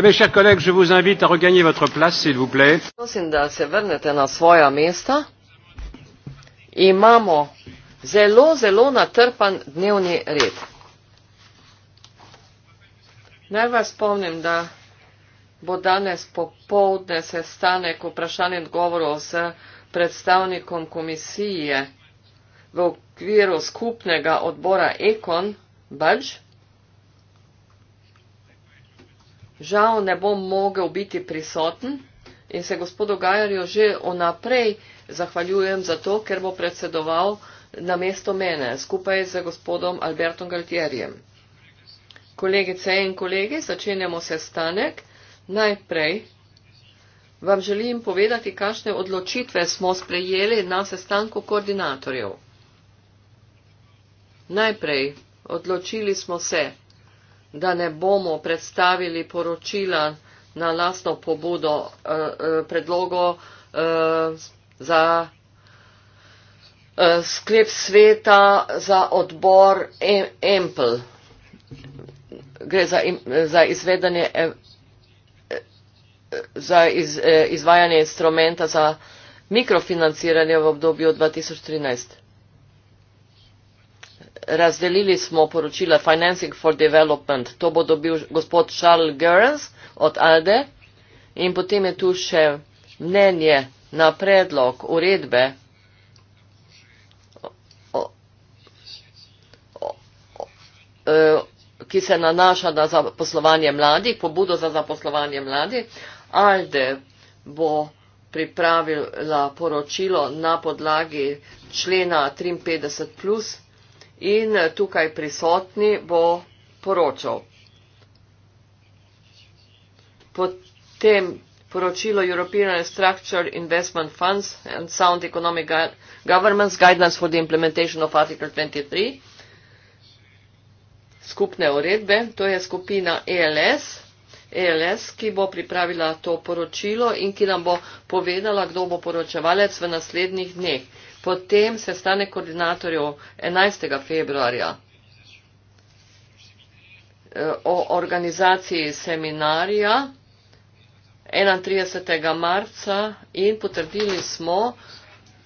bien, mes chers collègues, je vous invite à regagner votre place, s'il vous plaît. Prosim, da se vrnete na svoja mesta. Imamo zelo, zelo natrpan dnevni red. Naj vas spomnim, da bo danes popovdne sestanek vprašanje odgovorov s predstavnikom komisije v okviru skupnega odbora Ekon Budge. žal ne bom mogel biti prisoten in se gospodu Gajarju že onaprej zahvaljujem za to, ker bo predsedoval na mesto mene skupaj z gospodom Albertom Galtierjem. Kolegice in kolegi, začenjamo sestanek. Najprej vam želim povedati, kakšne odločitve smo sprejeli na sestanku koordinatorjev. Najprej odločili smo se, da ne bomo predstavili poročila na lastno pobudo eh, eh, predlogo eh, za sklep sveta za odbor EMPL. Gre za, za izvedanje za iz, izvajanje instrumenta za mikrofinanciranje v obdobju 2013 razdelili smo poročila Financing for Development. To bo dobil gospod Charles Gerns od ALDE in potem je tu še mnenje na predlog uredbe e, ki se nanaša na zaposlovanje mladih, pobudo za zaposlovanje mladih. ALDE bo pripravila poročilo na podlagi člena 53+, in tukaj prisotni bo poročal. Potem poročilo European Structure Investment Funds and Sound Economic Governance Guidance for the Implementation of Article 23. Skupne uredbe, to je skupina ELS, ELS, ki bo pripravila to poročilo in ki nam bo povedala, kdo bo poročevalec v naslednjih dneh. Potem se stane koordinatorjev 11. februarja e, o organizaciji seminarja 31. marca in potrdili smo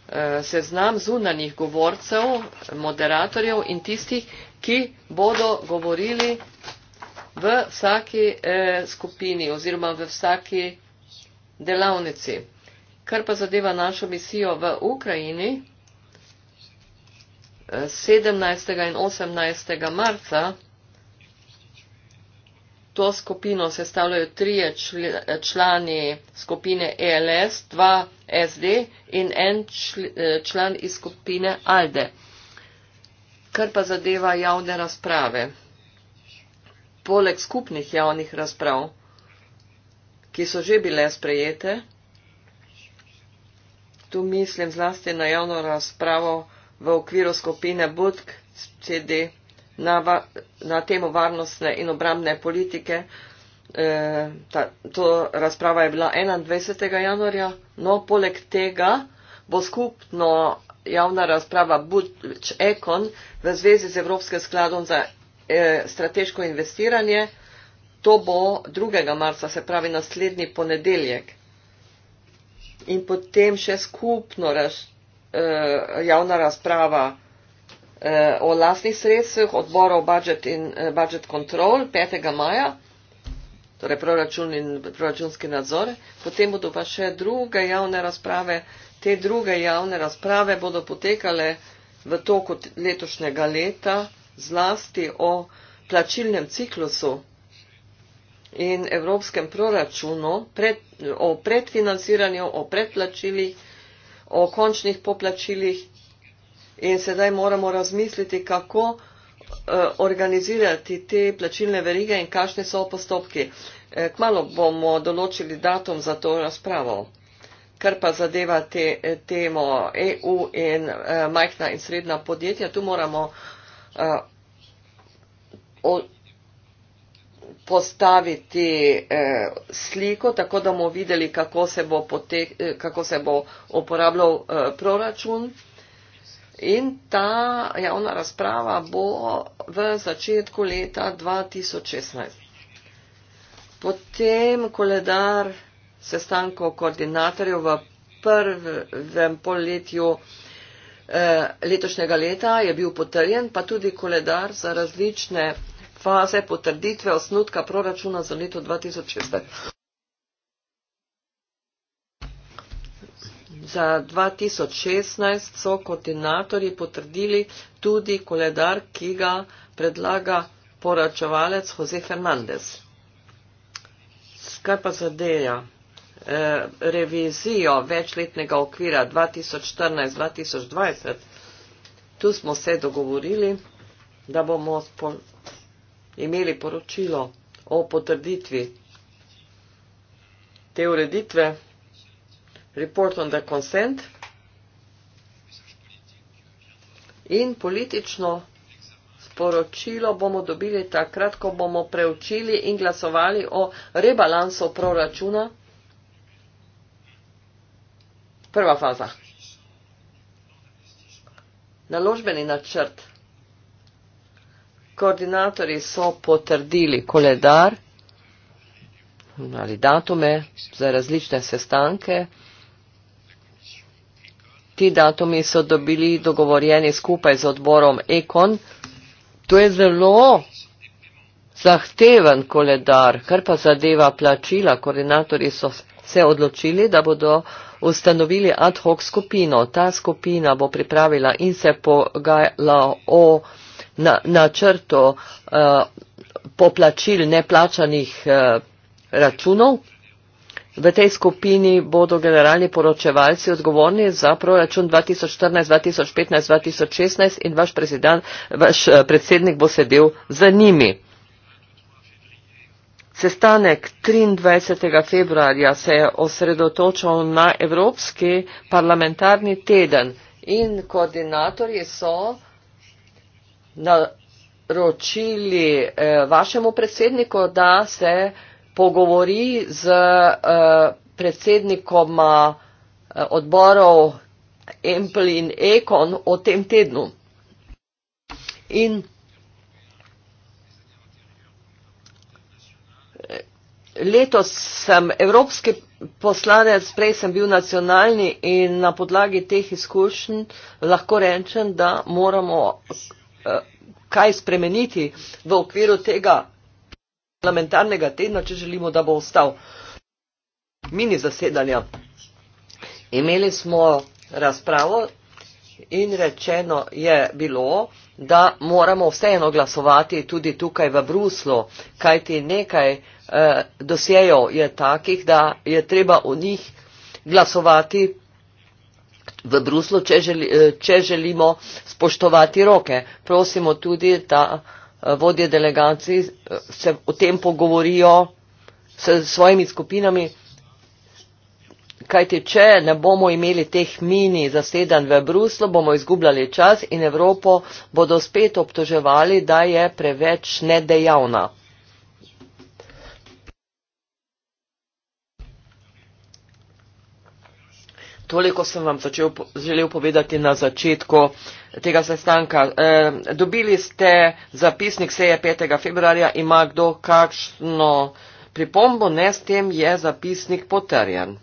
e, seznam zunanjih govorcev, moderatorjev in tistih, ki bodo govorili v vsaki e, skupini oziroma v vsaki delavnici. Kar pa zadeva našo misijo v Ukrajini, 17. Eh, in 18. marca, to skupino sestavljajo trije čl člani skupine ELS, dva SD in en čl eh, član iz skupine ALDE. Kar pa zadeva javne razprave. Poleg skupnih javnih razprav, ki so že bile sprejete, Tu mislim zlasti na javno razpravo v okviru skupine Budk CD na, na temo varnostne in obramne politike. E, ta, to razprava je bila 21. januarja, no poleg tega bo skupno javna razprava Budč Ekon v zvezi z Evropskim skladom za e, strateško investiranje. To bo 2. marca, se pravi naslednji ponedeljek in potem še skupno raz, eh, javna razprava eh, o lastnih sredstvih odborov budget in eh, budget control 5. maja, torej proračun in proračunski nadzor. Potem bodo pa še druge javne razprave. Te druge javne razprave bodo potekale v toku letošnjega leta zlasti o plačilnem ciklusu in evropskem proračunu pred, o predfinanciranju, o predplačilih, o končnih poplačilih in sedaj moramo razmisliti, kako eh, organizirati te plačilne verige in kakšni so postopki. Eh, kmalo bomo določili datum za to razpravo. Kar pa zadeva te, eh, temo EU in eh, majhna in srednja podjetja, tu moramo eh, postaviti eh, sliko, tako da bomo videli, kako se bo, pote, eh, kako se bo uporabljal eh, proračun. In ta javna razprava bo v začetku leta 2016. Potem koledar sestankov koordinatorjev v prvem poletju eh, letošnjega leta je bil potrjen, pa tudi koledar za različne faze potrditve osnutka proračuna za leto 2016. Za 2016 so koordinatorji potrdili tudi koledar, ki ga predlaga poračevalec Jose Fernandez. Kaj pa zadeja? Eh, revizijo večletnega okvira 2014-2020. Tu smo se dogovorili, da bomo imeli poročilo o potrditvi te ureditve, report on the consent, in politično sporočilo bomo dobili takrat, ko bomo preučili in glasovali o rebalansu proračuna. Prva faza. Naložbeni načrt 2021-2027. Koordinatori so potrdili koledar ali datume za različne sestanke. Ti datumi so dobili dogovorjeni skupaj z odborom Ekon. To je zelo zahteven koledar, kar pa zadeva plačila. Koordinatori so se odločili, da bodo ustanovili ad hoc skupino. Ta skupina bo pripravila in se pogajala o na, na črto uh, poplačil neplačanih uh, računov. V tej skupini bodo generalni poročevalci odgovorni za proračun 2014, 2015, 2016 in vaš, prezident, vaš eh, predsednik bo sedel za njimi. Sestanek 23. februarja se je osredotočal na Evropski parlamentarni teden in koordinatorji so naročili eh, vašemu predsedniku, da se pogovori z eh, predsednikoma eh, odborov Apple in Econ o tem tednu. In letos sem evropski poslanec, prej sem bil nacionalni in na podlagi teh izkušenj lahko rečem, da moramo Eh, kaj spremeniti v okviru tega parlamentarnega tedna, če želimo, da bo ostal mini zasedanja. Imeli smo razpravo in rečeno je bilo, da moramo vseeno glasovati tudi tukaj v Bruslu, kajti nekaj eh, dosjejev je takih, da je treba v njih glasovati v Bruslu, če, želi, eh, če želimo spoštovati roke. Prosimo tudi, da eh, vodje delegacij eh, se o tem pogovorijo s svojimi skupinami, kajti če ne bomo imeli teh mini zasedanj v Bruslu, bomo izgubljali čas in Evropo bodo spet obtoževali, da je preveč nedejavna. Toliko sem vam začel, želel povedati na začetku tega sestanka. E, dobili ste zapisnik seje 5. februarja, ima kdo kakšno pripombo, ne s tem je zapisnik potrjen.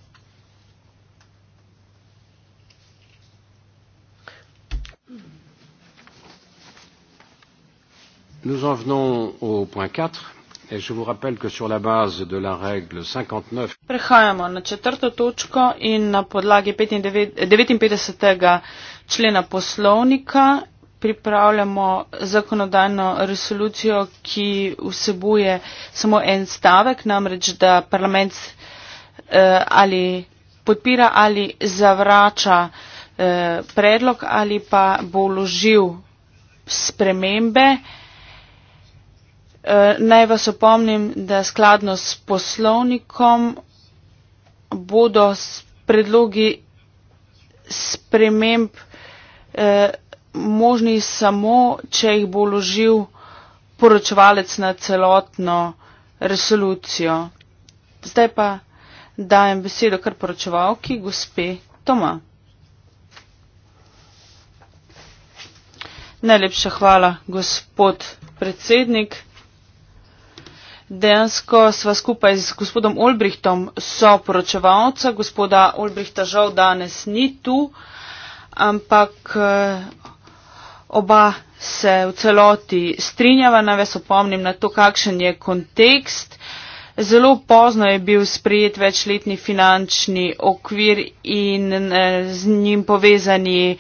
Nous en venons au point 4. Prehajamo na četrto točko in na podlagi 59. člena poslovnika pripravljamo zakonodajno resolucijo, ki vsebuje samo en stavek, namreč, da parlament eh, ali podpira ali zavrača eh, predlog ali pa bo vložil spremembe. Eh, Eh, naj vas opomnim, da skladno s poslovnikom bodo predlogi sprememb eh, možni samo, če jih bo ložil poročevalec na celotno resolucijo. Zdaj pa dajem besedo kar poročevalki, gospe Toma. Najlepša hvala, gospod predsednik. Dejansko sva skupaj z gospodom Olbrihtom soporočevalca. Gospoda Olbrihta žal danes ni tu, ampak eh, oba se v celoti strinjava. Naj vas opomnim na to, kakšen je kontekst. Zelo pozno je bil sprejet večletni finančni okvir in eh, z njim povezani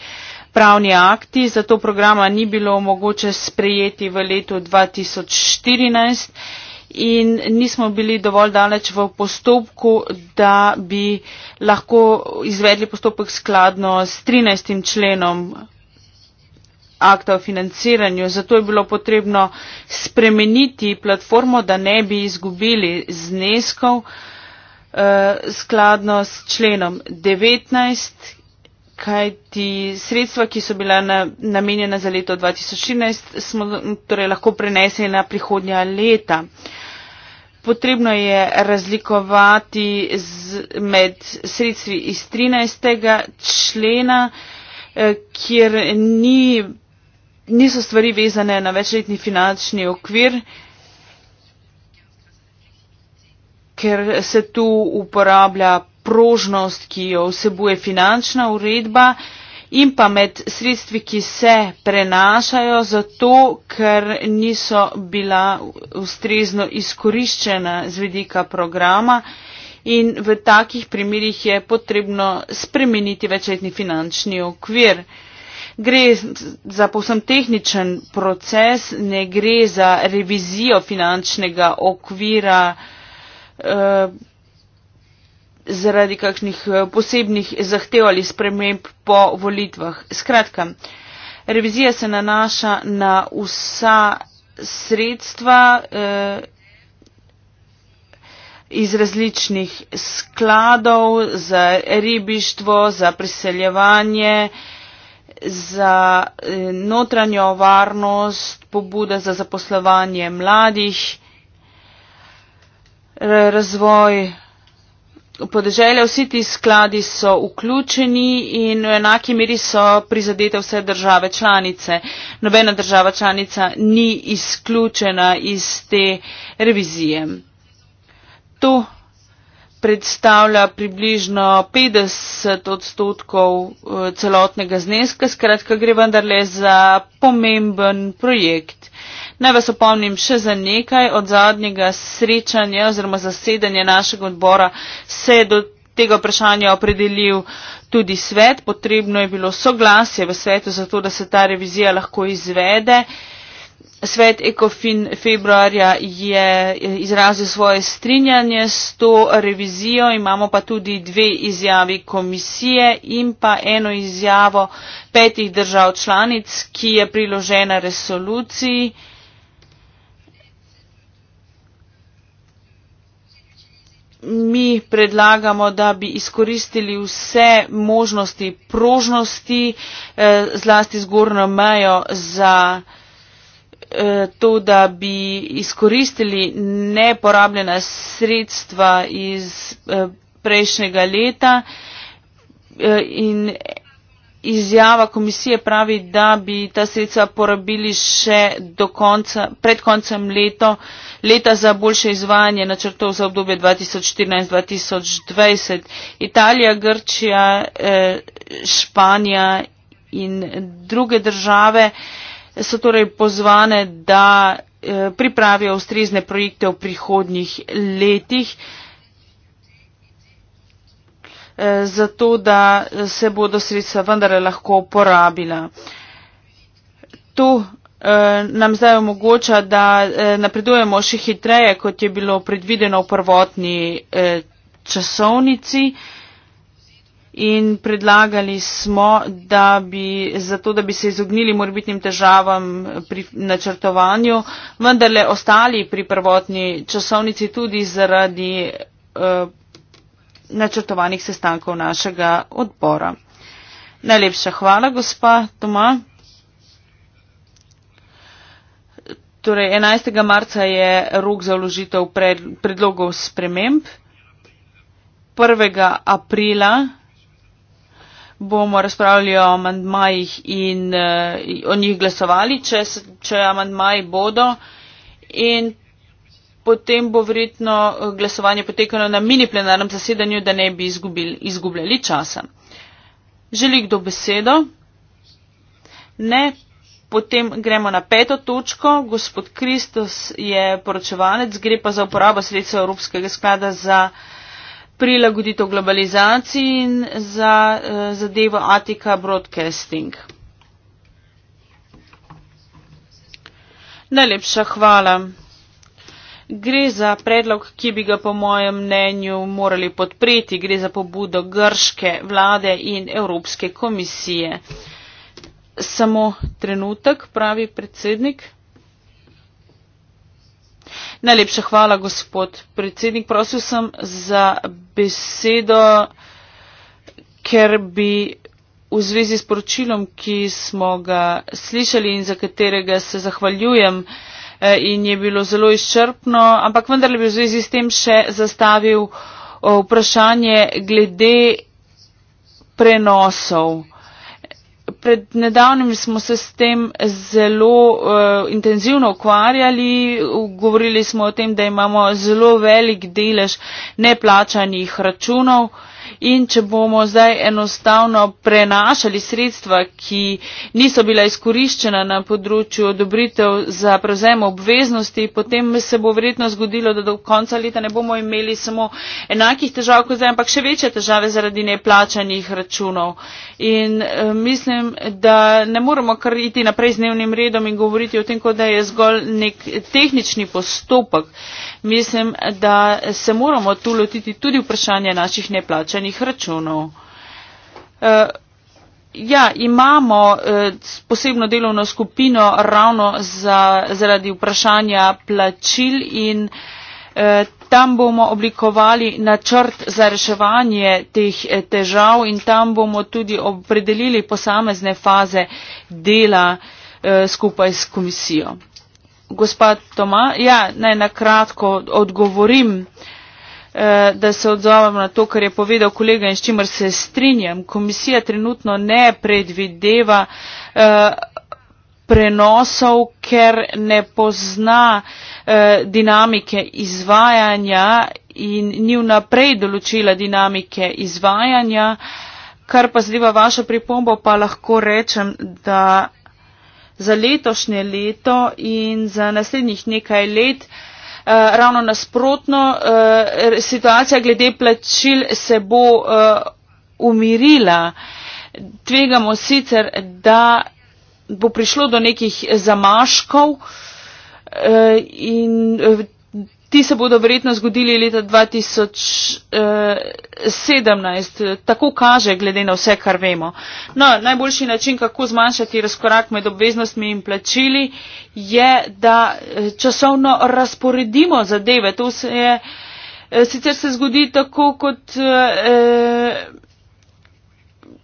pravni akti, zato programa ni bilo mogoče sprejeti v letu 2014 in nismo bili dovolj daleč v postopku, da bi lahko izvedli postopek skladno s 13. členom akta o financiranju. Zato je bilo potrebno spremeniti platformo, da ne bi izgubili zneskov eh, skladno s členom 19, kajti sredstva, ki so bila na, namenjena za leto 2014, smo torej lahko prenesli na prihodnja leta. Eh, Potrebno je razlikovati z, med sredstvi iz 13. člena, eh, kjer ni, niso stvari vezane na večletni finančni okvir, ker se tu uporablja prožnost, ki jo vsebuje finančna uredba in pa med sredstvi, ki se prenašajo zato, ker niso bila ustrezno izkoriščena z vedika programa in v takih primerjih je potrebno spremeniti večletni finančni okvir. Gre za povsem tehničen proces, ne gre za revizijo finančnega okvira. Eh, zaradi kakšnih eh, posebnih zahtev ali sprememb po volitvah. Skratka, revizija se nanaša na vsa sredstva eh, iz različnih skladov za ribištvo, za priseljevanje, za eh, notranjo varnost, pobuda za zaposlovanje mladih, razvoj podeželja vsi ti skladi so vključeni in v enaki meri so prizadete vse države članice. Nobena država članica ni izključena iz te revizije. To predstavlja približno 50 odstotkov eh, celotnega zneska, skratka gre vendarle za pomemben projekt. Naj vas opomnim še za nekaj od zadnjega srečanja oziroma zasedanja našega odbora se je do tega vprašanja opredelil tudi svet. Potrebno je bilo soglasje v svetu za to, da se ta revizija lahko izvede. Svet Ekofin februarja je izrazil svoje strinjanje s to revizijo, imamo pa tudi dve izjavi komisije in pa eno izjavo petih držav članic, ki je priložena resoluciji. mi predlagamo, da bi izkoristili vse možnosti prožnosti, eh, zlasti zgornjo mejo, za eh, to, da bi izkoristili neporabljena sredstva iz eh, prejšnjega leta. In izjava komisije pravi, da bi ta sredstva porabili še konca, pred koncem leto, leta za boljše izvajanje načrtov za obdobje 2014-2020. Italija, Grčija, eh, Španija in druge države so torej pozvane, da eh, pripravijo ustrezne projekte v prihodnjih letih. Eh, zato da se bodo sredstva vendarle lahko porabila. To eh, nam zdaj omogoča, da eh, napredujemo še hitreje, kot je bilo predvideno v prvotni časovnici. In predlagali smo, da bi, zato, da bi se izognili morbitnim težavam pri načrtovanju, vendarle ostali pri prvotni časovnici tudi zaradi eh, načrtovanih sestankov našega odbora. Najlepša hvala, gospa Toma. Torej, 11. marca je rok za vložitev pred, predlogov sprememb. 1. aprila bomo razpravljali o amandmajih in uh, o njih glasovali, če, če amandmaji bodo. In potem bo verjetno eh, glasovanje potekalo na mini plenarnem zasedanju, da ne bi izgubili, izgubljali časa. Želi kdo besedo? Ne. Potem gremo na peto točko. Gospod Kristos je poročevalec, gre pa za uporabo sredstva Evropskega sklada za prilagoditev globalizaciji in za eh, zadevo Atika Broadcasting. Najlepša hvala. Gre za predlog, ki bi ga po mojem mnenju morali podpreti. Gre za pobudo grške vlade in Evropske komisije. Samo trenutek, pravi predsednik. Najlepša hvala, gospod predsednik. Prosil sem za besedo, ker bi v zvezi s poročilom, ki smo ga slišali in za katerega se zahvaljujem, E, in je bilo zelo izčrpno, ampak vendarle bi v zvezi s tem še zastavil vprašanje glede prenosov. Pred nedavnim smo se s tem zelo uh, intenzivno ukvarjali. Govorili smo o tem, da imamo zelo velik delež neplačanih računov. Uh, in če bomo zdaj enostavno prenašali sredstva, ki niso bila izkoriščena na področju odobritev za prevzem obveznosti, potem se bo verjetno zgodilo, da do konca leta ne bomo imeli samo enakih težav kot zdaj, ampak še večje težave zaradi neplačanih računov. In eh, mislim, da ne moramo kar iti naprej z dnevnim redom in govoriti o tem, kot da je zgolj nek tehnični postopek mislim da se moramo tu lotiti tudi vprašanja naših neplačanih računov. Eh, ja, imamo eh, posebno delovno skupino ravno za, zaradi vprašanja plačil in eh, tam bomo oblikovali načrt za reševanje teh težav in tam bomo tudi opredelili posamezne faze dela skupaj s komisijo gospod Toma, ja, naj nakratko odgovorim, eh, da se odzovem na to, kar je povedal kolega in s čimer se strinjam. Komisija trenutno ne predvideva eh, prenosov, ker ne pozna eh, dinamike izvajanja in ni vnaprej določila dinamike izvajanja. Kar pa zdiva vašo pripombo, pa lahko rečem, da za letošnje leto in za naslednjih nekaj let. Eh, ravno nasprotno, eh, situacija glede plačil se bo eh, umirila. Tvegamo sicer, da bo prišlo do nekih zamaškov in Ti se bodo verjetno zgodili leta 2017, eh, tako kaže, glede na vse, kar vemo. No, najboljši način, kako zmanjšati razkorak med obveznostmi in plačili, je, da eh, časovno razporedimo zadeve. To se je, eh, sicer se zgodi tako, kot. Eh,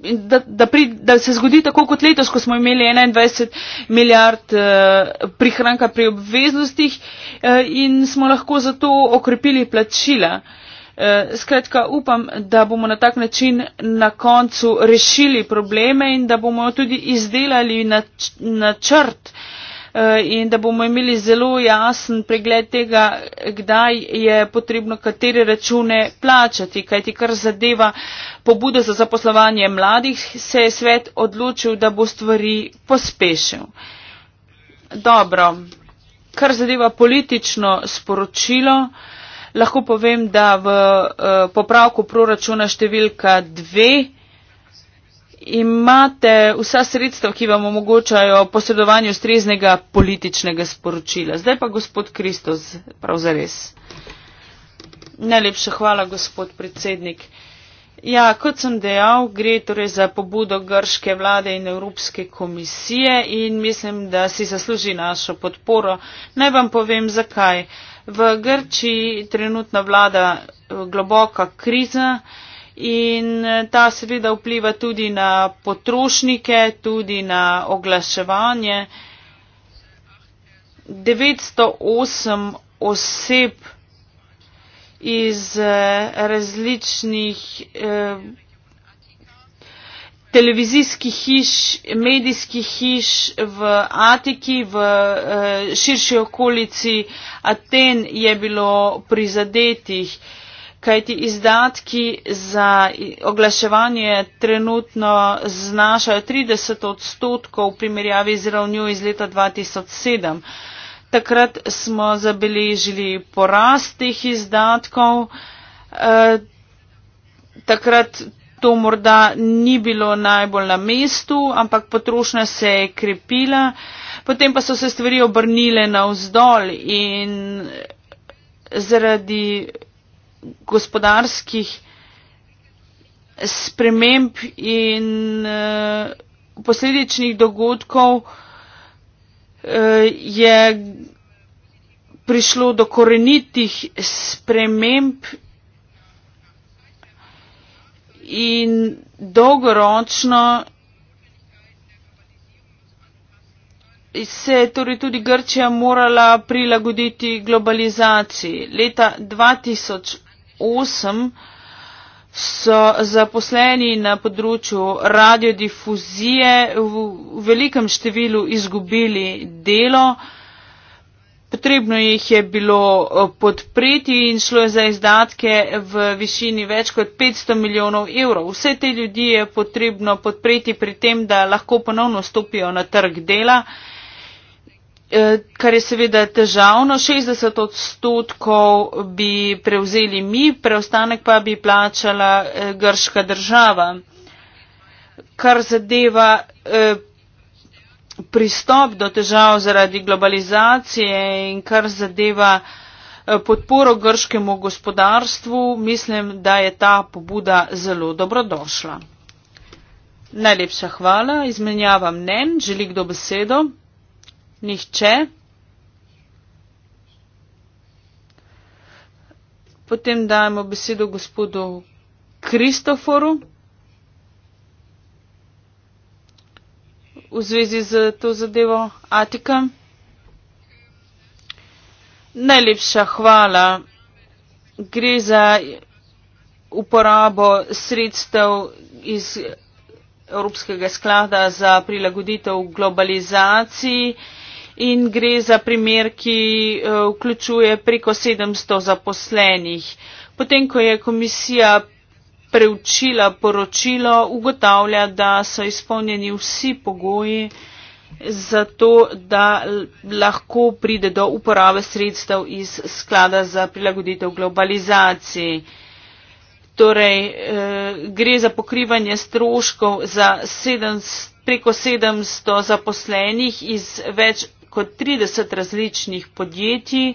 da, da, pri, da se zgodi tako kot letos, ko smo imeli 21 milijard eh, prihranka pri obveznostih eh, in smo lahko zato okrepili plačila. Eh, skratka, upam, da bomo na tak način na koncu rešili probleme in da bomo tudi izdelali nač, načrt. Eh, in da bomo imeli zelo jasen pregled tega, kdaj je potrebno katere račune plačati. Kaj ti kar zadeva pobudo za zaposlovanje mladih, se je svet odločil, da bo stvari pospešil. Dobro, kar zadeva politično sporočilo, lahko povem, da v eh, popravku proračuna številka dve, imate vsa sredstva, ki vam omogočajo posredovanje ustreznega političnega sporočila. Zdaj pa gospod Kristos, prav za res. Najlepša hvala, gospod predsednik. Ja, kot sem dejal, gre torej za pobudo grške vlade in Evropske komisije in mislim, da si zasluži našo podporo. Naj vam povem, zakaj. V Grčiji trenutna vlada globoka kriza in eh, ta seveda vpliva tudi na potrošnike, tudi na oglaševanje. 908 oseb iz eh, različnih eh, televizijskih hiš, medijskih hiš v Atiki, v širši okolici Aten je bilo prizadetih kajti izdatki za oglaševanje trenutno znašajo 30 odstotkov v primerjavi z ravnjo iz leta 2007. Takrat smo zabeležili porast teh izdatkov. Eh, takrat to morda ni bilo najbolj na mestu, ampak potrošnja se je krepila. Potem pa so se stvari obrnile na vzdolj in eh, zaradi gospodarskih sprememb in uh, posledičnih dogodkov uh, je prišlo do korenitih sprememb in dolgoročno se je torej tudi Grčija morala prilagoditi globalizaciji. Leta 2000 osem so zaposleni na področju radiodifuzije v velikem številu izgubili delo. Potrebno jih je bilo eh, podpreti in šlo je za izdatke v višini več kot 500 milijonov evrov. Vse te ljudi je potrebno podpreti pri tem, da lahko ponovno stopijo na trg dela. Eh, kar je seveda težavno. 60 odstotkov bi prevzeli mi, preostanek pa bi plačala eh, grška država. Kar zadeva eh, pristop do težav zaradi globalizacije in kar zadeva podporo grškemu gospodarstvu, mislim, da je ta pobuda zelo dobrodošla. Najlepša hvala, izmenjava mnen, želi kdo besedo. Nihče. Potem dajemo besedo gospodu Kristoforu v zvezi z to zadevo Atika. Najlepša hvala. Gre za uporabo sredstev iz Evropskega sklada za prilagoditev globalizaciji in gre za primer, ki eh, vključuje preko 700 zaposlenih. Potem, ko je komisija preučila poročilo, ugotavlja, da so izpolnjeni vsi pogoji za to, da lahko pride do uporabe sredstev iz sklada za prilagoditev globalizaciji. Torej, eh, gre za pokrivanje stroškov za 700, preko 700 zaposlenih iz več kot 30 različnih podjetij.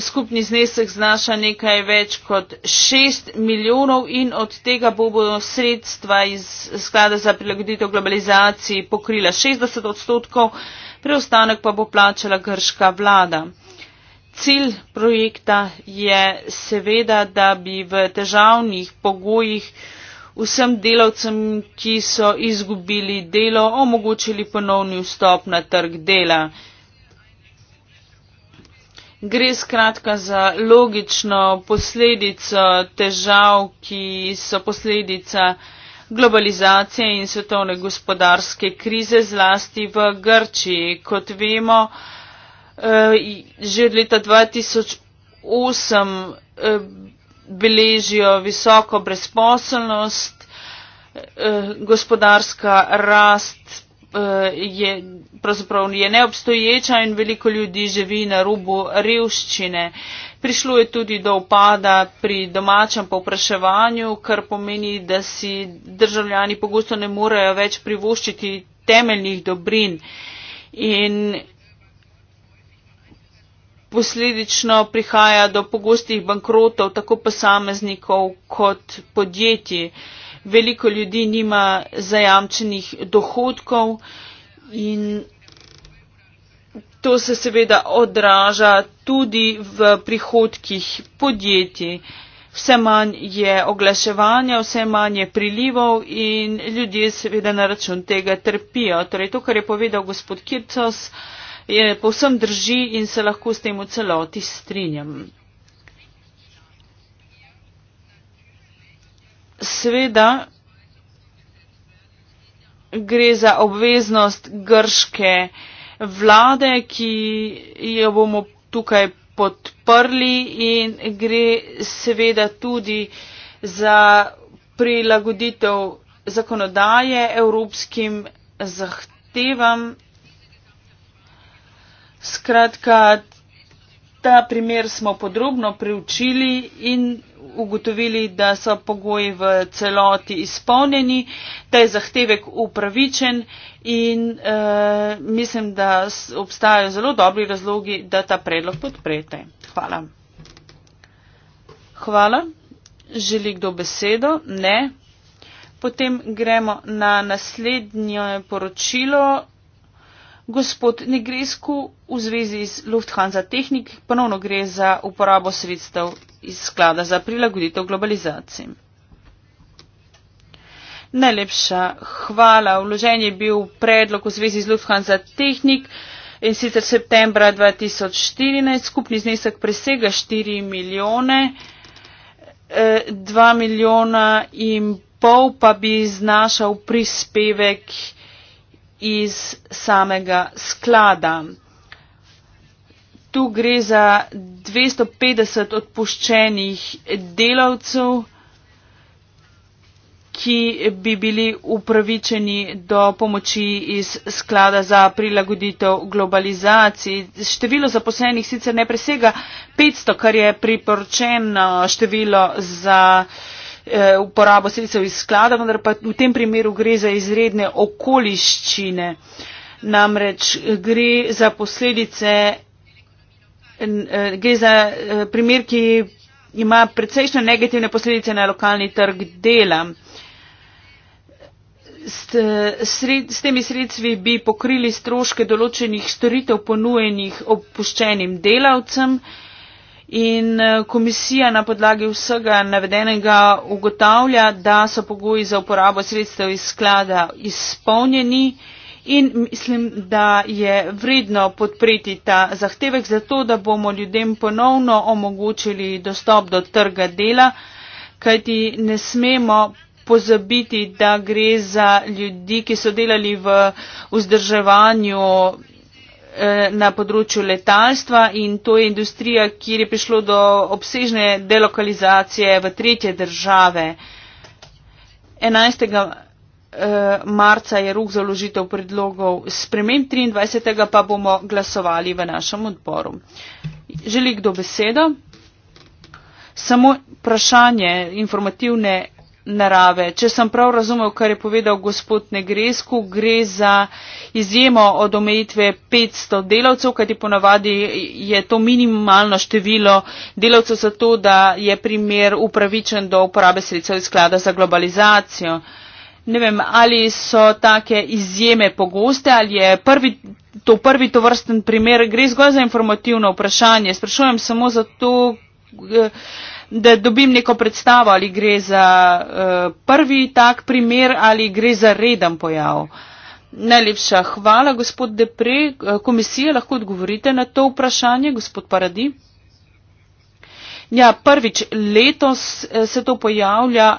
Skupni znesek znaša nekaj več kot 6 milijonov in od tega bo bo sredstva iz sklada za prilagoditev globalizaciji pokrila 60 odstotkov, preostanek pa bo plačala grška vlada. Cilj projekta je seveda, da bi v težavnih pogojih vsem delavcem, ki so izgubili delo, omogočili ponovni vstop na trg dela. Gre skratka za logično posledico težav, ki so posledica globalizacije in svetovne gospodarske krize zlasti v Grčiji. Kot vemo, eh, že od leta 2008 beležijo visoko brezposelnost, eh, gospodarska rast eh, je pravzaprav je neobstoječa in veliko ljudi živi na rubu revščine. Prišlo je tudi do upada pri domačem povpraševanju, kar pomeni, da si državljani pogosto ne morejo več privoščiti temeljnih dobrin. In Posledično prihaja do pogostih bankrotov tako posameznikov kot podjetij. Veliko ljudi nima zajamčenih dohodkov in to se seveda odraža tudi v prihodkih podjetij. Vse manj je oglaševanja, vse manj je prilivov in ljudje seveda na račun tega trpijo. Torej, to, kar je povedal gospod Kircos, je povsem drži in se lahko s tem v celoti strinjam. Sveda gre za obveznost grške vlade, ki jo bomo tukaj podprli in gre seveda tudi za prilagoditev zakonodaje evropskim zahtevam Skratka, ta primer smo podrobno preučili in ugotovili, da so pogoji v celoti izpolnjeni, da je zahtevek upravičen in e, mislim, da obstajajo zelo dobri razlogi, da ta predlog podprete. Hvala. Hvala. Želi kdo besedo? Ne. Potem gremo na naslednje poročilo. Gospod Negresku, v zvezi z Lufthansa Technik ponovno gre za uporabo sredstev iz sklada za prilagoditev globalizaciji. Najlepša hvala. Vložen je bil predlog v zvezi z Lufthansa Technik in sicer septembra 2014 skupni znesek presega 4 milijone, 2 eh, milijona in pol pa bi znašal prispevek iz samega sklada. Tu gre za 250 odpuščenih delavcev, ki bi bili upravičeni do pomoči iz sklada za prilagoditev globalizaciji. Število zaposlenih sicer ne presega 500, kar je priporočeno število za Eh, uporabo sredstev iz sklada, vendar pa v tem primeru gre za izredne okoliščine. Namreč gre za posledice, eh, gre za eh, primer, ki ima precejšno negativne posledice na lokalni trg dela. S, sred, s temi sredstvi bi pokrili stroške določenih storitev ponujenih opuščenim delavcem. In eh, komisija na podlagi vsega navedenega ugotavlja, da so pogoji za uporabo sredstev iz sklada izpolnjeni in mislim, da je vredno podpreti ta zahtevek za to, da bomo ljudem ponovno omogočili dostop do trga dela, kajti ne smemo pozabiti, da gre za ljudi, ki so delali v vzdrževanju Eh, na področju letalstva in to je industrija, kjer je prišlo do obsežne delokalizacije v tretje države. 11. Eh, marca je rok za ložitev predlogov sprememb, 23. pa bomo glasovali v našem odboru. Želi kdo besedo? Samo vprašanje informativne narave. Če sem prav razumel, kar je povedal gospod Negresku, gre za izjemo od omejitve 500 delavcev, kajti ponavadi je to minimalno število delavcev za to, da je primer upravičen do uporabe sredstev iz sklada za globalizacijo. Ne vem, ali so take izjeme pogoste, ali je prvi, to prvi tovrsten primer, gre zgolj za informativno vprašanje. Sprašujem samo za to, eh, da dobim neko predstavo, ali gre za eh, prvi tak primer ali gre za reden pojav. Najlepša hvala, gospod Depre. Eh, komisija, lahko odgovorite na to vprašanje, gospod Paradi? Ja, prvič letos eh, se to pojavlja,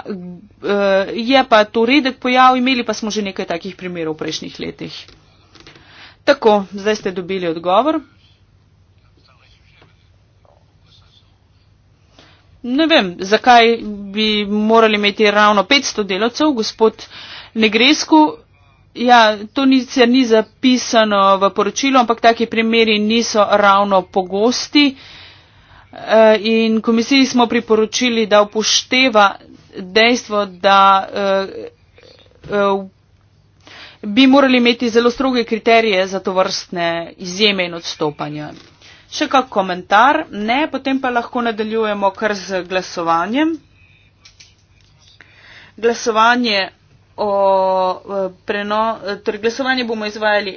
je pa to redek pojav, imeli pa smo že nekaj takih primerov v prejšnjih letih. Tako, zdaj ste dobili odgovor. Ne vem, zakaj bi morali imeti ravno 500 delavcev, gospod Negresku. Ja, to ni, ni zapisano v poročilu, ampak taki primeri niso ravno pogosti. Eh, in komisiji smo priporočili, da upošteva dejstvo, da eh, eh, bi morali imeti zelo stroge kriterije za to vrstne izjeme in odstopanja. Še kak komentar? Ne, potem pa lahko nadaljujemo kar z glasovanjem. Glasovanje, o, e, preno, e, torej glasovanje bomo izvajali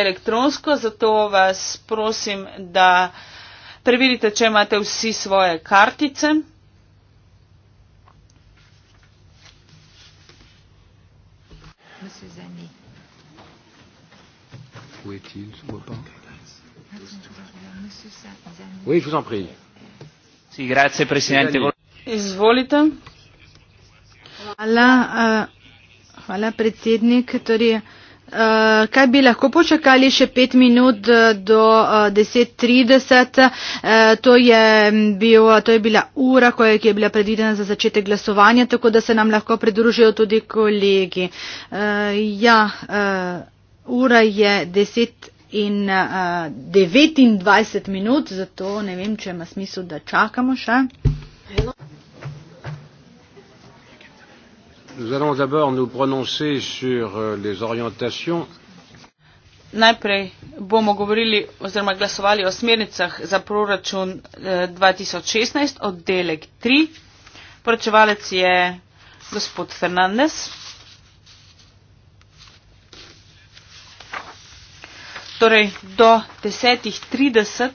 elektronsko, zato vas prosim, da preverite, če imate vsi svoje kartice. Où est-il Je ne vois pas. Izvolite. Hvala, uh, hvala predsednik. Torej, uh, kaj bi lahko počakali še pet minut eh, do uh, 10.30? Uh, to, je mm, bil, to je bila ura, ko je, ki je bila predvidena za začetek glasovanja, tako da se nam lahko pridružijo tudi kolegi. Uh, ja, uh, ura je 10.30 in uh, eh, 29 minut, zato ne vem, če ima smisel, da čakamo še. Nous allons d'abord nous prononcer sur euh, les orientations. Najprej bomo govorili oziroma glasovali o smernicah za proračun 2016, eh, oddelek 3. Poročevalec je gospod Fernandez. torej do 10.30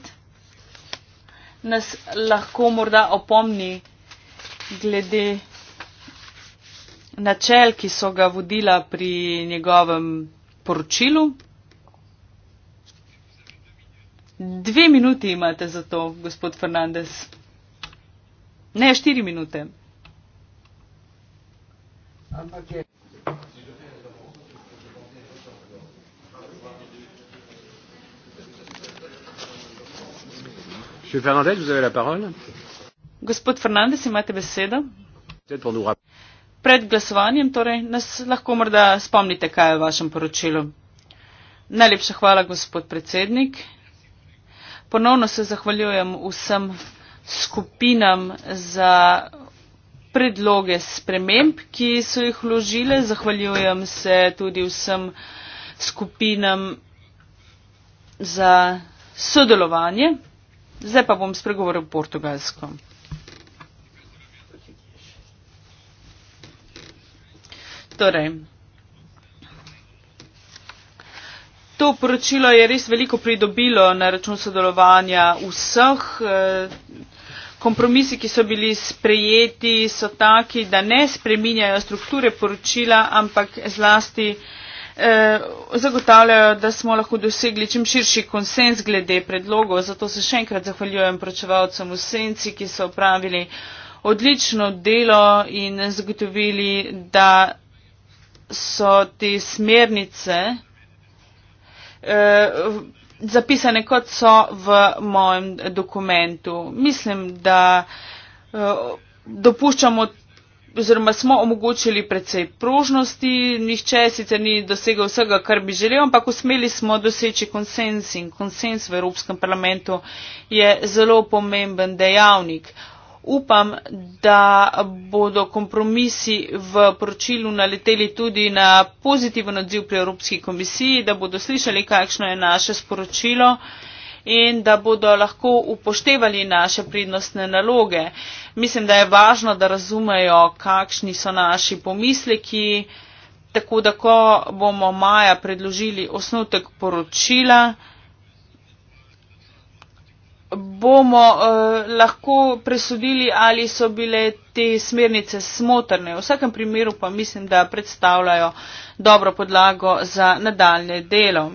nas lahko morda opomni glede načel, ki so ga vodila pri njegovem poročilu. Dve minuti imate za to, gospod Fernandez. Ne, štiri minute. Ampak je. Monsieur Fernandez, vous avez la parole. Gospod Fernandez, imate besedo. Pred glasovanjem torej, nas lahko morda spomnite, kaj je v vašem poročilu. Najlepša hvala, gospod predsednik. Ponovno se zahvaljujem vsem skupinam za predloge sprememb, ki so jih vložile. Zahvaljujem se tudi vsem skupinam za sodelovanje. Zdaj pa bom spregovoril portugalsko. Torej, to poročilo je res veliko pridobilo na račun sodelovanja vseh. Eh, kompromisi, ki so bili sprejeti, so taki, da ne spreminjajo strukture poročila, ampak zlasti eh, Eh, zagotavljajo, da smo lahko dosegli čim širši konsens glede predlogov. Zato se še enkrat zahvaljujem pročevalcem v senci, ki so opravili odlično delo in zagotovili, da so te smernice eh, zapisane kot so v mojem dokumentu. Mislim, da eh, dopuščamo oziroma smo omogočili precej prožnosti, nihče sicer ni dosegel vsega, kar bi želel, ampak uspeli smo doseči konsens in konsens v Evropskem parlamentu je zelo pomemben dejavnik. Upam, da bodo kompromisi v poročilu naleteli tudi na pozitiven odziv pri Evropski komisiji, da bodo slišali, kakšno je naše sporočilo in da bodo lahko upoštevali naše prednostne naloge. Mislim, da je važno, da razumejo, kakšni so naši pomisleki, tako da ko bomo maja predložili osnutek poročila, bomo eh, lahko presodili, ali so bile te smernice smotrne. V vsakem primeru pa mislim, da predstavljajo dobro podlago za nadaljne delo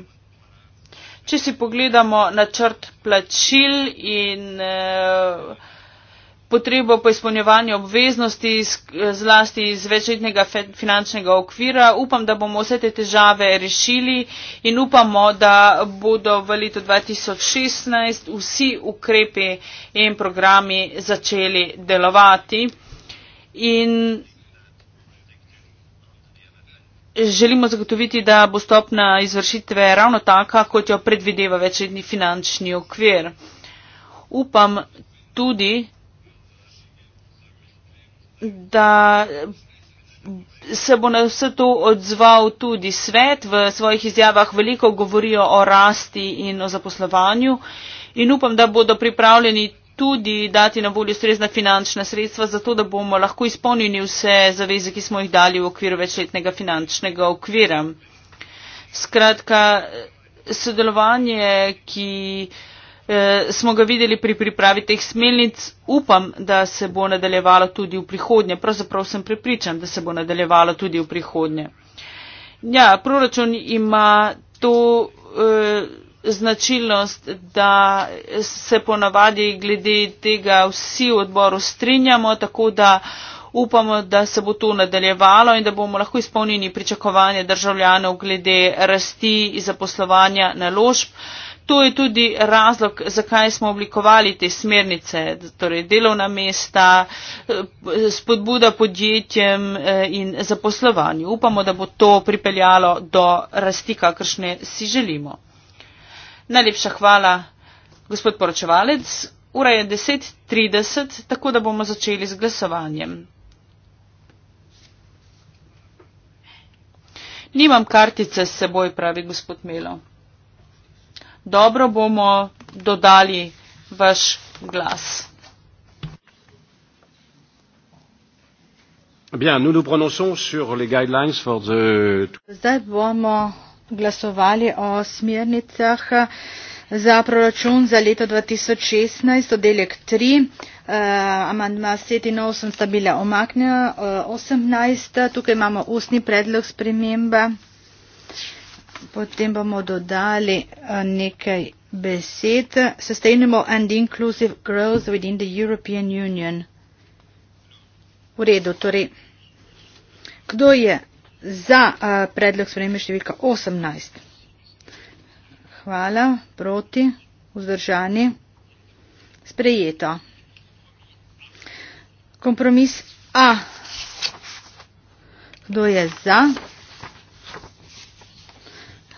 če si pogledamo načrt plačil in eh, potrebo po izpolnjevanju obveznosti zlasti iz večletnega finančnega okvira. Upam, da bomo vse te težave rešili in upamo, da bodo v letu 2016 vsi ukrepi in programi začeli delovati. In želimo zagotoviti, da bo stopna izvršitve ravno taka, kot jo predvideva večletni finančni okvir. Upam tudi, da se bo na vse to odzval tudi svet. V svojih izjavah veliko govorijo o rasti in o zaposlovanju in upam, da bodo pripravljeni tudi dati na voljo strezna finančna sredstva, zato da bomo lahko izpolnili vse zaveze, ki smo jih dali v okviru večletnega finančnega okvira. Skratka, sodelovanje, ki eh, smo ga videli pri pripravi teh smelnic, upam, da se bo nadaljevalo tudi v prihodnje. Pravzaprav sem prepričan, da se bo nadaljevalo tudi v prihodnje. Ja, proračun ima to. Eh, značilnost, da se ponavadi glede tega vsi v odboru strinjamo, tako da upamo, da se bo to nadaljevalo in da bomo lahko izpolnili pričakovanje državljanov glede rasti in zaposlovanja naložb. To je tudi razlog, zakaj smo oblikovali te smernice, torej delovna mesta, spodbuda podjetjem eh, in zaposlovanju. Upamo, da bo to pripeljalo do rasti, kakršne si želimo. Najlepša hvala, gospod poročevalec. Ura je 10.30, tako da bomo začeli z glasovanjem. Nimam kartice s seboj, pravi gospod Melo. Dobro bomo dodali vaš glas. Bien, nous nous prononçons sur les guidelines for the... Zdaj bomo glasovali o smernicah za proračun za leto 2016, oddelek 3. Eh, amandma 78 sta bila omaknjena, 18. Eh, Tukaj imamo ustni predlog sprememba. Potem bomo dodali eh, nekaj besed. Sustainable and inclusive growth within the European Union. V redu, torej. Kdo je za uh, predlog spremembe številka 18. Hvala, proti, vzdržani, sprejeto. Kompromis A. Kdo je za?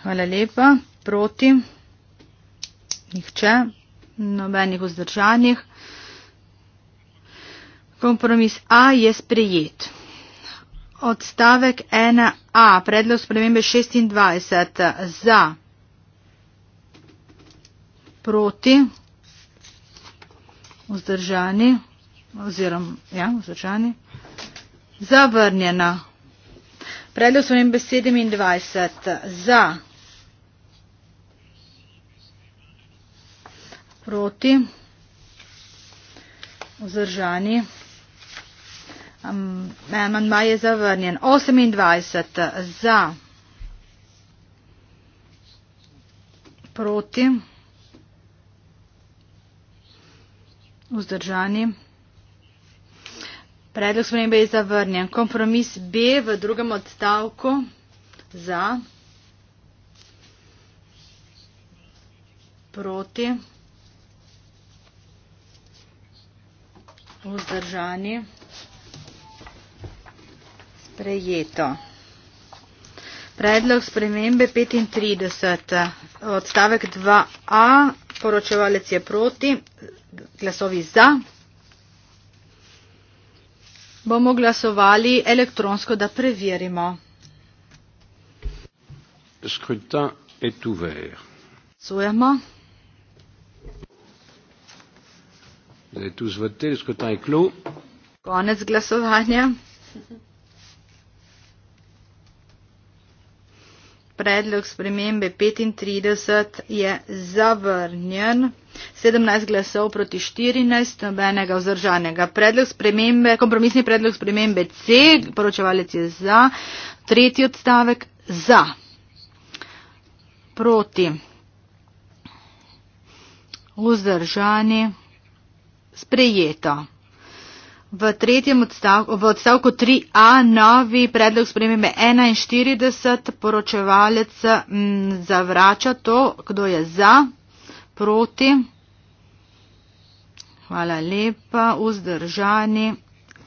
Hvala lepa, proti, nihče, nobenih vzdržanih. Kompromis A je sprejet. Odstavek 1a, predlog spremembe 26, za, proti, vzdržani, oziroma, ja, vzdržani, zavrnjena. Predlog spremembe 27, za, proti, vzdržani. Um, amandma je zavrnjen. 28 za. Proti. Vzdržani. Predlog spremembe je zavrnjen. Kompromis B v drugem odstavku za. Proti. Vzdržani sprejeto. Predlog spremembe 35. Odstavek 2a. Poročevalec je proti. Glasovi za. Bomo glasovali elektronsko, da preverimo. Skrita je tu ver. Sujemo. Zdaj je tu zvrtel, skrita je klo. Konec glasovanja. Mm-hmm. predlog spremembe 35 je zavrnjen. 17 glasov proti 14, nobenega vzdržanega. Predlog spremembe, kompromisni predlog spremembe C, poročevalec je za, tretji odstavek za, proti, vzdržani, sprejeto. V tretjem odstavku, v odstavku 3a novi predlog spremembe 41, poročevalec m, mm, zavrača to, kdo je za, proti. Hvala lepa, vzdržani.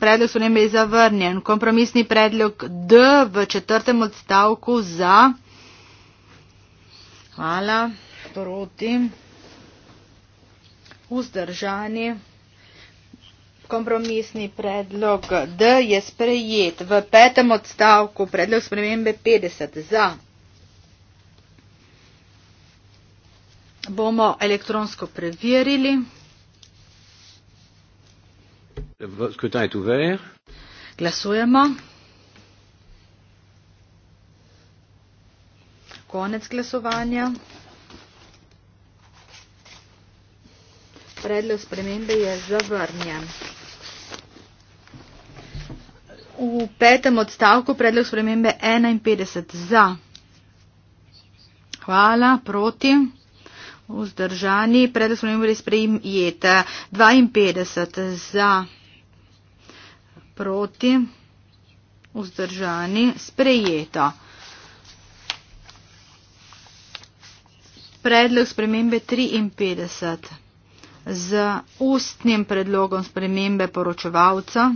Predlog spremembe je zavrnjen. Kompromisni predlog D v četrtem odstavku za. Hvala, proti. Vzdržani kompromisni predlog D je sprejet v petem odstavku, predlog spremembe 50 za. Bomo elektronsko preverili. Glasujemo. Konec glasovanja. Predlog spremembe je zavrnjen. V petem odstavku predlog spremembe 51 za. Hvala, proti. Vzdržani predlog spremembe je sprejet. 52 za. Proti. Vzdržani sprejeto. Predlog spremembe 53 z ustnim predlogom spremembe poročevalca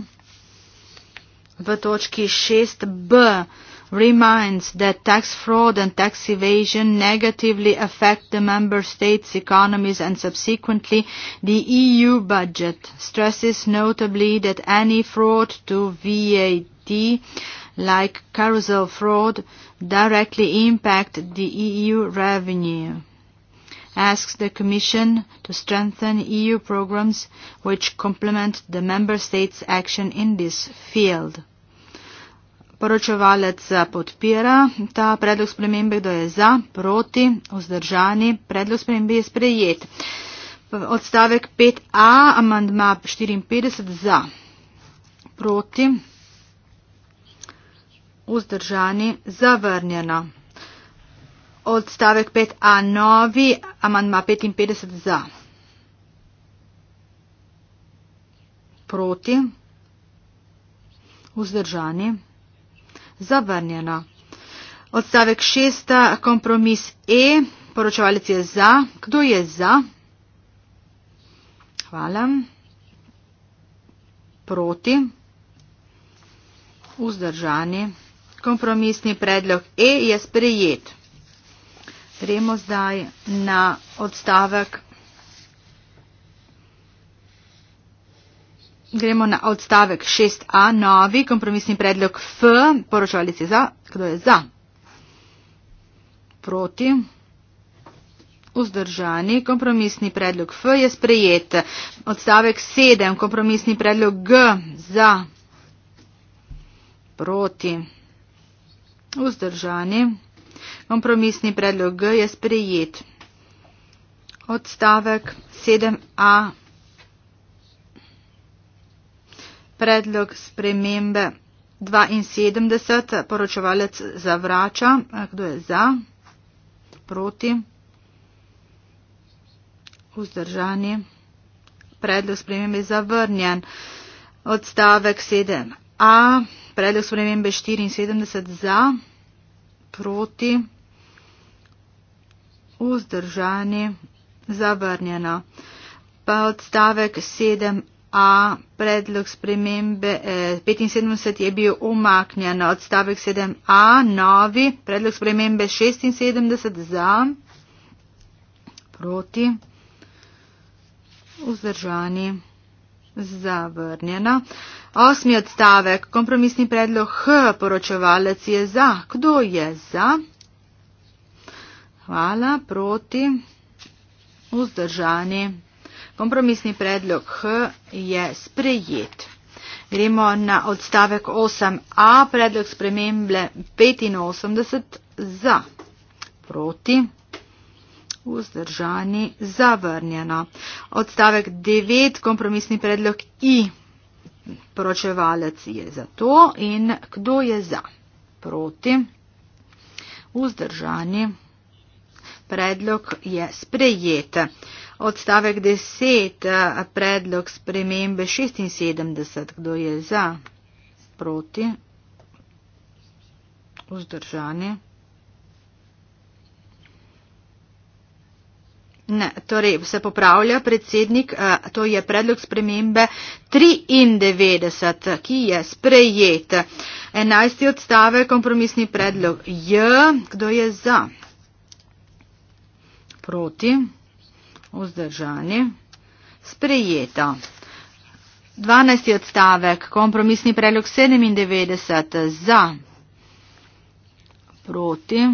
v točki 6b. Reminds that tax fraud and tax evasion negatively affect the member states' economies and subsequently the EU budget. Stresses notably that any fraud to VAT, like carousel fraud, directly impact the EU revenue asks the Commission to strengthen EU programs which complement the Member States' action in this field. Poročevalec podpira ta predlog spremembe, kdo je za, proti, vzdržani, predlog spremembe je sprejet. Odstavek 5a, amandma 54 za, proti, vzdržani, zavrnjeno odstavek 5a novi, amandma 55 za. Proti, vzdržani, zavrnjeno. Odstavek 6, kompromis E, poročevalec je za. Kdo je za? Hvala. Proti, vzdržani, kompromisni predlog E je sprejet. Gremo zdaj na odstavek. Gremo na odstavek 6a, novi kompromisni predlog F, poročali se za, kdo je za, proti, vzdržani, kompromisni predlog F je sprejet, odstavek 7, kompromisni predlog G, za, proti, vzdržani, Kompromisni predlog G je sprejet. Odstavek 7a. Predlog spremembe 72. Poročevalec zavrača. Kdo je za? Proti? Vzdržani? Predlog spremembe je zavrnjen. Odstavek 7a. Predlog spremembe 74 za proti, vzdržani, zavrnjeno. Pa odstavek 7a, predlog spremembe, eh, 75 je bil umaknjen, odstavek 7a, novi, predlog spremembe 76 za, proti, vzdržani. Zavrnjeno. Osmi odstavek. Kompromisni predlog H. Poročevalec je za. Kdo je za? Hvala. Proti. Vzdržani. Kompromisni predlog H je sprejet. Gremo na odstavek 8a. Predlog spremembe 85 za. Proti vzdržani zavrnjeno. Odstavek 9, kompromisni predlog I. Poročevalec je za to in kdo je za? Proti. Vzdržani. Predlog je sprejet. Odstavek 10, predlog spremembe 76, kdo je za? Proti. Vzdržani. Ne, torej se popravlja predsednik, eh, to je predlog spremembe 93, ki je sprejet. Enajsti odstave, kompromisni predlog J, kdo je za? Proti, vzdržani, sprejeta. 12. odstavek, kompromisni predlog 97, za, proti,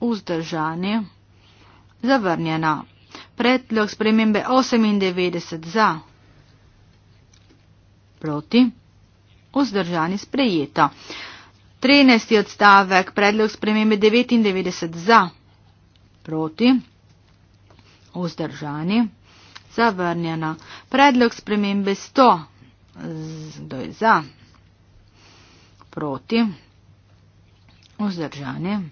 vzdržanje zavrnjena. Predlog spremembe 98 za, proti, vzdržani sprejeta. 13. odstavek, predlog spremembe 99 za, proti, vzdržani, zavrnjena. Predlog spremembe 100, kdo je za, proti, vzdržani,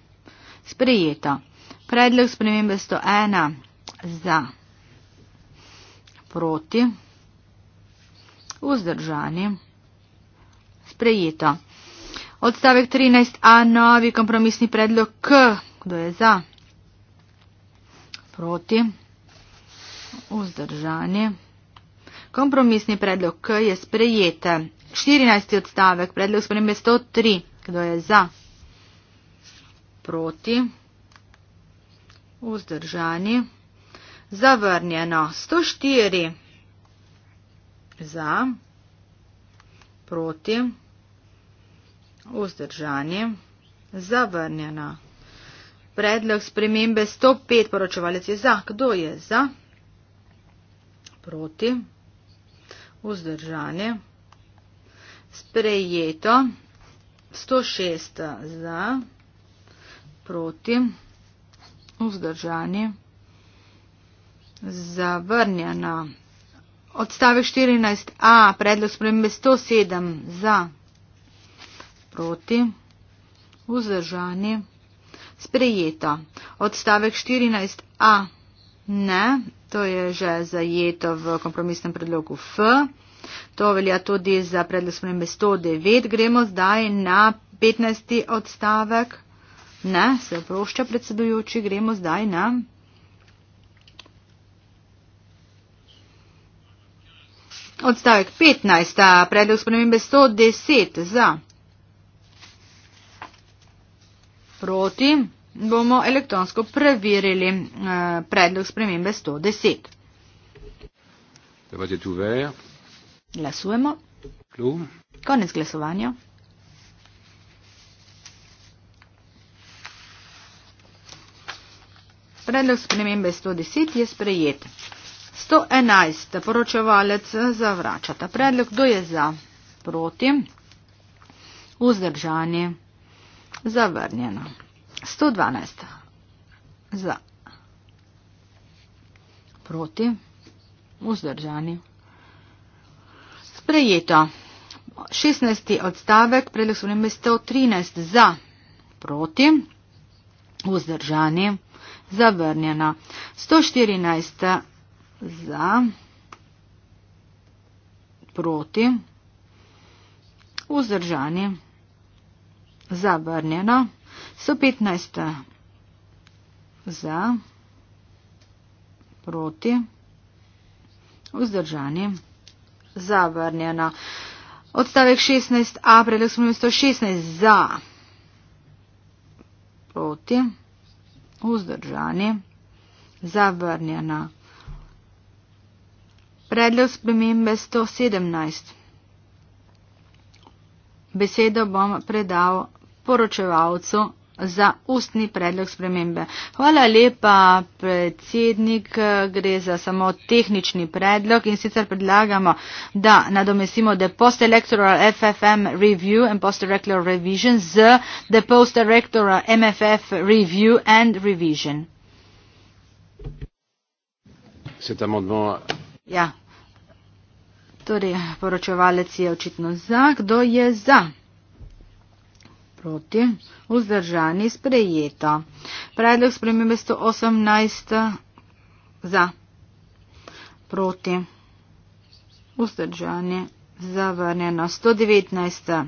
sprejeta. Predlog spremembe 101 za proti vzdržani sprejeto. Odstavek 13a novi kompromisni predlog k. Kdo je za? Proti vzdržani. Kompromisni predlog k je sprejete. 14. odstavek predlog spremembe 103. Kdo je za? Proti vzdržani, zavrnjeno 104, za, proti, vzdržani, zavrnjeno. Predlog spremembe 105, poročevalec je za, kdo je za, proti, vzdržani, sprejeto 106 za, proti, vzdržani vzdržani, zavrnjeno. Odstavek 14a, predlog spremembe 107 za, proti, vzdržani, sprejeto. Odstavek 14a, ne, to je že zajeto v kompromisnem predlogu F. To velja tudi za predlog spremembe 109. Gremo zdaj na 15. odstavek. Ne, se oprošča predsedujoči, gremo zdaj na. Odstavek 15. Predlog spremembe 110 za. Proti bomo elektronsko preverili eh, predlog spremembe 110. Glasujemo. Konec glasovanja. Predlog spremembe 110 je sprejet. 111. Poročevalec eh, zavrača ta predlog. Kdo je za? Proti. Vzdržanje. Zavrnjeno. 112. Za. Proti. Vzdržanje. Sprejeto. 16. odstavek. Predlog spremembe 113. Za. Proti. Vzdržanje zavrnjena. 114 za, proti, vzdržani, zavrnjena. 115 za, proti, vzdržani, zavrnjena. Odstavek 16a, predlog smo imeli 116 za, proti, vzdržani vzdržani, zavrnjena. Predlog spremembe 117. Besedo bom predal poročevalcu za ustni predlog spremembe. Hvala lepa, predsednik. Gre za samo tehnični predlog in sicer predlagamo, da nadomestimo the post-electoral FFM review and post-electoral revision z the post-electoral MFF review and revision. Cet amendement... Ja. Torej, poročevalec je očitno za. Kdo je za? proti, vzdržani sprejeto. Predlog spremembe 118 za, proti, vzdržani, zavrnjeno. 119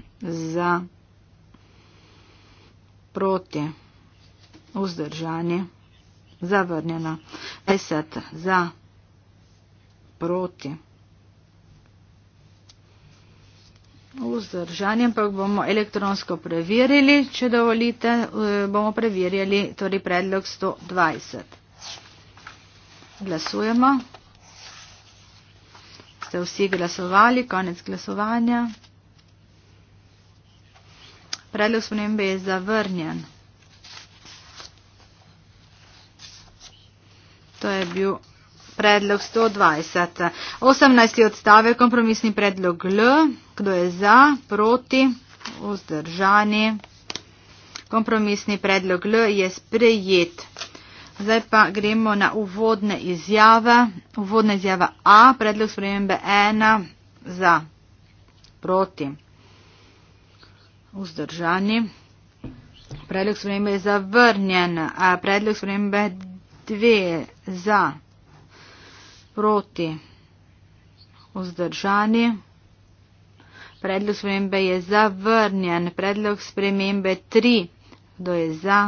za, proti, vzdržani, zavrnjeno. 20 za, proti. vzdržani, ampak bomo elektronsko preverili, če dovolite, eh, bomo preverjali torej predlog 120. Glasujemo. Ste vsi glasovali, konec glasovanja. Predlog spremembe je zavrnjen. To je bil predlog 120. 18. odstave kompromisni predlog L. Kdo je za, proti, vzdržani? Kompromisni predlog L je sprejet. Zdaj pa gremo na uvodne izjave. Uvodna izjava A, predlog spremembe 1 za, proti, vzdržani. Predlog spremembe je zavrnjen. Predlog spremembe 2 za, proti, vzdržani. Predlog spremembe je zavrnjen. Predlog spremembe 3. Kdo je za?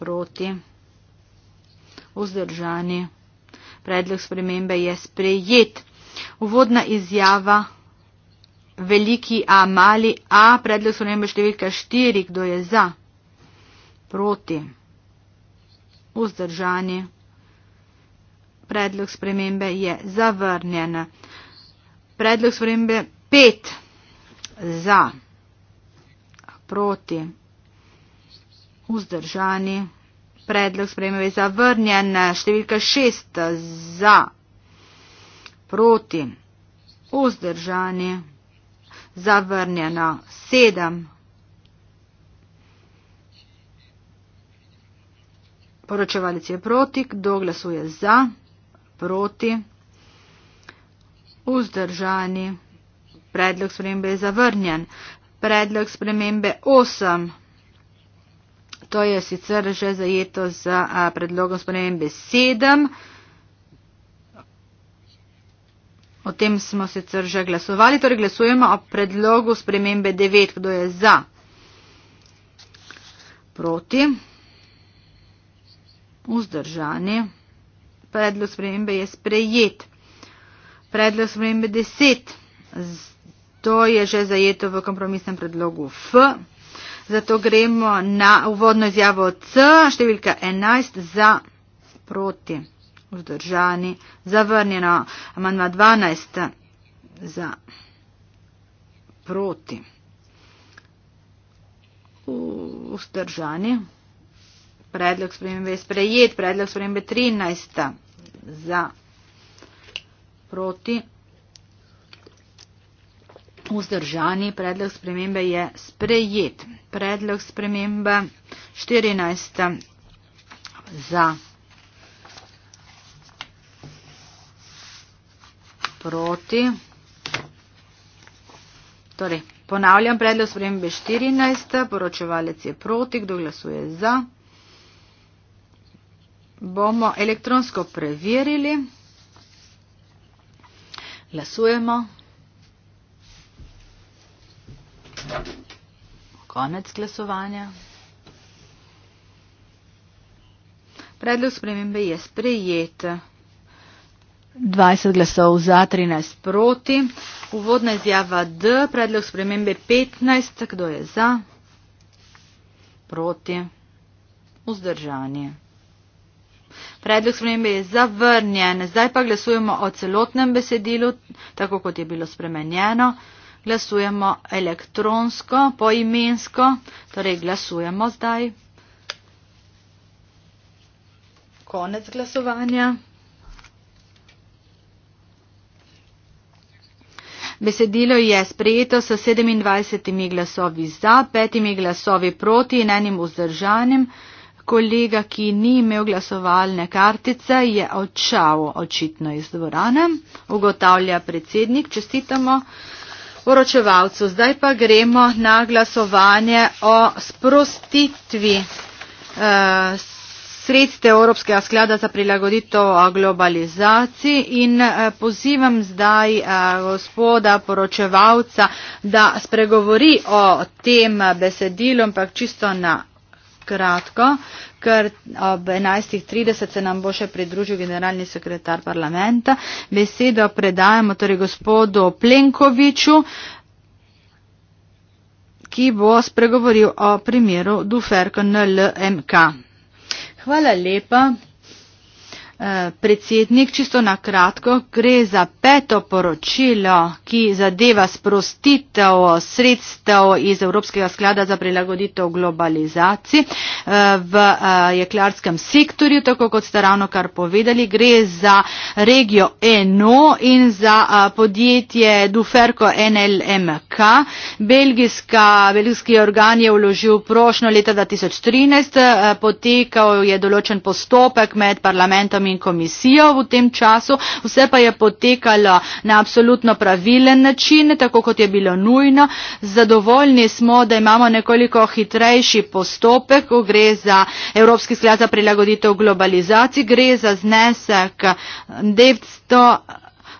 Proti. Vzdržani. Predlog spremembe je sprejet. Uvodna izjava. Veliki A, mali A. Predlog spremembe številka 4. Kdo je za? Proti. Vzdržani predlog spremembe je zavrnjen. Predlog spremembe 5 za, proti, vzdržani. Predlog spremembe je zavrnjen. Številka 6 za, proti, vzdržani. Zavrnjena 7. Poročevalec je proti, kdo glasuje za proti, vzdržani. Predlog spremembe je zavrnjen. Predlog spremembe 8. To je sicer že zajeto z za, predlogom spremembe 7. O tem smo sicer že glasovali, torej glasujemo o predlogu spremembe 9. Kdo je za? Proti. Vzdržani predlog spremembe je sprejet. Predlog spremembe 10, to je že zajeto v kompromisnem predlogu F. Zato gremo na uvodno izjavo C, številka 11, za proti, vzdržani, zavrnjeno, amandma 12, za proti, vzdržani, predlog spremembe je sprejet, predlog spremembe 13 za proti. Vzdržani predlog spremembe je sprejet. Predlog spremembe 14. za proti. Torej, ponavljam predlog spremembe 14. Poročevalec je proti. Kdo glasuje za? bomo elektronsko preverili. Glasujemo. Konec glasovanja. Predlog spremembe je sprejet. 20 glasov za, 13 proti. Uvodna izjava D, predlog spremembe 15. Kdo je za? Proti. Vzdržanje. Predlog spremembe je zavrnjen. Zdaj pa glasujemo o celotnem besedilu, tako kot je bilo spremenjeno. Glasujemo elektronsko, poimensko, torej glasujemo zdaj. Konec glasovanja. Besedilo je sprejeto s 27 glasovi za, 5 glasovi proti in enim vzdržanim kolega, ki ni imel glasovalne kartice, je odšel očitno iz dvorane, ugotavlja predsednik. Čestitamo poročevalcu. Zdaj pa gremo na glasovanje o sprostitvi eh, sredstev Evropskega sklada za prilagoditev globalizaciji in eh, pozivam zdaj eh, gospoda poročevalca, da spregovori o tem besedilom, pa čisto na kratko, ker ob 11.30 se nam bo še pridružil generalni sekretar parlamenta. Besedo predajamo torej gospodu Plenkoviču, ki bo spregovoril o primeru Duferko NLMK. Hvala lepa predsednik, čisto na kratko, gre za peto poročilo, ki zadeva sprostitev sredstev iz Evropskega sklada za prilagoditev globalizaciji eh, v eh, jeklarskem sektorju, tako kot ste ravno kar povedali, gre za regijo Eno in za eh, podjetje Duferko NLMK. Belgijska, belgijski organ je vložil prošnjo leta 2013, potekal je določen postopek med parlamentom in komisijo v tem času, vse pa je potekalo na absolutno pravilen način, tako kot je bilo nujno. Zadovoljni smo, da imamo nekoliko hitrejši postopek, ko gre za Evropski sklad za prilagoditev globalizaciji, gre za znesek 900.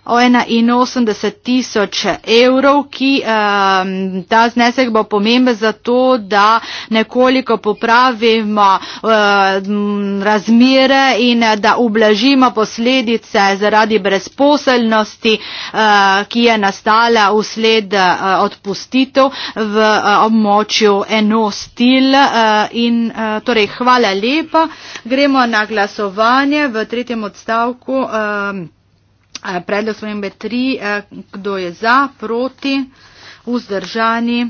81 tisoč evrov, ki um, ta znesek bo pomembe za to, da nekoliko popravimo um, ehm, razmire in da ublažimo posledice zaradi brezposelnosti, uh, ki je nastala usled uh, eh, odpustitev v uh, območju eno stil. Uh, in, uh, torej, hvala lepa. Gremo na glasovanje v tretjem odstavku. Um, predlog spremembe 3, kdo je za, proti, vzdržani.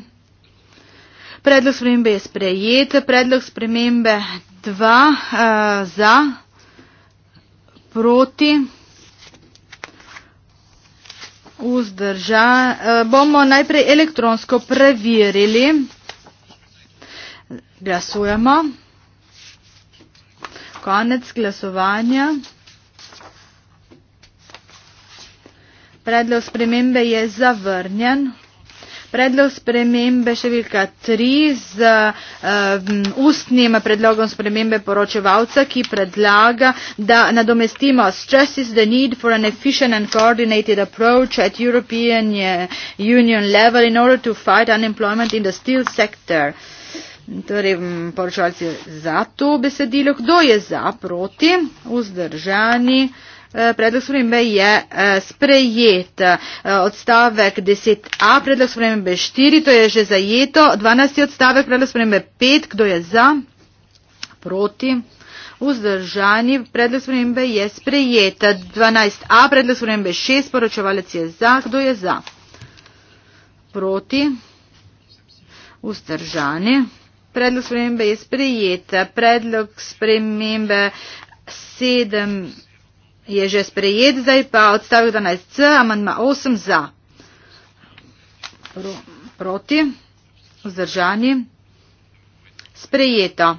Predlog spremembe je sprejet, predlog spremembe 2 za, proti, vzdržani. Bomo najprej elektronsko preverili. Glasujemo. Konec glasovanja. Predlog spremembe je zavrnjen. Predlog spremembe številka 3 z um, ustnim predlogom spremembe poročevalca, ki predlaga, da nadomestimo stress is the need for an efficient and coordinated approach at European Union level in order to fight unemployment in the steel sector. Torej, um, poročevalci za to besedilo. Kdo je za proti? Vzdržani. Uh, Eh, predlog spremembe je eh, sprejet. Eh, odstavek 10a, predlog spremembe 4, to je že zajeto. 12. odstavek, predlog spremembe 5, kdo je za? Proti. Vzdržani predlog spremembe je sprejet. 12a, predlog spremembe 6, poročevalec je za. Kdo je za? Proti. Vzdržani. Predlog spremembe je sprejet. Predlog spremembe 7 je že sprejet, zdaj pa odstavek 12c, amandma 8 za. Pro, proti, vzdržani, sprejeto.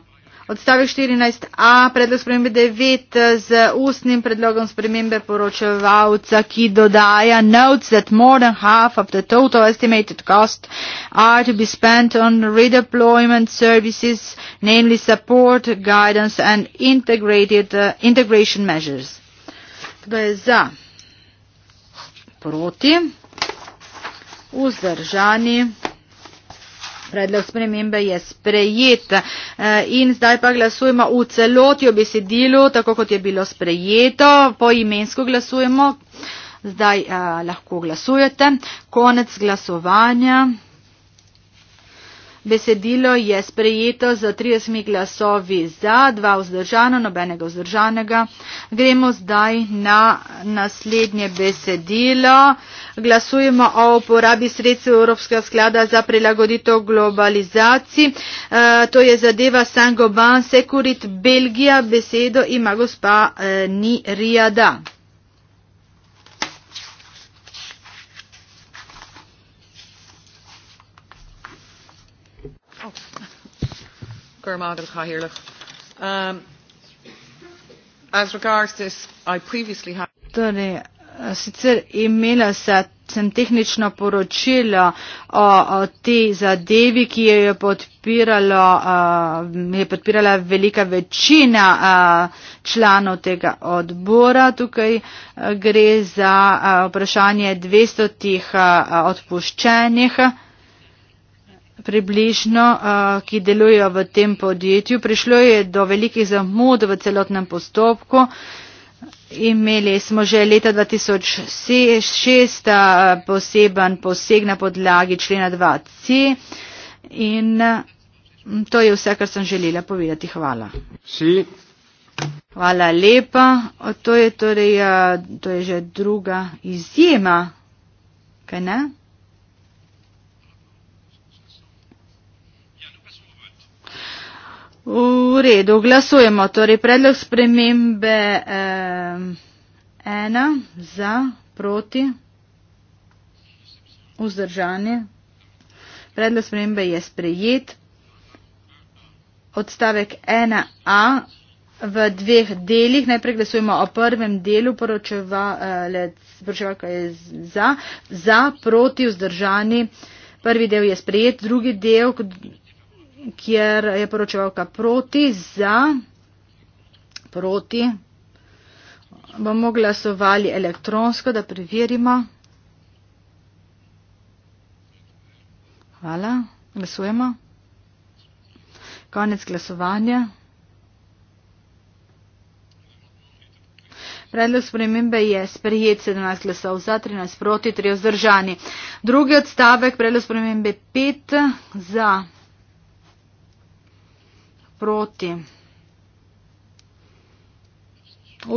Odstavek 14a, predlog spremembe 9 z ustnim predlogom spremembe poročevalca, ki dodaja notes that more than half of the total estimated cost are to be spent on redeployment services, namely support, guidance and integrated uh, integration measures glasbe za, proti, vzdržani. Predlog spremembe je sprejet. E, in zdaj pa glasujemo v celoti o besedilu, tako kot je bilo sprejeto. Po imensko glasujemo. Zdaj eh, lahko glasujete. Konec glasovanja. Besedilo je sprejeto za 30 glasovi za, dva vzdržana, nobenega vzdržanega. Gremo zdaj na naslednje besedilo. Glasujemo o uporabi sredstev Evropskega sklada za prilagoditev globalizaciji. E, to je zadeva Sangoban Securit Belgija. Besedo ima gospa e, Ni Rijada. Gurmagh and Cahirlach. Um, as regards this, I previously had. Tore, eh, sicer imela se, sem tehnično poročila o, o tej zadevi, ki jo je, podpiralo, uh, je podpirala velika večina uh, članov tega odbora. Tukaj uh, gre za uh, vprašanje 200 uh, odpuščenih. Uh, približno, eh, ki delujejo v tem podjetju. Prišlo je do velikih zamud v celotnem postopku. Imeli smo že leta 2006 eh, poseben poseg na podlagi člena 2C in mm, to je vse, kar sem želela povedati. Hvala. Si. Hvala lepa. To je, torej, eh, to je že druga izjema. Kaj ne? V redu, glasujemo. Torej, predlog spremembe eh, ena za, proti, vzdržanje. Predlog spremembe je sprejet. Odstavek 1a v dveh delih. Najprej glasujemo o prvem delu, poročevalka je za, za, proti, vzdržani. Prvi del je sprejet, drugi del, kjer je poročevalka proti, za, proti. Bomo glasovali elektronsko, da preverimo. Hvala. Glasujemo. Konec glasovanja. Predlog spremembe je sprejet 17 glasov za, 13 proti, 3 vzdržani. Drugi odstavek, predlog spremembe 5 za proti.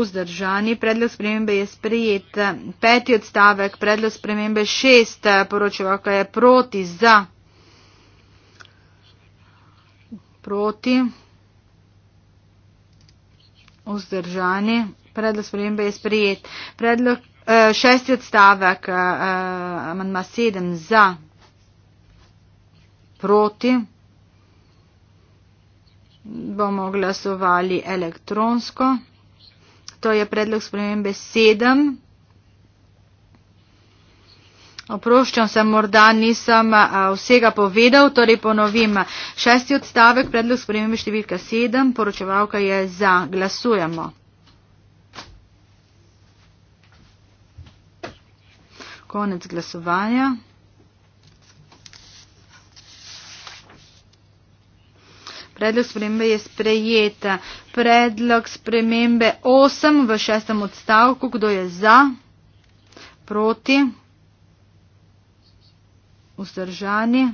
Vzdržani predlog spremembe je sprejet. Peti odstavek predlog spremembe šest poročevalka je proti za. Proti. Vzdržani predlog spremembe je sprejet. Predlog eh, šesti odstavek eh, eh, amandma sedem za. Proti bomo glasovali elektronsko. To je predlog spremembe 7. Oproščam se, morda nisem a, vsega povedal, torej ponovim. Šesti odstavek, predlog spremembe številka 7, poročevalka je za. Glasujemo. Konec glasovanja. Predlog spremembe je sprejeta. Predlog spremembe 8 v šestem odstavku. Kdo je za? Proti? Vzdržani?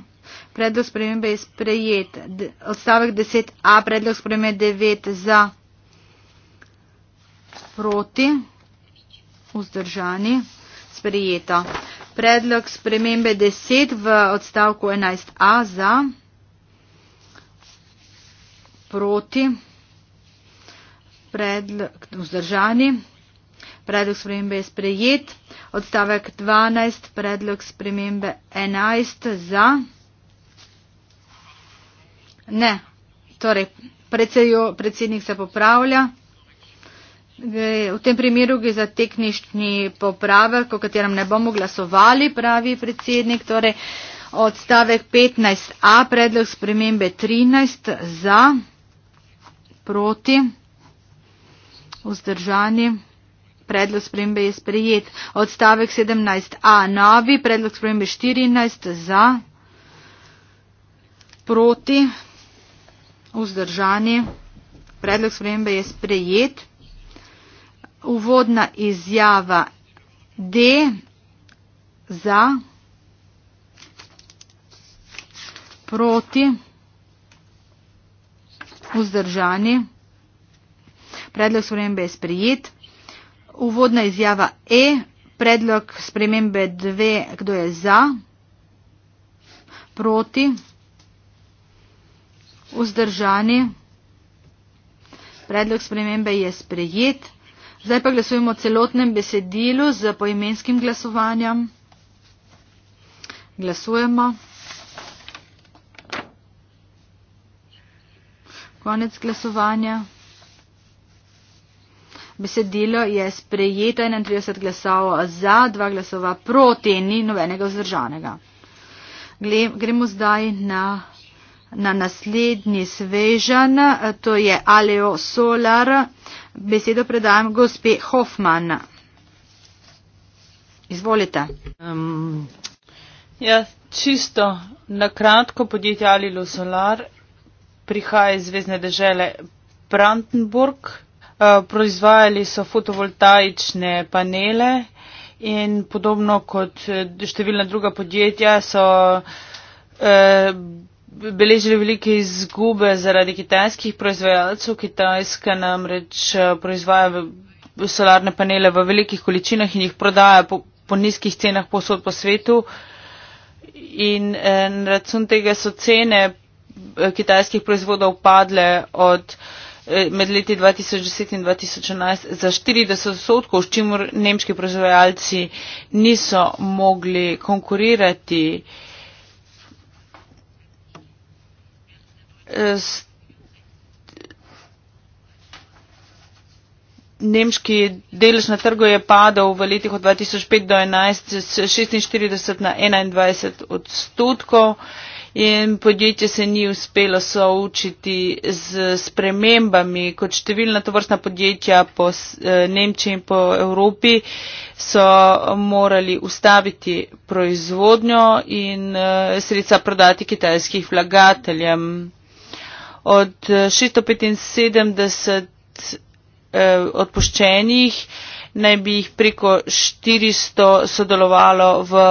Predlog spremembe je sprejet. Odstavek 10a. Predlog spremembe 9 za? Proti? Vzdržani? Sprejeta. Predlog spremembe 10 v odstavku 11a za? Proti? proti, predlog vzdržani, predlog spremembe je sprejet, odstavek 12, predlog spremembe 11 za. Ne, torej predsedjo, predsednik se popravlja. V tem primeru gre za tehnični popravek, o katerem ne bomo glasovali, pravi predsednik. Torej, odstavek 15a, predlog spremembe 13 za proti, vzdržani. Predlog spremembe je sprejet. Odstavek 17a. Novi predlog spremembe 14 za, proti, vzdržani. Predlog spremembe je sprejet. Uvodna izjava D za, proti vzdržani. Predlog spremembe je sprijet. Uvodna izjava E, predlog spremembe 2, kdo je za, proti, vzdržani. Predlog spremembe je sprejet. Zdaj pa glasujemo o celotnem besedilu z poimenskim glasovanjem. Glasujemo. konec glasovanja. Besedilo je sprejeto 31 glasov za, 2 glasova proti, ni novenega vzdržanega. Gremo zdaj na, na naslednji svežan, to je Aleo Solar. Besedo predajam gospe Hoffman. Izvolite. Um, ja, čisto na kratko podjetje Alilo Solar prihaja iz zvezdne dežele Brandenburg. Eh, proizvajali so fotovoltaične panele in podobno kot eh, številna druga podjetja so eh, beležili velike izgube zaradi kitajskih proizvajalcev. Kitajska namreč proizvaja solarne panele v velikih količinah in jih prodaja po, po nizkih cenah posod po svetu. In na račun tega so cene Eh, kitajskih proizvodov padle od eh, med leti 2010 in 2011 za 40 odstotkov, s čimer nemški proizvajalci niso mogli konkurirati. Eh, nemški delež na trgu je padal v letih od 2005 do 2011 z 46 na 21 odstotkov in podjetje se ni uspelo soočiti z spremembami. Kot številna tovrstna podjetja po eh, Nemčiji in po Evropi so morali ustaviti proizvodnjo in eh, sredstva prodati kitajskih vlagateljem. Od 675 eh, odpuščenih naj bi jih preko 400 sodelovalo v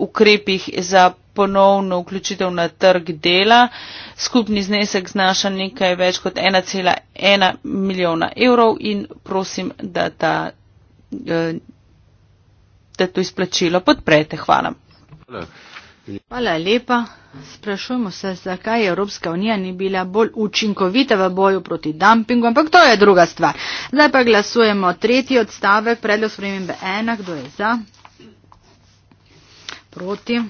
ukrepih za ponovno vključitev na trg dela. Skupni znesek znaša nekaj več kot 1,1 milijona evrov in prosim, da, ta, eh, da to izplačilo podprete. Hvala. Hvala lepa. Sprašujemo se, zakaj Evropska unija ni bila bolj učinkovita v boju proti dumpingu, ampak to je druga stvar. Zdaj pa glasujemo tretji odstavek, predlog spremembe ena, kdo je za? Proti.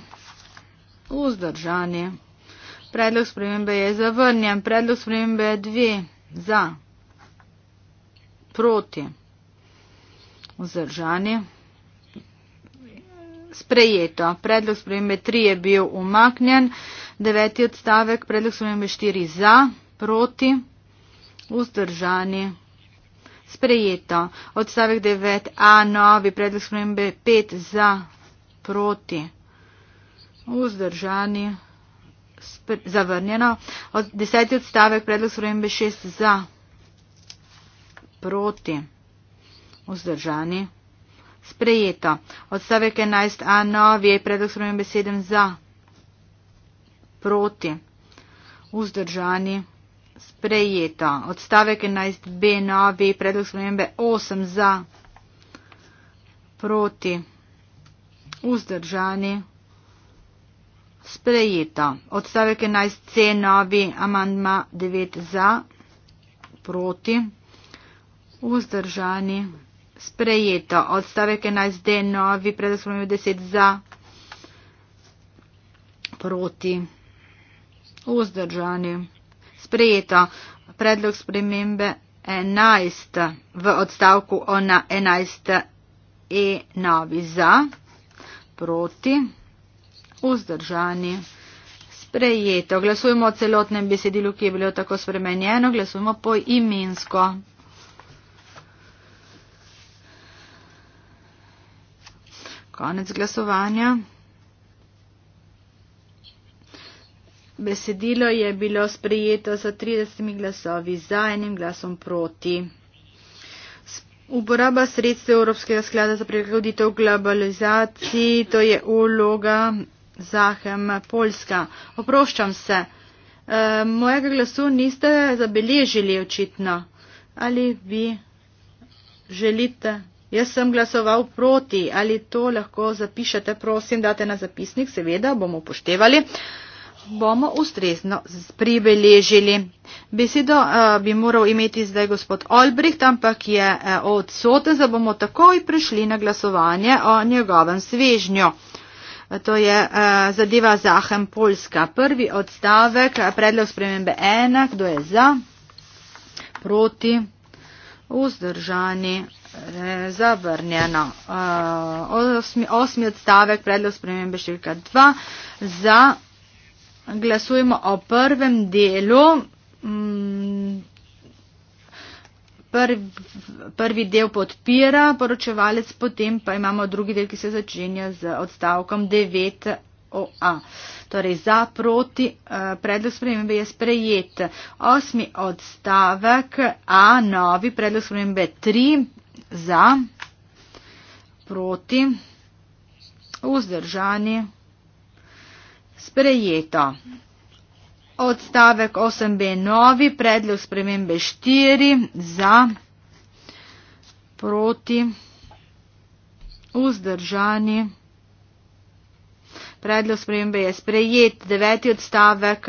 Vzdržani. Predlog spremembe je zavrnjen. Predlog spremembe je dve. Za. Proti. Vzdržani. Sprejeto. Predlog spremembe tri je bil umaknjen. Deveti odstavek. Predlog spremembe štiri za. Proti. Vzdržani. Sprejeto. Odstavek 9a. Novi predlog spremembe 5 za. Proti vzdržani, zavrnjeno. Od deseti odstavek predlog spremembe šest za, proti, vzdržani, sprejeto. Odstavek enajst a novi je predlog spremembe sedem za, proti, vzdržani, sprejeto. Odstavek enajst b novi predlog spremembe osem za, proti, vzdržani, sprejeto. Sprejeto. Odstavek 11c, novi amandma 9 za, proti, vzdržani. Sprejeto. Odstavek 11d, novi predlog spremenil 10 za, proti, vzdržani. Sprejeto. Predlog spremembe 11 v odstavku ona 11e, novi za, proti vzdržani. Sprejeto. Glasujemo o celotnem besedilu, ki je bilo tako spremenjeno. Glasujemo po imensko. Konec glasovanja. Besedilo je bilo sprejeto za 30 glasovi za enim glasom proti. Uporaba sredstev Evropskega sklada za prilagoditev globalizaciji, to je uloga Zahem, Poljska. Oproščam se. E, mojega glasu niste zabeležili očitno. Ali vi želite? Jaz sem glasoval proti. Ali to lahko zapišete? Prosim, date na zapisnik. Seveda bomo upoštevali. Bomo ustrezno pribeležili. Besedo uh, bi moral imeti zdaj gospod Olbricht, ampak je uh, odsoten, da bomo takoj prišli na glasovanje o njegovem svežnju to je eh, zadeva Zahem Poljska. Prvi odstavek, eh, predlog spremembe ena, kdo je za, proti, vzdržani, eh, zavrnjeno. Osmi, osmi odstavek, predlog spremembe številka dva, za, glasujemo o prvem delu. Mm, prv, prvi del podpira poročevalec, potem pa imamo drugi del, ki se začenja z odstavkom 9. OA. Torej, za proti eh, predlog spremembe je sprejet. Osmi odstavek A, novi predlog spremembe 3, za proti vzdržani sprejeto odstavek 8b novi, predlog spremembe 4 za proti vzdržani. Predlog spremembe je sprejet, deveti odstavek,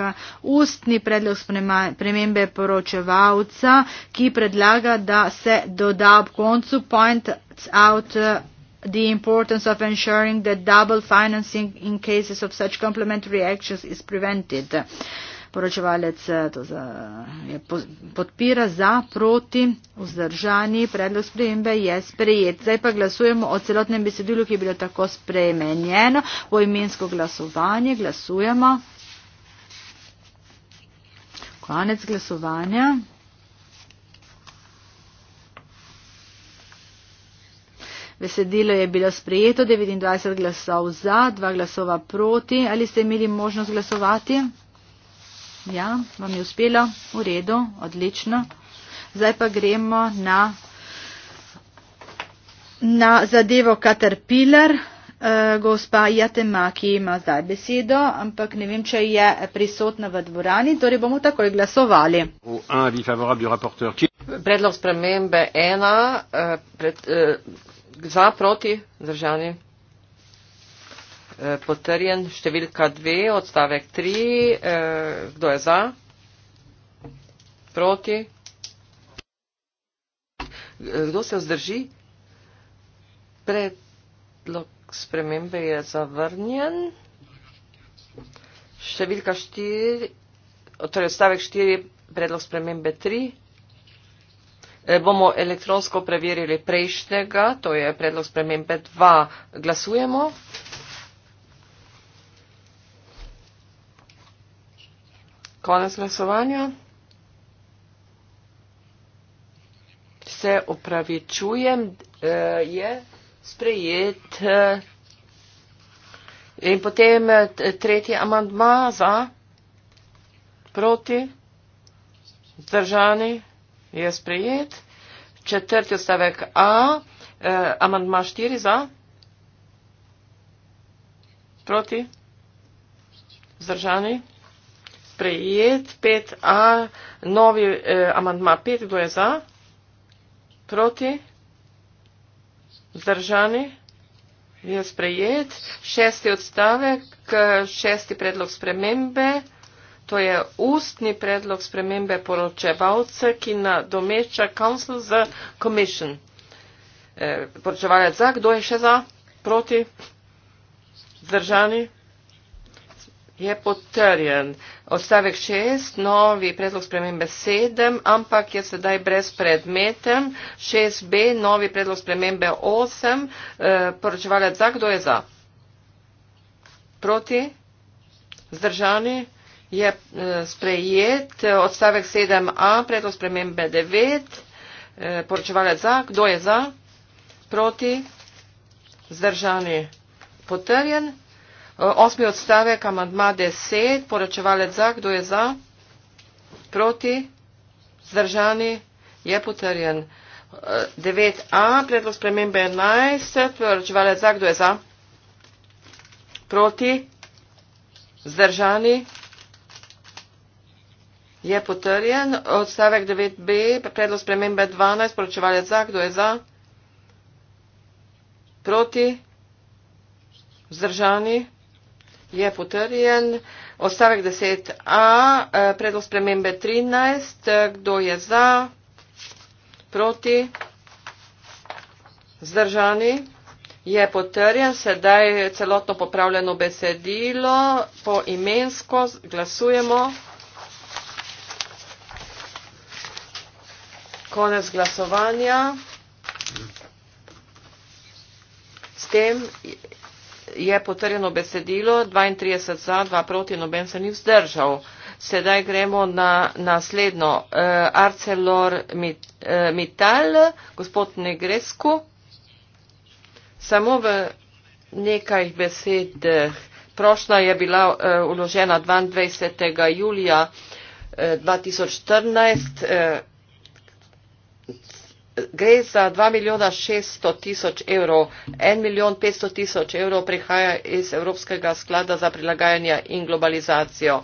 ustni predlog spremembe poročevalca, ki predlaga, da se doda ob koncu point out the importance of ensuring that double financing in cases of such complementary actions is prevented. Uh, poročevalec eh, za, je, podpira za, proti, vzdržani, predlog sprejembe je sprejet. Zdaj pa glasujemo o celotnem besedilu, ki je bilo tako spremenjeno, o imensko glasovanje, glasujemo. Konec glasovanja. Besedilo je bilo sprejeto, 29 glasov za, 2 glasova proti. Ali ste imeli možnost glasovati? Ja, vam je uspelo? V redu, odlično. Zdaj pa gremo na, na zadevo Caterpillar. E, gospa Jatema, ki ima zdaj besedo, ampak ne vem, če je prisotna v dvorani, torej bomo takoj glasovali. Predlog spremembe ena, eh, pred, eh, za proti državni. Eh, potrjen številka 2, odstavek 3. Eh, kdo je za? Proti? Eh, kdo se vzdrži? Predlog spremembe je zavrnjen. Številka 4, torej odstavek 4, predlog spremembe 3. Bomo elektronsko preverili prejšnjega, to je predlog spremembe 2. Glasujemo. Konec glasovanja. Se upravičujem, e, je sprejet. E, in potem e, tretji amandma za, proti, zdržani, je sprejet. Četrti odstavek A, eh, amandma štiri za, proti, zdržani sprejet 5a, novi eh, amantma 5, kdo je za, proti, zdržani, je sprejet, šesti odstavek, šesti predlog spremembe, to je ustni predlog spremembe poročevalca, ki nadomeča Council za Commission. Eh, poročevalec za, kdo je še za, proti, zdržani je potrjen. Odstavek šest, novi predlog spremembe sedem, ampak je sedaj brez predmeten. Šest B, novi predlog spremembe osem, e, poročevalec za, kdo je za? Proti? Zdržani? Je e, sprejet. Odstavek sedem A, predlog spremembe devet, e, poročevalec za, kdo je za? Proti? Zdržani? Potrjen? Osmi odstavek, amandma 10, poročevalec za, kdo je za, proti, zdržani, je potrjen. 9a, predlog spremembe 11, poročevalec za, kdo je za, proti, zdržani, je potrjen. Odstavek 9b, predlog spremembe 12, poročevalec za, kdo je za, proti, zdržani, je potrjen je potrjen. Ostavek 10a, eh, predlog spremembe 13, eh, kdo je za, proti, zdržani, je potrjen. Sedaj je celotno popravljeno besedilo, po imensko glasujemo. Konec glasovanja. S tem je potrjeno besedilo, 32 za, 2 proti, noben se ni vzdržal. Sedaj gremo na naslednjo. Uh, Arcelor eh, Mittal, gospod Negresku. Samo v nekaj besed. Eh, Prošla je bila uh, uložena 22. julija uh, 2014. Uh, gre za dva milijona šeststo tisoč evrov en milijon petsto tisoč evrov prihaja iz evropskega sklada za prilagajanje in globalizacijo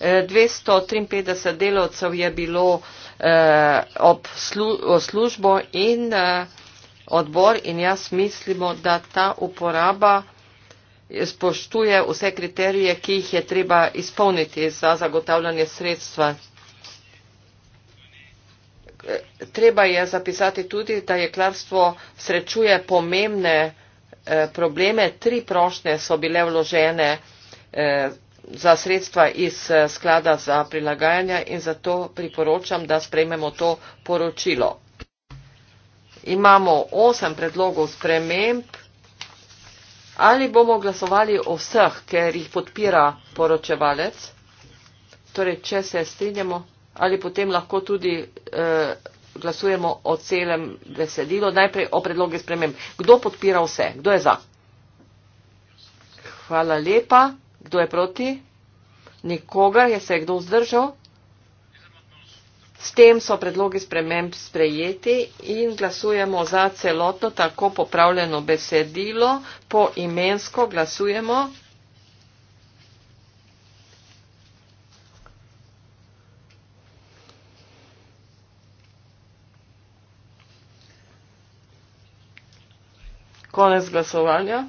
eh, dvesto triinpetdeset delovcev je bilo eh, ob slu, službo in eh, odbor in jaz mislimo da ta uporaba eh, spoštuje vse kriterije ki jih je treba izpolniti za zagotavljanje sredstva treba je zapisati tudi, da jeklarstvo srečuje pomembne eh, probleme. Tri prošnje so bile vložene eh, za sredstva iz eh, sklada za prilagajanje in zato priporočam, da sprejmemo to poročilo. Imamo osem predlogov sprememb. Ali bomo glasovali o vseh, ker jih podpira poročevalec? Torej, če se strinjamo ali potem lahko tudi eh, glasujemo o celem besedilu, najprej o predloge spremem. Kdo podpira vse? Kdo je za? Hvala lepa. Kdo je proti? Nikogar je se kdo vzdržal? S tem so predlogi sprememb sprejeti in glasujemo za celotno tako popravljeno besedilo. Po imensko glasujemo. konec glasovanja.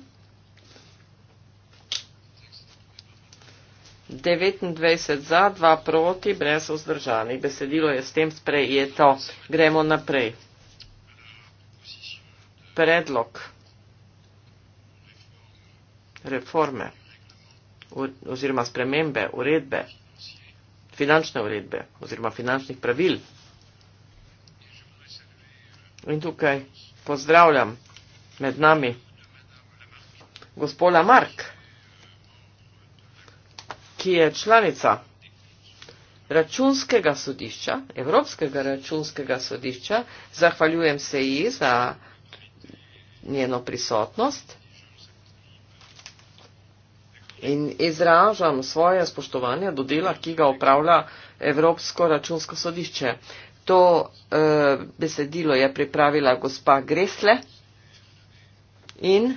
29 za, 2 proti, brez vzdržanih. Besedilo je s tem sprejeto. Gremo naprej. Predlog reforme oziroma spremembe uredbe, finančne uredbe oziroma finančnih pravil. In tukaj pozdravljam med nami. Gospoda Mark, ki je članica računskega sodišča, Evropskega računskega sodišča, zahvaljujem se ji za njeno prisotnost in izražam svoje spoštovanje do dela, ki ga upravlja Evropsko računsko sodišče. To uh, besedilo je pripravila gospa Gresle. In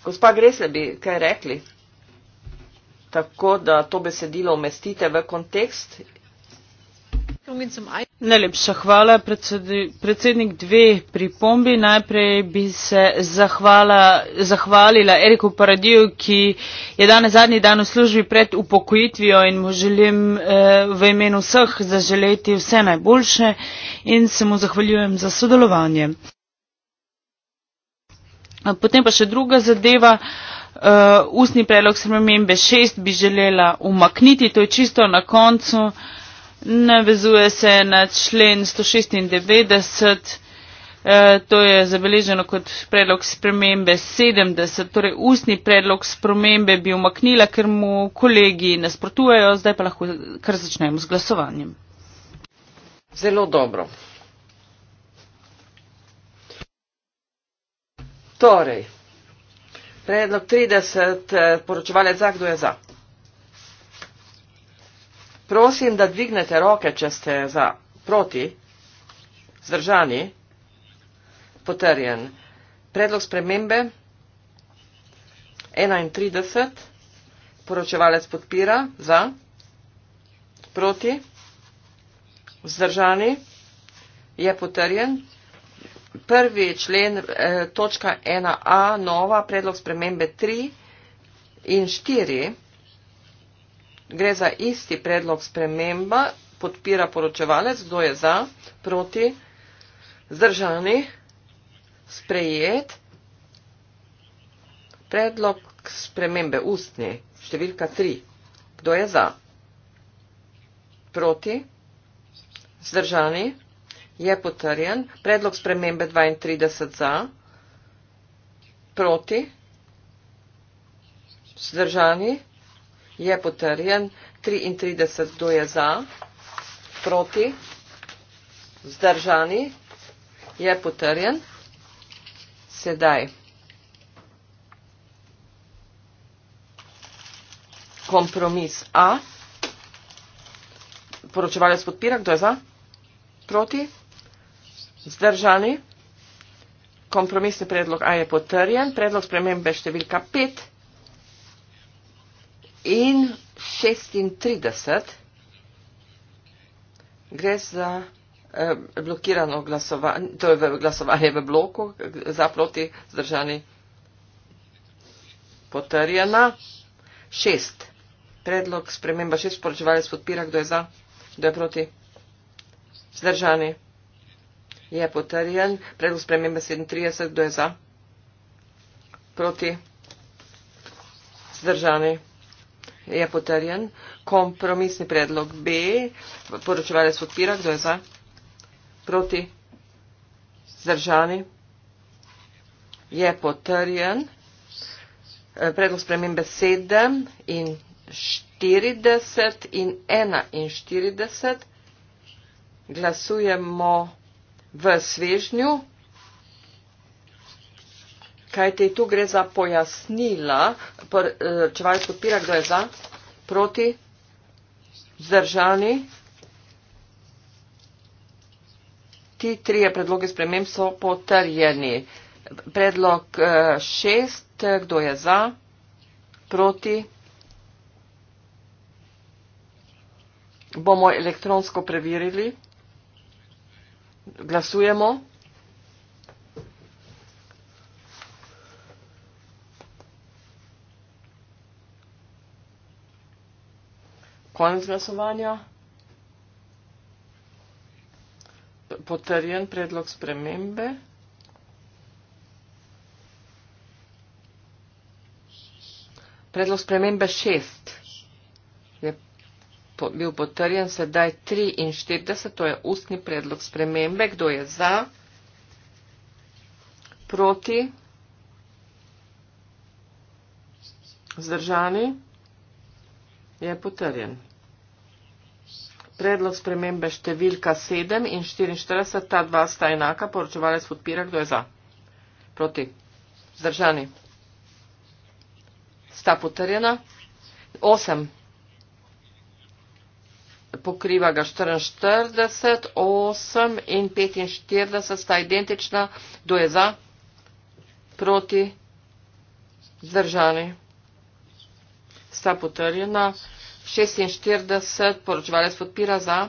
gospa Gresle bi kaj rekli, tako da to besedilo umestite v kontekst. Najlepša hvala, predsednik, dve pripombi. Najprej bi se zahvala, zahvalila Eriku Paradiju, ki je danes zadnji dan v službi pred upokojitvijo in mu želim eh, v imenu vseh zaželeti vse najboljše in se mu zahvaljujem za sodelovanje potem pa še druga zadeva uh, ustni predlog spremembe šest bi želela umakniti to je čisto na koncu navezuje se na člen sto šestindevetdeset eh, to je zabeleženo kot predlog spremembe sedemdeset torej ustni predlog spremembe bi umaknila ker mu kolegi nasprotujejo zdaj pa lahko kar začnemo z glasovanjem zelo dobro Torej, predlog 30, eh, poročevalec za, kdo je za? Prosim, da dvignete roke, če ste za, proti, zdržani, potrjen. Predlog spremembe 31, poročevalec podpira, za, proti, zdržani, je potrjen prvi člen, eh, točka 1a, nova, predlog spremembe 3 in 4. Gre za isti predlog sprememba, podpira poročevalec, kdo je za, proti, zdržani, sprejet. Predlog spremembe ustni, številka 3. Kdo je za, proti, zdržani, sprejet je potrjen. Predlog spremembe 32 za, proti, zdržani, je potrjen. 33 do je za, proti, zdržani, je potrjen. Sedaj. Kompromis A. Poročevalec podpira, kdo je za? Proti. Zdržani. Kompromisni predlog A je potrjen. Predlog spremembe številka 5 in 36. Gre za eh, blokirano glasovanje, to je v glasovanje v bloku, za proti zdržani potrjena. 6. Predlog spremembe 6 sporočevalec podpira, kdo je za, kdo je proti zdržani potrjena je potrjen. Predlog spremembe 37, kdo je za? Proti? Zdržani? Je potrjen. Kompromisni predlog B, poročevalec podpira, kdo je za? Proti? Zdržani? Je potrjen. Predlog spremembe 7 in 40 in 41. Glasujemo v svežnju, kajte tu gre za pojasnila, eh, če vas podpira, kdo je za, proti, zdržani. Ti trije predloge sprememb so potrjeni. Predlog eh, šest, kdo je za, proti. Bomo elektronsko preverili. Glasujemo. Konec glasovanja. Potrjen predlog spremembe. Predlog spremembe šest bil potrjen sedaj 43, to je ustni predlog spremembe. Kdo je za? Proti? Zdržani? Je potrjen. Predlog spremembe številka 7 in 44, ta dva sta enaka, poročevalec podpira, kdo je za? Proti? Zdržani? Sta potrjena? 8 pokriva ga 44, 8 in 45 sta identična, kdo je za, proti, zdržani. Sta potrjena, 46 poročevalec podpira za,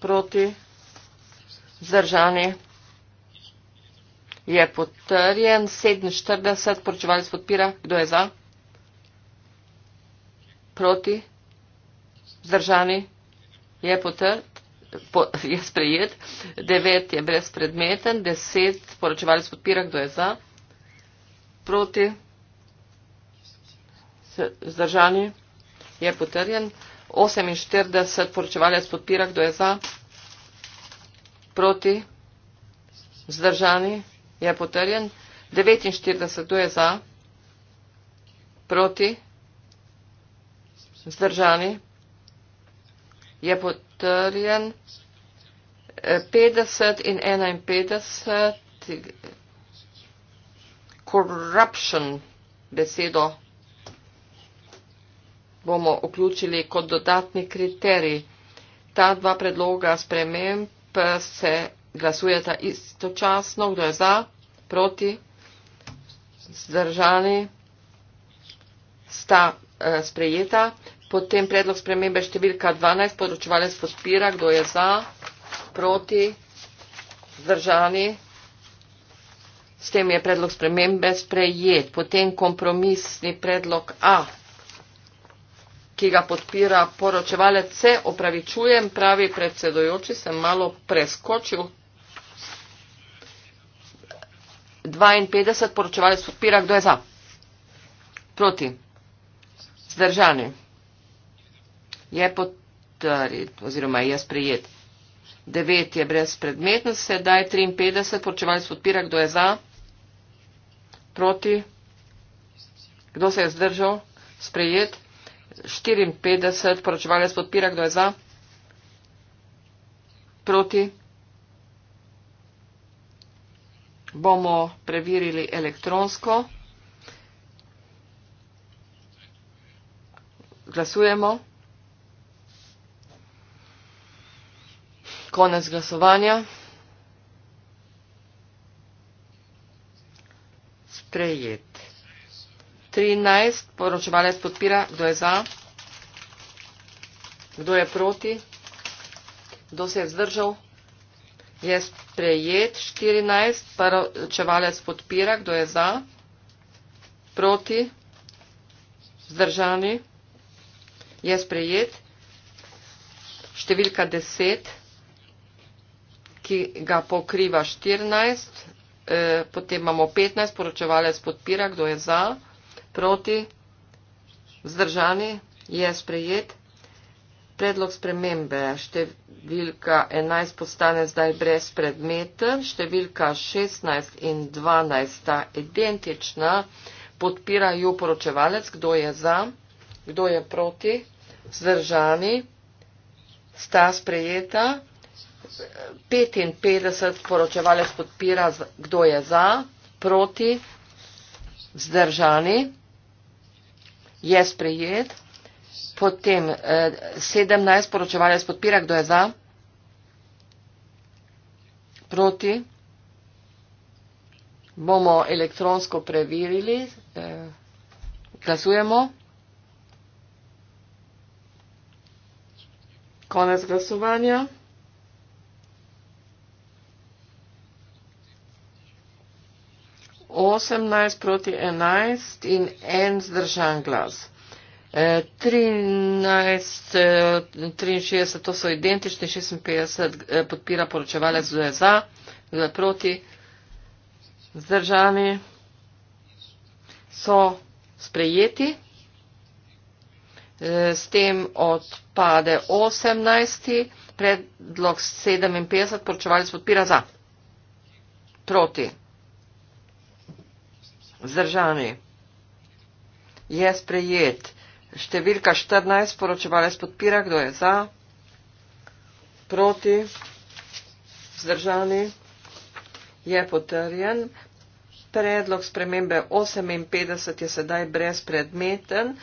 proti, zdržani. Je potrjen, 47 poročevalec podpira, kdo je za, proti, zdržani vzdržani, je potrd, po, je sprejet, devet je brezpredmeten, deset poročevalec podpira, kdo je za, proti, vzdržani, je potrjen, 48 poročevalec podpira, kdo je za, proti, vzdržani, je potrjen, 49, kdo je za, proti, vzdržani, je potrjen 50 eh, in 51 corruption besedo bomo vključili kot dodatni kriterij. Ta dva predloga sprememb se glasujeta istočasno, kdo je za, proti, zdržani, sta eh, sprejeta. Potem predlog spremembe številka 12, poročevalec podpira, kdo je za, proti, zdržani. S tem je predlog spremembe sprejet. Potem kompromisni predlog A, ki ga podpira poročevalec C, opravičujem, pravi predsedojoči, sem malo preskočil. 52, poročevalec podpira, kdo je za, proti, zdržani je potrit oziroma je sprejet. 9 je brezpredmetno, sedaj 53, poročevalec podpira, kdo je za, proti, kdo se je zdržal, sprejet. 54, poročevalec podpira, kdo je za, proti. Bomo preverili elektronsko. Glasujemo. Konec glasovanja. Sprejet. 13. Poročevalec podpira. Kdo je za? Kdo je proti? Kdo se je zdržal? Je sprejet. 14. Poročevalec podpira. Kdo je za? Proti? Zdržani? Je sprejet. Številka 10 ki ga pokriva 14, eh, potem imamo 15, poročevalec podpira, kdo je za, proti, vzdržani, je sprejet. Predlog spremembe številka 11 postane zdaj brez predmeta, številka 16 in 12 sta identična, podpirajo poročevalec, kdo je za, kdo je proti, zdržani, sta sprejeta. 55 poročevalec podpira, kdo je za, proti, zdržani, je sprejet. Potem 17 eh, poročevalec podpira, kdo je za, proti. Bomo elektronsko preverili, eh, glasujemo. Konec glasovanja. 18 proti 11 in en zdržan glas. 13, e, 63, e, to so identični, 56 e, podpira poročevalec ZUEZA, ZUE proti, zdržani so sprejeti, s tem odpade 18, predlog 57 poročevalec podpira za, proti vzdržani. Je sprejet. Številka 14, poročevalec podpira, kdo je za, proti, vzdržani, je potrjen. Predlog spremembe 58 je sedaj brezpredmeten.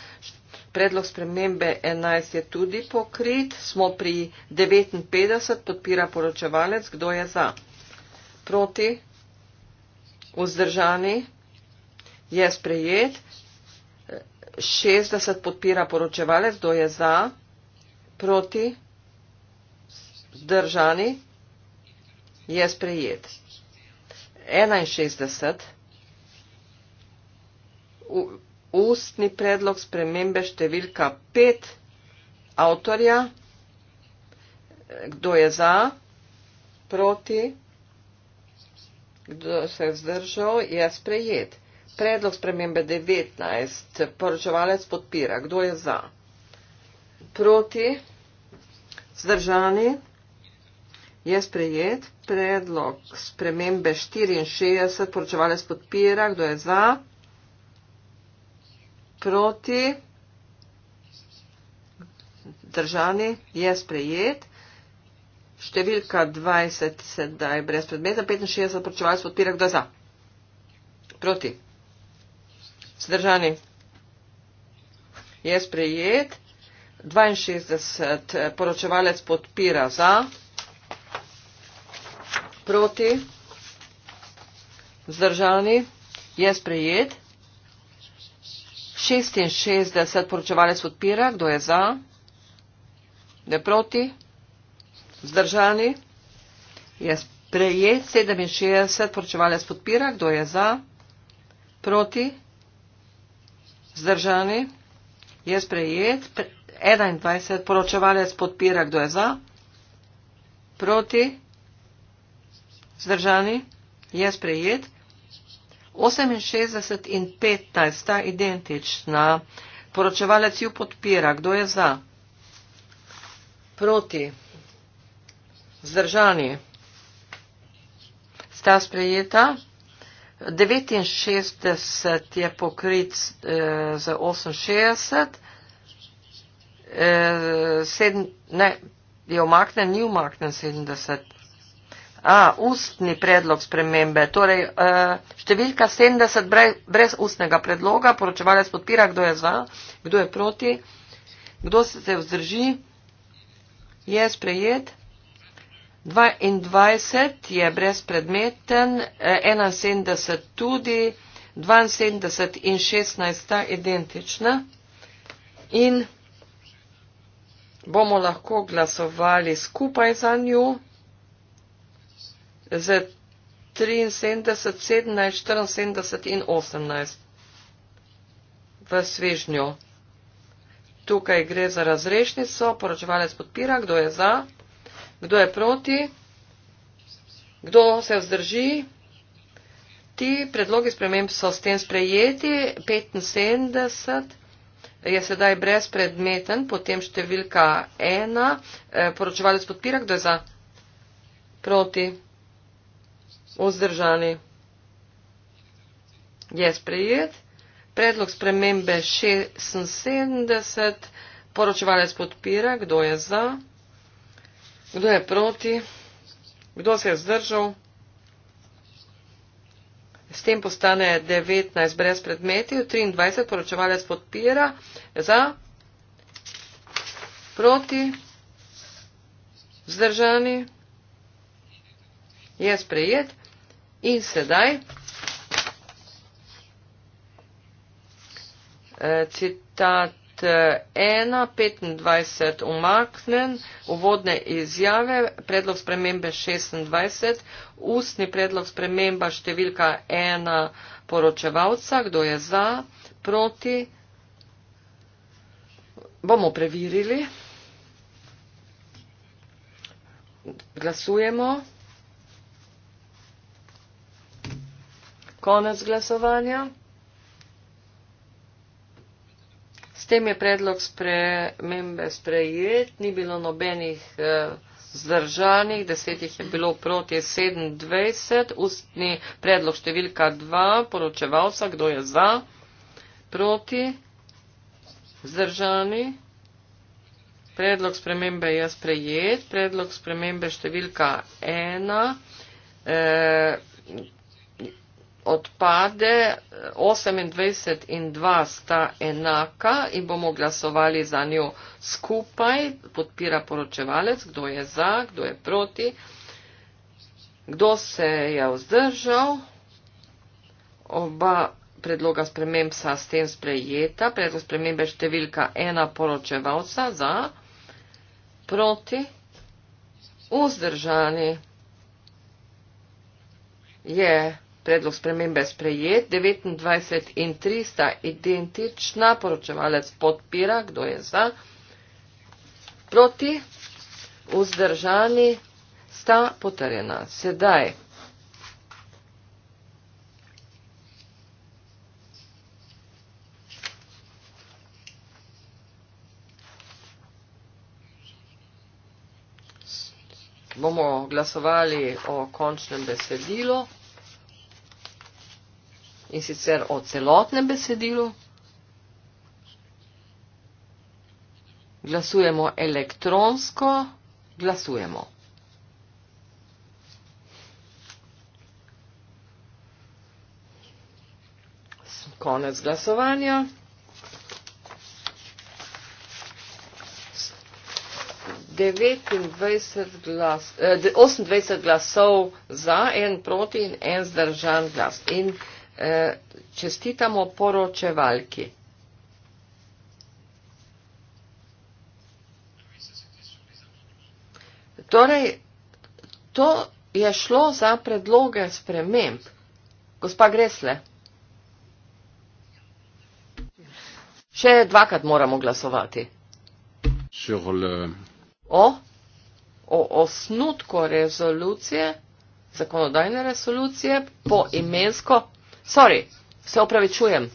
Predlog spremembe 11 je tudi pokrit. Smo pri 59, podpira poročevalec, kdo je za. Proti, vzdržani, je sprejet. 60 podpira poročevalec, kdo je za, proti, zdržani, je sprejet. 61. Ustni predlog spremembe številka 5 avtorja, kdo je za, proti, kdo se je zdržal, je sprejet. Predlog spremembe 19. Poročevalec podpira. Kdo je za? Proti? Zdržani? Je sprejet. Predlog spremembe 64. Poročevalec podpira. Kdo je za? Proti? Zdržani? Je sprejet. Številka 20 sedaj brez predmeta. 65. Poročevalec podpira. Kdo je za? Proti? Zdržani. Je sprejet. 62. Eh, poročevalec podpira za. Proti. Zdržani. Je sprejet. 66. Poročevalec podpira. Kdo je za? Ne proti. Zdržani. Je sprejet. 67. Poročevalec podpira. Kdo je za? Proti. Zdržani je sprejet. 21 poročevalec podpira, kdo je za. Proti. Zdržani je sprejet. 68 in 15 sta identična. Poročevalec ju podpira, kdo je za. Proti. Zdržani sta sprejeta. 69 je pokrit eh, z 68, eh, sedm, ne, je omaknen, ni omaknen 70. A, ustni predlog spremembe, torej eh, številka 70 brez, brez ustnega predloga, poročevalec podpira, kdo je za, kdo je proti, kdo se vzdrži, je sprejet. 22 je brezpredmeten, 71 e, tudi, 72 in 16 sta identična. In bomo lahko glasovali skupaj za njo. Z 73, 17, 74 in 18 v svežnju. Tukaj gre za razrešnico, poročevalec podpira, kdo je za. Kdo je proti? Kdo se vzdrži? Ti predlogi sprememb so s tem sprejeti. 75 je sedaj brezpredmeten, potem številka 1. E, poročevalec podpira, kdo je za? Proti. Vzdržani. Je sprejet. Predlog spremembe 76. Poročevalec podpira, kdo je za? Kdo je proti? Kdo se je zdržal? S tem postane 19 brez predmetov, 23 poročevalec podpira za, proti, zdržani, je sprejet in sedaj eh, citat 1.25 eh, umaknen, uvodne izjave, predlog spremembe 26, ustni predlog sprememba številka 1 poročevalca, kdo je za, proti, bomo preverili. Glasujemo. Konec glasovanja. tem je predlog spremembe sprejet, ni bilo nobenih eh, zdržanih, desetih je bilo proti 27, ustni predlog številka 2, poročevalca, kdo je za, proti, zdržani. Predlog spremembe je sprejet, predlog spremembe številka 1 odpade 28 in 2 sta enaka in bomo glasovali za njo skupaj, podpira poročevalec, kdo je za, kdo je proti, kdo se je vzdržal, oba predloga sprememb sta s tem sprejeta, predlog spremembe številka 1 poročevalca za, proti, vzdržani je. Yeah predlog spremembe sprejet, 29 in 3 sta identična, poročevalec podpira, kdo je za, proti, vzdržani sta potrjena. Sedaj. bomo glasovali o končnem besedilu in sicer o celotnem besedilu. Glasujemo elektronsko, glasujemo. Konec glasovanja. Glas, eh, 28 glasov za, en proti in en zdržan glas. In Eh, čestitamo poročevalki. Torej, to je šlo za predloge sprememb. Gospa Gresle. Še dvakrat moramo glasovati. Le... O, o osnutku rezolucije, zakonodajne resolucije, poimensko Sorry, se opravičujem.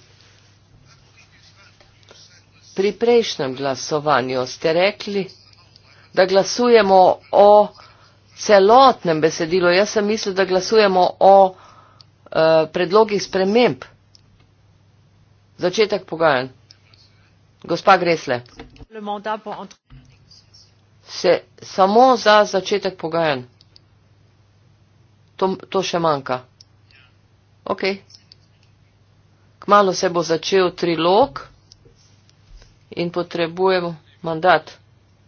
Pri prejšnjem glasovanju ste rekli, da glasujemo o celotnem besedilu. Jaz sem mislil, da glasujemo o uh, predlogih sprememb. Začetek pogajanj. Gospa Gresle. Se, samo za začetek pogajanj. To, to še manjka. Okay kmalo se bo začel trilog in potrebujemo mandat.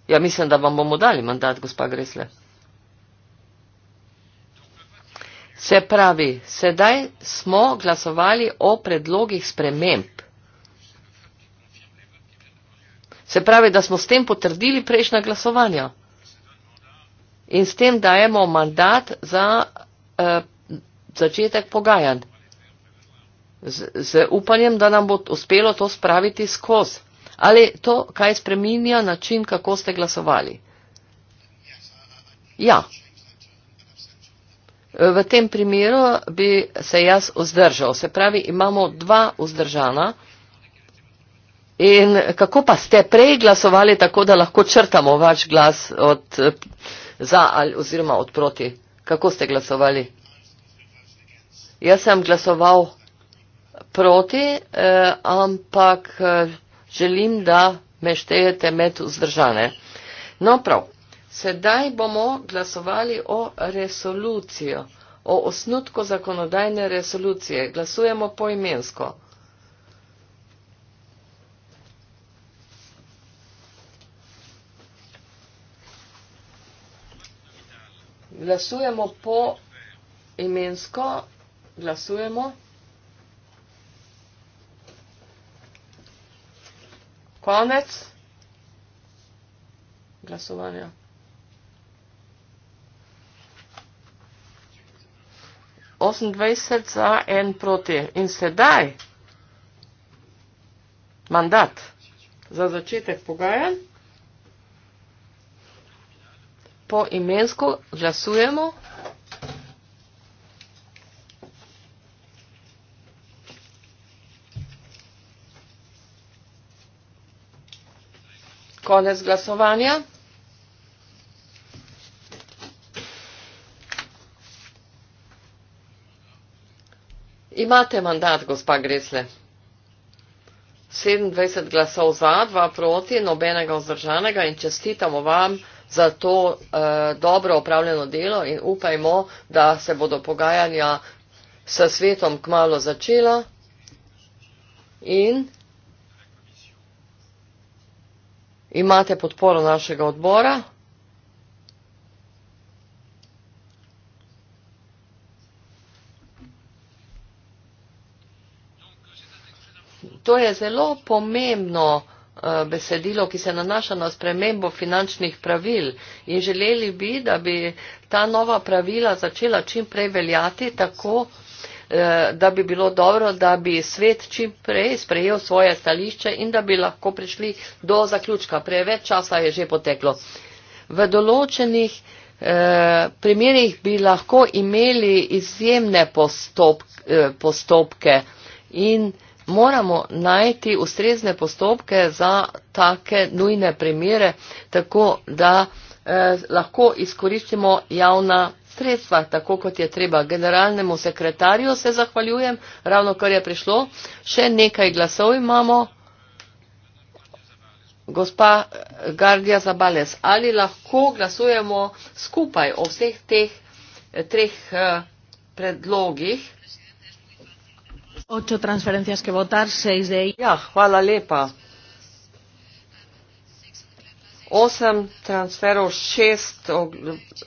Ja, mislim, da vam bomo dali mandat, gospa Gresle. Se pravi, sedaj smo glasovali o predlogih sprememb. Se pravi, da smo s tem potrdili prejšnja glasovanja. In s tem dajemo mandat za uh, začetek pogajanj z, z upanjem, da nam bo uspelo to spraviti skozi. Ali to kaj spreminja način, kako ste glasovali? Ja. V tem primeru bi se jaz vzdržal. Se pravi, imamo dva vzdržana. In kako pa ste prej glasovali tako, da lahko črtamo vaš glas od za ali oziroma od proti? Kako ste glasovali? Jaz sem glasoval proti, eh, ampak eh, želim, da me štejete med vzdržane. No prav, sedaj bomo glasovali o resolucijo, o osnutku zakonodajne resolucije. Glasujemo poimensko. Glasujemo po imensko, glasujemo. Konec glasovanja. Osemindvajset za en proti. In sedaj mandat za začetek pogajanj. Po imensko glasujemo. Konec glasovanja. Imate mandat, gospa Gresle. 27 glasov za, 2 proti, nobenega vzdržanega in čestitamo vam za to uh, dobro opravljeno delo in upajmo, da se bodo pogajanja s svetom kmalo začela. In imate podporo našega odbora. To je zelo pomembno eh, besedilo, ki se nanaša na spremembo finančnih pravil in želeli bi, da bi ta nova pravila začela čim prej veljati tako, Eh, da bi bilo dobro, da bi svet čim prej sprejel svoje stališče in da bi lahko prišli do zaključka. Preveč časa je že poteklo. V določenih eh, primerjih bi lahko imeli izjemne eh, postopke in moramo najti ustrezne postopke za take nujne primere, tako da lahko izkoristimo javna sredstva, tako kot je treba. Generalnemu sekretarju se zahvaljujem, ravno kar je prišlo. Še nekaj glasov imamo. Gospa Gardija Zabales, ali lahko glasujemo skupaj o vseh teh treh eh, predlogih? Očo transferencijas ke votar, seis de ellas. Ja, hvala lepa. Osem transferov, šest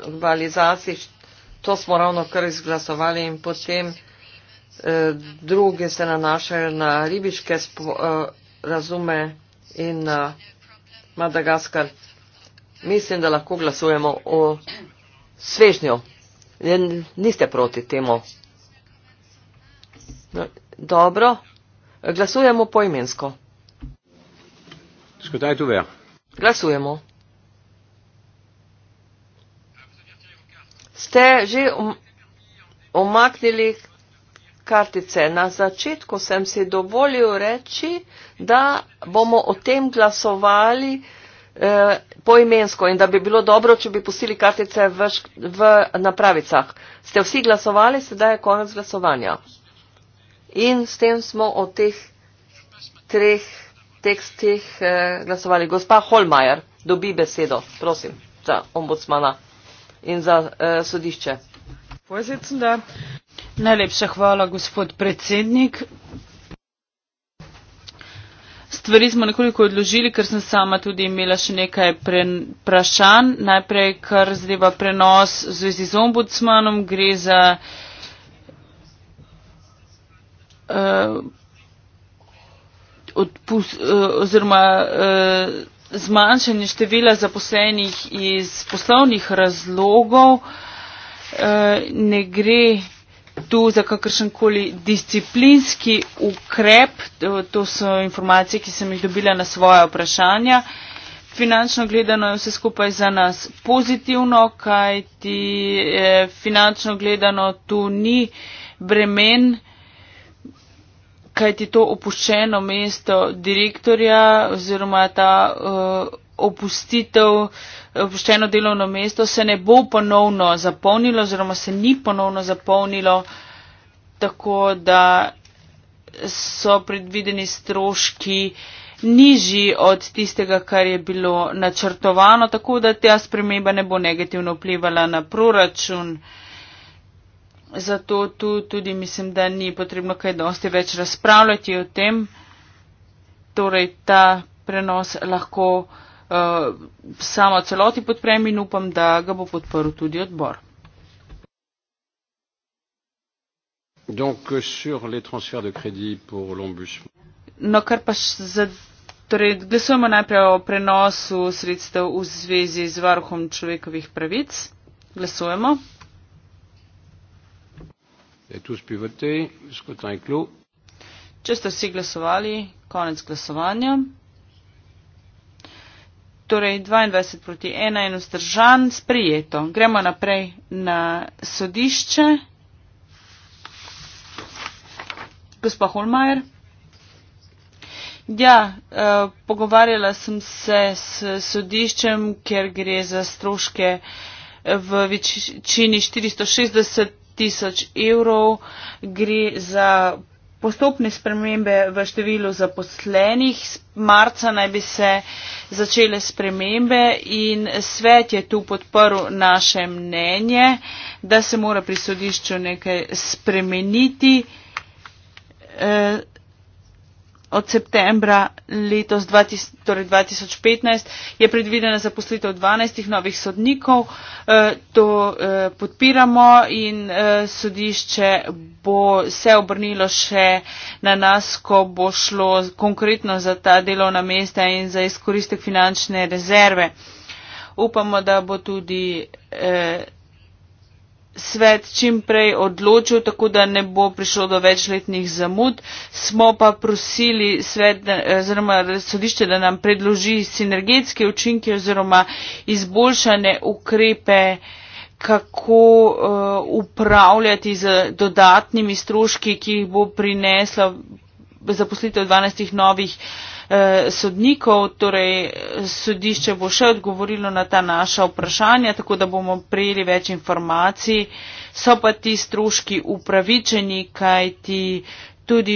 globalizacij, To smo ravno kar izglasovali in potem eh, druge se nanašajo na ribiške eh, razume in na Madagaskar. Mislim, da lahko glasujemo o svežnjo. Niste proti temu. No, dobro. Glasujemo poimensko. Skutaj tu ve. Glasujemo. ste že omaknili um-, kartice. Na začetku sem si dovolil reči, da bomo o tem glasovali eh, poimensko in da bi bilo dobro, če bi pustili kartice v, v napravicah. Ste vsi glasovali, sedaj je konec glasovanja. In s tem smo o teh treh tekstih eh, glasovali. Gospa Holmajer dobi besedo, prosim, za ombudsmana in za uh, sodišče. Pozicunda. Najlepša hvala, gospod predsednik. Stvari smo nekoliko odložili, ker sem sama tudi imela še nekaj vprašanj. Najprej, kar zadeva prenos v zvezi z ombudsmanom, gre za uh, odpust uh, oziroma. Uh, zmanjšanje števila zaposlenih iz poslovnih razlogov. Eh, ne gre tu za kakršenkoli disciplinski ukrep, eh, to so informacije, ki sem jih dobila na svoje vprašanja. Finančno gledano je vse skupaj za nas pozitivno, kajti eh, finančno gledano tu ni bremen kaj ti to opuščeno mesto direktorja oziroma ta uh, opustitev, opuščeno delovno mesto se ne bo ponovno zapolnilo oziroma se ni ponovno zapolnilo, tako da so predvideni stroški nižji od tistega, kar je bilo načrtovano, tako da ta sprememba ne bo negativno vplivala na proračun. Uh, zato tu tudi mislim, da ni potrebno kaj dosti več razpravljati o tem. Torej, ta prenos lahko uh, eh, samo celoti podprem in upam, da ga bo podporil tudi odbor. No, kar pa za, torej, glasujemo najprej o prenosu sredstev v zvezi z varuhom človekovih pravic. Glasujemo. Če ste vsi glasovali, konec glasovanja. Torej 22 proti 1 in vzdržan, sprijeto. Gremo naprej na sodišče. Gospa Holmajer. Ja, eh, pogovarjala sem se s sodiščem, ker gre za stroške v večini 460 tisoč evrov. Gre za postopne spremembe v številu zaposlenih. Marca naj bi se začele spremembe in svet je tu podporil naše mnenje, da se mora pri sodišču nekaj spremeniti. Eh, od septembra letos 20, torej 2015 je predvidena zaposlitev 12 novih sodnikov. Eh, to eh, podpiramo in eh, sodišče bo se obrnilo še na nas, ko bo šlo konkretno za ta delovna mesta in za izkoristek finančne rezerve. Upamo, da bo tudi svet čim prej odločil, tako da ne bo prišlo do večletnih zamud. Smo pa prosili svet, oziroma sodišče, da nam predloži sinergetske učinke oziroma izboljšane ukrepe, kako uh, upravljati z dodatnimi stroški, ki jih bo prinesla zaposlitev 12 novih. Uh, Eh, sodnikov, torej sodišče bo še odgovorilo na ta naša vprašanja, tako da bomo prijeli več informacij. So pa ti stroški upravičeni, kajti tudi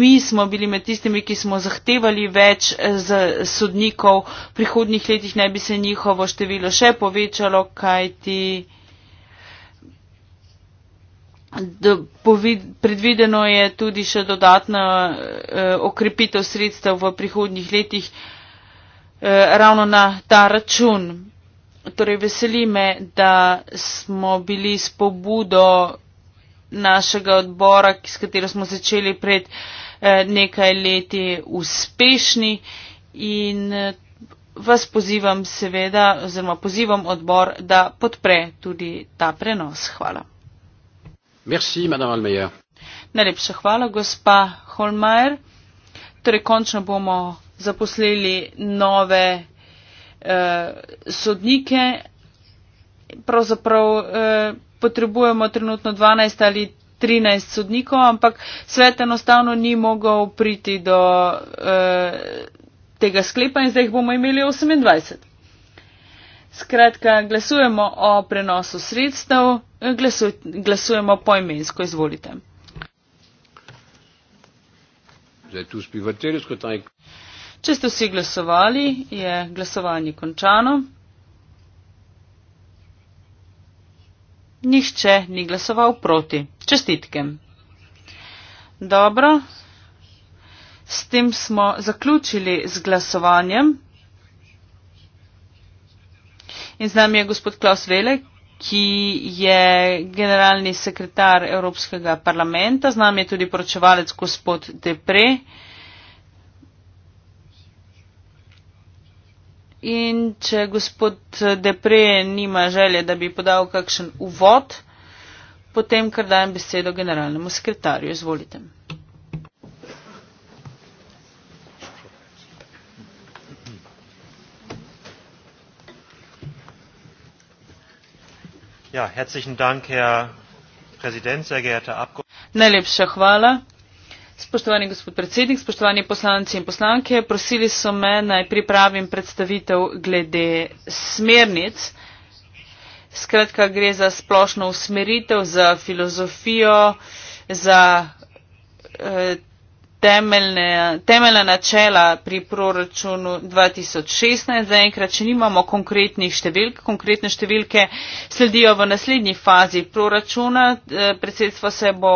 mi smo bili med tistimi, ki smo zahtevali več eh, sodnikov, v prihodnih letih naj bi se njihovo število še povečalo, kajti. Povid, predvideno je tudi še dodatna eh, okrepitev sredstev v prihodnjih letih eh, ravno na ta račun. Torej, veseli me, da smo bili s pobudo našega odbora, s katero smo začeli pred eh, nekaj leti uspešni in eh, vas pozivam seveda, oziroma pozivam odbor, da podpre tudi ta prenos. Hvala. Merci, madame Almeyer. Najlepša hvala, gospa Holmeier. Torej, končno bomo zaposlili nove eh, sodnike. Pravzaprav eh, potrebujemo trenutno 12 ali 13 sodnikov, ampak svet enostavno ni mogel priti do eh, tega sklepa in zdaj jih bomo imeli 28. Skratka, glasujemo o prenosu sredstev, glasuj, glasujemo poimensko, izvolite. Če ste vsi glasovali, je glasovanje končano. Nihče ni glasoval proti. Čestitke. Dobro. S tem smo zaključili z glasovanjem in z nami je gospod Klaus Vele, ki je generalni sekretar Evropskega parlamenta, z nami je tudi poročevalec gospod Depre. In če gospod Depre nima želje, da bi podal kakšen uvod, potem kar dajem besedo generalnemu sekretarju. Izvolite. Ja, herzlichen Dank, Herr Präsident, sehr geehrte Abgeordnete. Spoštovani gospod predsednik, spoštovani poslanci in poslanke, prosili so me naj pripravim predstavitev glede smernic. Skratka, gre za splošno usmeritev, za filozofijo, za eh, temeljne, temeljna načela pri proračunu 2016. Zaenkrat, če nimamo konkretnih številk, konkretne številke sledijo v naslednji fazi proračuna. Eh, predsedstvo se bo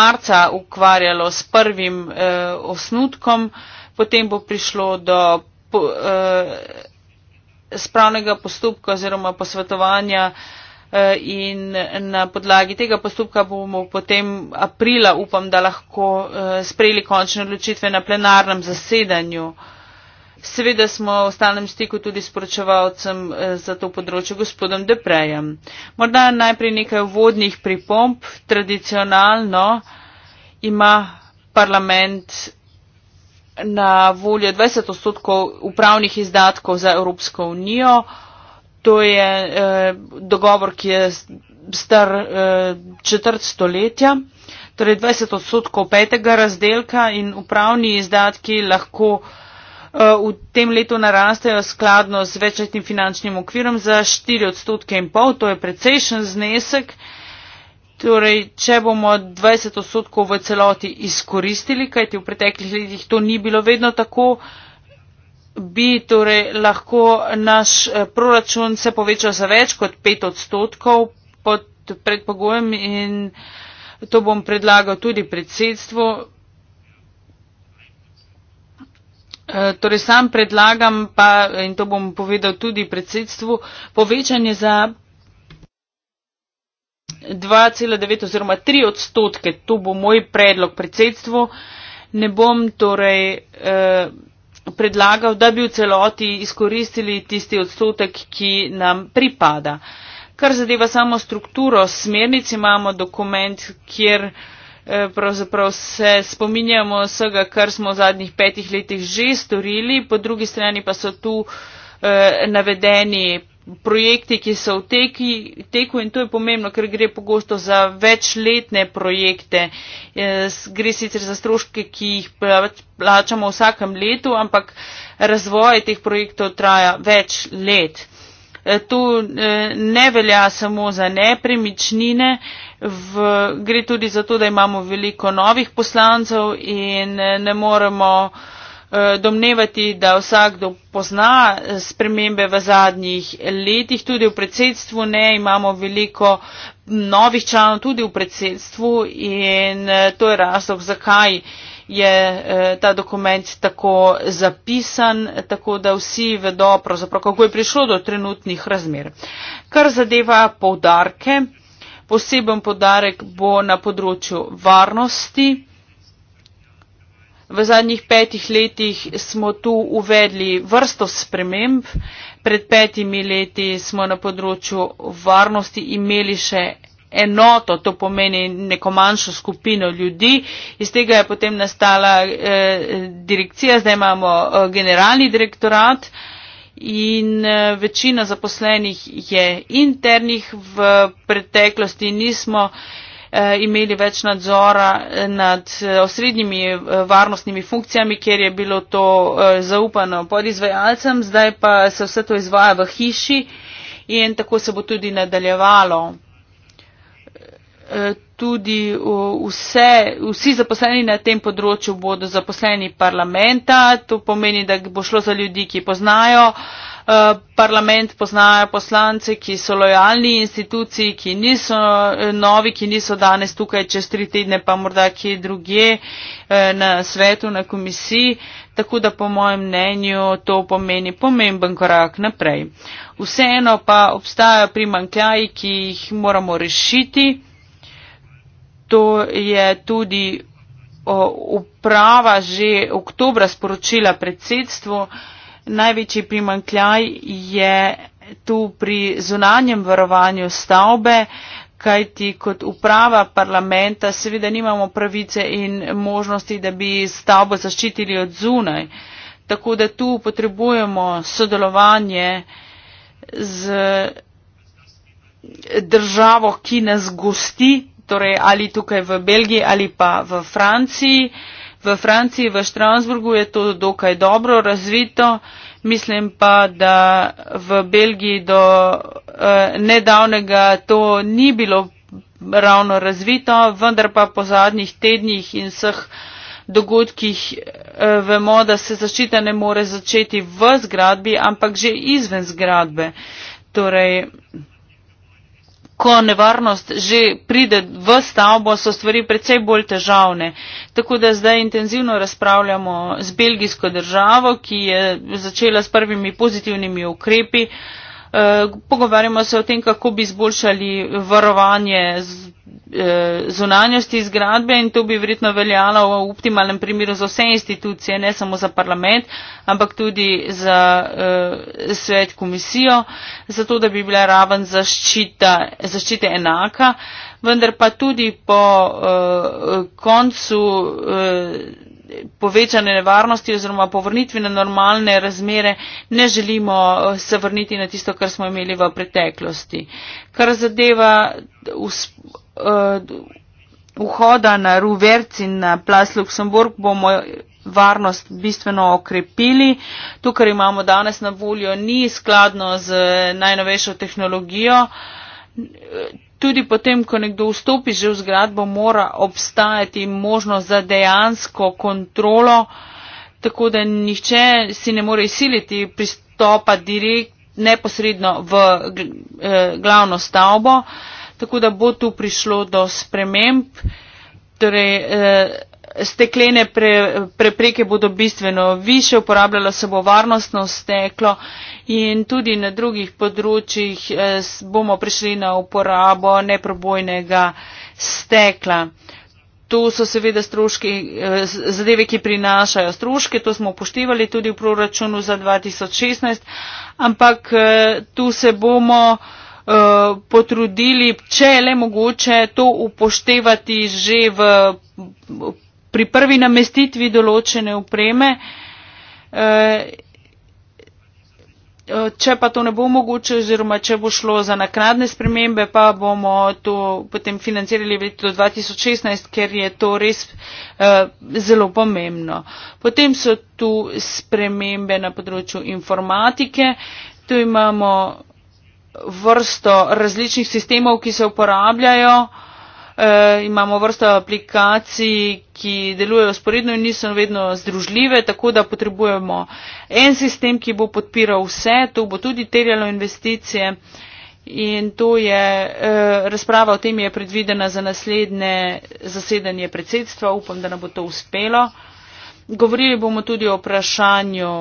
marca ukvarjalo s prvim eh, osnutkom, potem bo prišlo do. Po, eh, spravnega postopka oziroma posvetovanja eh, Eh, in na podlagi tega postopka bomo potem aprila, upam, da lahko eh, sprejeli končne odločitve na plenarnem zasedanju. Seveda smo v stalnem stiku tudi s poročevalcem eh, za to področje, gospodom Deprejem. Morda najprej nekaj vodnih pripomp. Tradicionalno ima parlament na voljo 20 odstotkov upravnih izdatkov za Evropsko unijo. To je eh, dogovor, ki je star eh, četrt stoletja, torej 20 odstotkov petega razdelka in upravni izdatki lahko eh, v tem letu narastejo skladno z večletnim finančnim okvirom za 4 odstotke in pol, to je precejšen znesek. Torej, če bomo 20 odstotkov v celoti izkoristili, kajti v preteklih letih to ni bilo vedno tako, eh, bi torej lahko naš eh, proračun se povečal za več kot pet odstotkov pod predpogojem in to bom predlagal tudi predsedstvu. Eh, torej sam predlagam pa, in to bom povedal tudi predsedstvu, povečanje za 2,9 oziroma 3 odstotke. To bo moj predlog predsedstvu. Ne bom torej. Eh, predlagal, da bi v celoti izkoristili tisti odstotek, ki nam pripada. Kar zadeva samo strukturo smernic, imamo dokument, kjer eh, pravzaprav se spominjamo vsega, kar smo v zadnjih petih letih že storili, po drugi strani pa so tu eh, navedeni projekti, ki so v teki, teku in to je pomembno, ker gre pogosto za večletne projekte. E, gre sicer za stroške, ki jih plačamo vsakem letu, ampak razvoj teh projektov traja več let. E, to e, ne velja samo za nepremičnine, v, gre tudi za to, da imamo veliko novih poslancev in ne moremo Eh, domnevati, da vsakdo pozna eh, spremembe v zadnjih letih, tudi v predsedstvu ne, imamo veliko novih članov tudi v predsedstvu in eh, to je razlog, zakaj je ta dokument tako zapisan, tako da vsi vedo, kako je prišlo do trenutnih razmer. Kar zadeva poudarke, poseben poudarek bo na področju varnosti. V zadnjih petih letih smo tu uvedli vrsto sprememb. Pred petimi leti smo na področju varnosti imeli še enoto, to pomeni neko manjšo skupino ljudi. Iz tega je potem nastala eh, direkcija, zdaj imamo eh, generalni direktorat in eh, večina zaposlenih je internih. V preteklosti nismo. Eh, Eh, imeli več nadzora nad eh, osrednjimi eh, varnostnimi funkcijami, kjer je bilo to zaupano pod izvajalcem, zdaj pa se vse to izvaja v hiši in tako se bo tudi nadaljevalo. Tudi vse, vsi zaposleni na tem področju bodo zaposleni parlamenta, to pomeni, da bo šlo za ljudi, ki poznajo uh, Eh, parlament poznajo poslance, ki so lojalni instituciji, ki niso eh, novi, ki niso danes tukaj čez tri tedne, pa morda kje druge eh, na svetu, na komisiji. Tako da po mojem mnenju to pomeni pomemben korak naprej. Vseeno pa obstajajo primankljaji, ki jih moramo rešiti. To je tudi uprava že oktobra sporočila predsedstvu največji primankljaj je tu pri zunanjem varovanju stavbe, kajti kot uprava parlamenta seveda nimamo pravice in možnosti, da bi stavbo zaščitili od zunaj. Tako da tu potrebujemo sodelovanje z državo, ki nas gosti, torej ali tukaj v Belgiji ali pa v Franciji. V Franciji, v Štransburgu je to dokaj dobro razvito, mislim pa, da v Belgiji do eh, nedavnega to ni bilo ravno razvito, vendar pa po zadnjih tednih in vseh dogodkih eh, vemo, da se zaščita ne more začeti v zgradbi, ampak že izven zgradbe. Torej, ko nevarnost že pride v stavbo, so stvari precej bolj težavne. Tako da zdaj intenzivno razpravljamo z belgijsko državo, ki je začela s prvimi pozitivnimi ukrepi. Eh, pogovarjamo se o tem, kako bi izboljšali varovanje Eh, zunanjosti zgradbe in to bi vredno veljalo v optimalnem primeru za vse institucije, ne samo za parlament, ampak tudi za uh, svet komisijo, zato da bi bila raven zaščita, zaščite enaka, vendar pa tudi po uh, koncu uh, povečane nevarnosti oziroma povrnitvi na normalne razmere ne želimo se vrniti na tisto, kar smo imeli v preteklosti. Kar zadeva uh, vhoda na Ruverc in na Plas Luksemburg bomo varnost bistveno okrepili. To, kar imamo danes na voljo, ni skladno z najnovejšo tehnologijo. Tudi potem, ko nekdo vstopi že v zgradbo, mora obstajati možnost za dejansko kontrolo, tako da nihče si ne more izsiliti pristopa direkt, neposredno v eh, glavno stavbo. Uh, tako da bo tu prišlo do sprememb. Torej, eh, steklene pre, prepreke bodo bistveno više, uporabljalo se bo varnostno steklo in tudi na drugih področjih eh, bomo prišli na uporabo neprobojnega stekla. To so seveda stroški, eh, zadeve, ki prinašajo stroške, to smo upoštevali tudi v proračunu za 2016, ampak tu se bomo. Eh, potrudili, če je le mogoče, to upoštevati že v, pri prvi namestitvi določene upreme. Eh, eh, če pa to ne bo mogoče oziroma če bo šlo za nakladne spremembe, pa bomo to potem financirali v letu 2016, ker je to res eh, zelo pomembno. Potem so tu spremembe na področju informatike. Tu imamo vrsto različnih sistemov, ki se uporabljajo. E, imamo vrsto aplikacij, ki delujejo sporedno in niso vedno združljive, tako da potrebujemo en sistem, ki bo podpiral vse, to bo tudi terjalo investicije. In to je, eh, razprava o tem je predvidena za naslednje zasedanje predsedstva, upam, da nam bo to uspelo. Govorili bomo tudi o vprašanju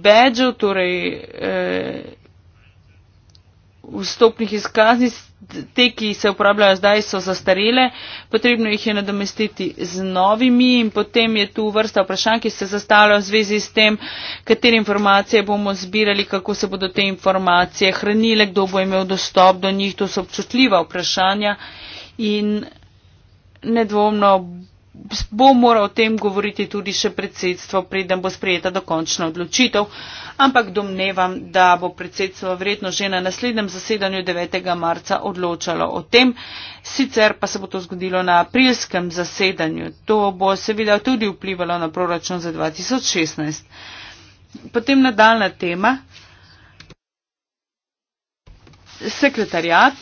badžev, torej eh, vstopnih izkaznic, te, ki se uporabljajo zdaj, so zastarele, potrebno jih je nadomestiti z novimi in potem je tu vrsta vprašanj, ki se zastavljajo v zvezi s tem, katere informacije bomo zbirali, kako se bodo te informacije hranile, kdo bo imel dostop do njih, to so občutljiva vprašanja in nedvomno bo moral o tem govoriti tudi še predsedstvo, preden bo sprejeta dokončna odločitev, ampak domnevam, da bo predsedstvo vredno že na naslednjem zasedanju 9. marca odločalo o tem, sicer pa se bo to zgodilo na aprilskem zasedanju. To bo seveda tudi vplivalo na proračun za 2016. Potem nadaljna tema. Sekretarjat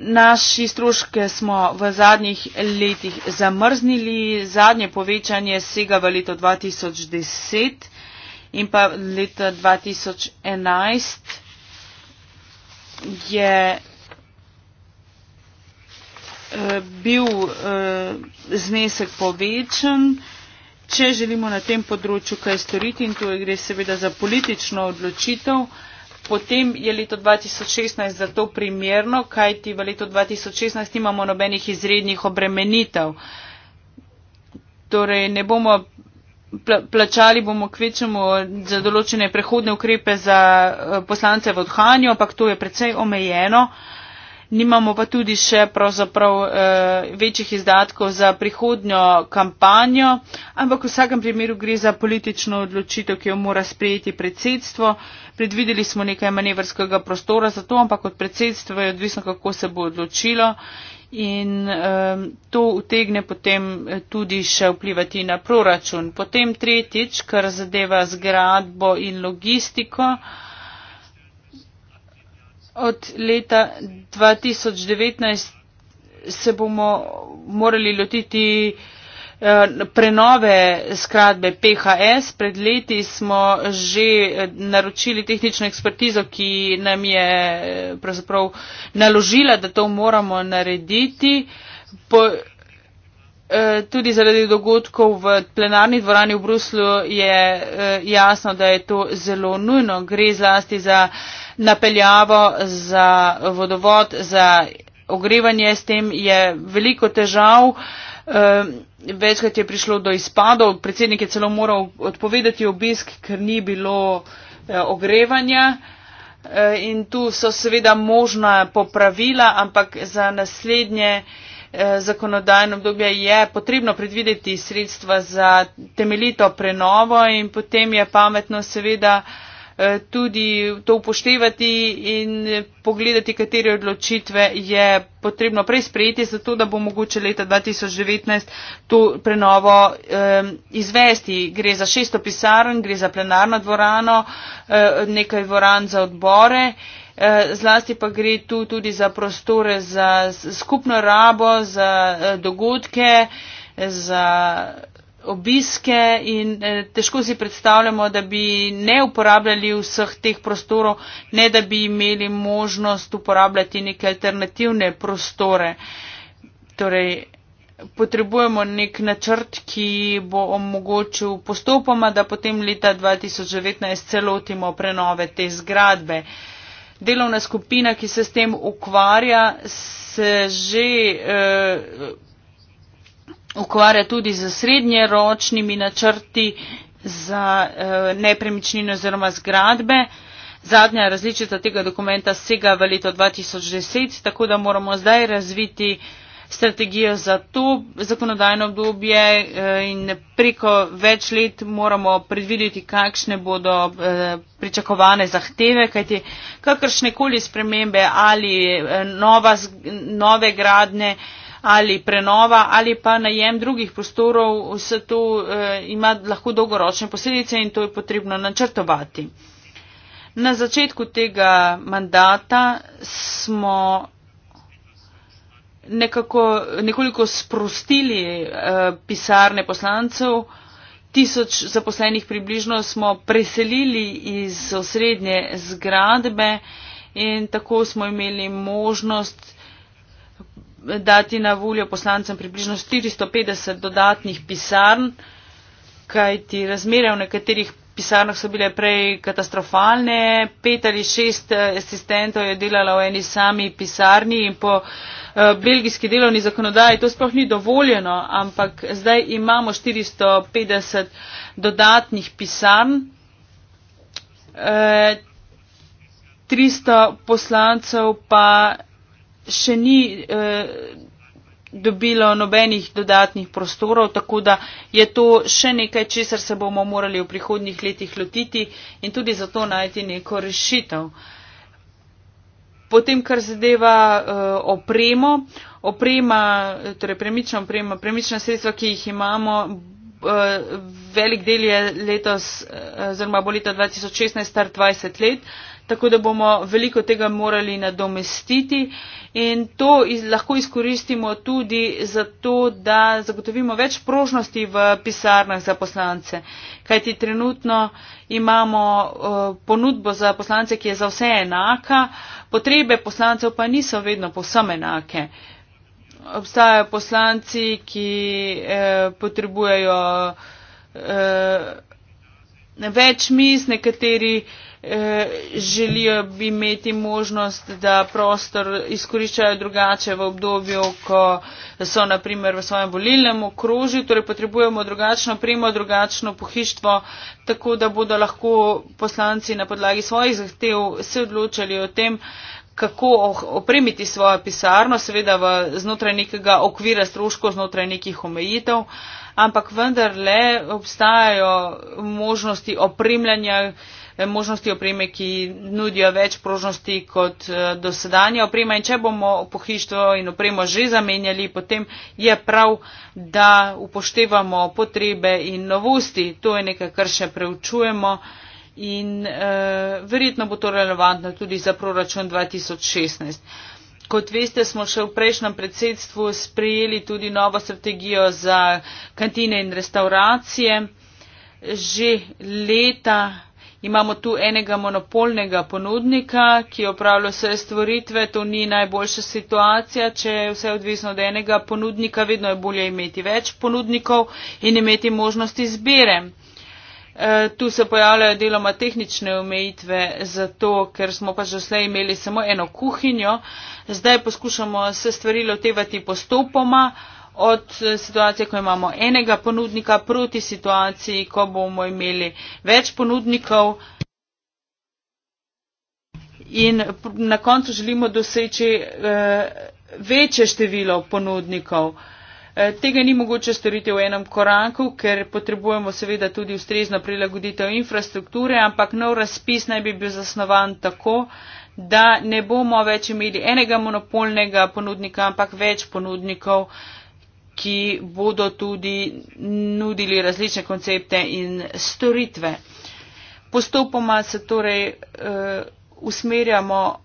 Naši stroške smo v zadnjih letih zamrznili, zadnje povečanje sega v leto 2010 in pa leto 2011 je eh, bil eh, znesek povečan. Če želimo na tem področju kaj storiti, in to gre seveda za politično odločitev, potem je leto 2016 za to primerno, kajti v letu 2016 imamo nobenih izrednih obremenitev. Torej ne bomo plačali, bomo kvečemo za določene prehodne ukrepe za eh, poslance v odhanju, ampak to je predvsej omejeno. Nimamo pa tudi še pravzaprav eh, večjih izdatkov za prihodnjo kampanjo, ampak v vsakem primeru gre za politično odločitev, ki jo mora sprejeti predsedstvo. Eh, predvideli smo nekaj manevrskega prostora za to, ampak od predsedstva je odvisno, kako se bo odločilo in um, to utegne potem eh, tudi še vplivati na proračun. Potem tretjič, kar zadeva zgradbo in logistiko. Od leta 2019 se bomo morali lotiti Eh, prenove skladbe PHS. Pred leti smo že eh, naročili tehnično ekspertizo, ki nam je eh, pravzaprav naložila, da to moramo narediti. Po, tudi zaradi dogodkov v plenarni dvorani v Bruslu je jasno, da je to zelo nujno. Gre zlasti za napeljavo, za vodovod, za ogrevanje. S tem je veliko težav. Ehm, večkrat je prišlo do izpadov, predsednik je celo moral odpovedati obisk, ker ni bilo eh, ogrevanja. Eh, in tu so seveda možna popravila, ampak za naslednje eh, zakonodajno obdobje je potrebno predvideti sredstva za temeljito prenovo in potem je pametno seveda Eh, tudi to upoštevati in pogledati, katere odločitve je potrebno prej sprejeti, zato da bo mogoče leta 2019 to prenovo um, izvesti. Gre za šesto pisarn, gre za plenarno dvorano, eh, nekaj dvoran za odbore. Eh, zlasti pa gre tu tudi za prostore za skupno rabo, za dogodke, za obiske in eh, težko si predstavljamo, da bi ne uporabljali vseh teh prostorov, ne da bi imeli možnost uporabljati neke alternativne prostore. Torej, potrebujemo nek načrt, ki bo omogočil postopoma, da potem leta 2019 celotimo prenove te zgradbe. Delovna skupina, ki se s tem ukvarja, se že eh, ukvarja tudi z srednjeročnimi načrti za eh, nepremičnine oziroma zgradbe. Zadnja različica tega dokumenta sega v leto 2010, tako da moramo zdaj razviti strategijo za to zakonodajno obdobje eh, in preko več let moramo predvideti, kakšne bodo eh, pričakovane zahteve, kajti kakršne koli spremembe ali nova, nove gradne ali prenova ali pa najem drugih prostorov, vse to eh, ima lahko dolgoročne posledice in to je potrebno načrtovati. Na začetku tega mandata smo nekako, nekoliko sprostili eh, pisarne poslancev, tisoč zaposlenih približno smo preselili iz osrednje zgradbe in tako smo imeli možnost dati na voljo poslancem približno 450 dodatnih pisarn, kaj ti razmere v nekaterih pisarnah so bile prej katastrofalne, pet ali šest eh, asistentov je delala v eni sami pisarni in po eh, belgijski delovni zakonodaji to sploh ni dovoljeno, ampak zdaj imamo 450 dodatnih pisarn. 300 eh, poslancev pa še ni eh, dobilo nobenih dodatnih prostorov, tako da je to še nekaj, česar se bomo morali v prihodnjih letih lotiti in tudi zato najti neko rešitev. Potem, kar zadeva uh, opremo, oprema, torej premična oprema, premična sredstva, ki jih imamo, uh, velik del je letos, uh, oziroma bo leta 2016 star 20 let tako da bomo veliko tega morali nadomestiti in to iz, lahko izkoristimo tudi za to, da zagotovimo več prožnosti v pisarnah za poslance. Kajti trenutno imamo uh, ponudbo za poslance, ki je za vse enaka, potrebe poslancev pa niso vedno povsem enake. Obstajajo poslanci, ki eh, potrebujejo eh, več mis, nekateri eh, Eh, želijo imeti možnost, da prostor izkoriščajo drugače v obdobju, ko so naprimer v svojem volilnem okrožju, torej potrebujemo drugačno premo, drugačno pohištvo, tako da bodo lahko poslanci na podlagi svojih zahtev se odločali o tem, kako oh, opremiti svojo pisarno, seveda znotraj nekega okvira stroškov, znotraj nekih omejitev, ampak vendarle obstajajo možnosti opremljanja, Eh, možnosti opreme, ki nudijo več prožnosti kot eh, dosedanja oprema in če bomo pohištvo in opremo že zamenjali, potem je prav, da upoštevamo potrebe in novosti. To je nekaj, kar še preučujemo in uh, verjetno bo to relevantno tudi za proračun 2016. Kot veste, smo še v prejšnjem predsedstvu sprejeli tudi novo strategijo za kantine in restauracije. Že leta Imamo tu enega monopolnega ponudnika, ki opravlja vse stvoritve, to ni najboljša situacija, če je vse odvisno od enega ponudnika, vedno je bolje imeti več ponudnikov in imeti možnost izbire. E, tu se pojavljajo deloma tehnične omejitve, zato ker smo pač doslej imeli samo eno kuhinjo, zdaj poskušamo se stvari lotevati postopoma, od eh, situacije, ko imamo enega ponudnika proti situaciji, ko bomo imeli več ponudnikov. In na koncu želimo doseči eh, večje število ponudnikov. Eh, tega ni mogoče storiti v enem koraku, ker potrebujemo seveda tudi ustrezno prilagoditev infrastrukture, ampak nov razpis naj bi bil zasnovan tako, da ne bomo več imeli enega monopolnega ponudnika, ampak več ponudnikov ki bodo tudi nudili različne koncepte in storitve. Postopoma se torej uh, usmerjamo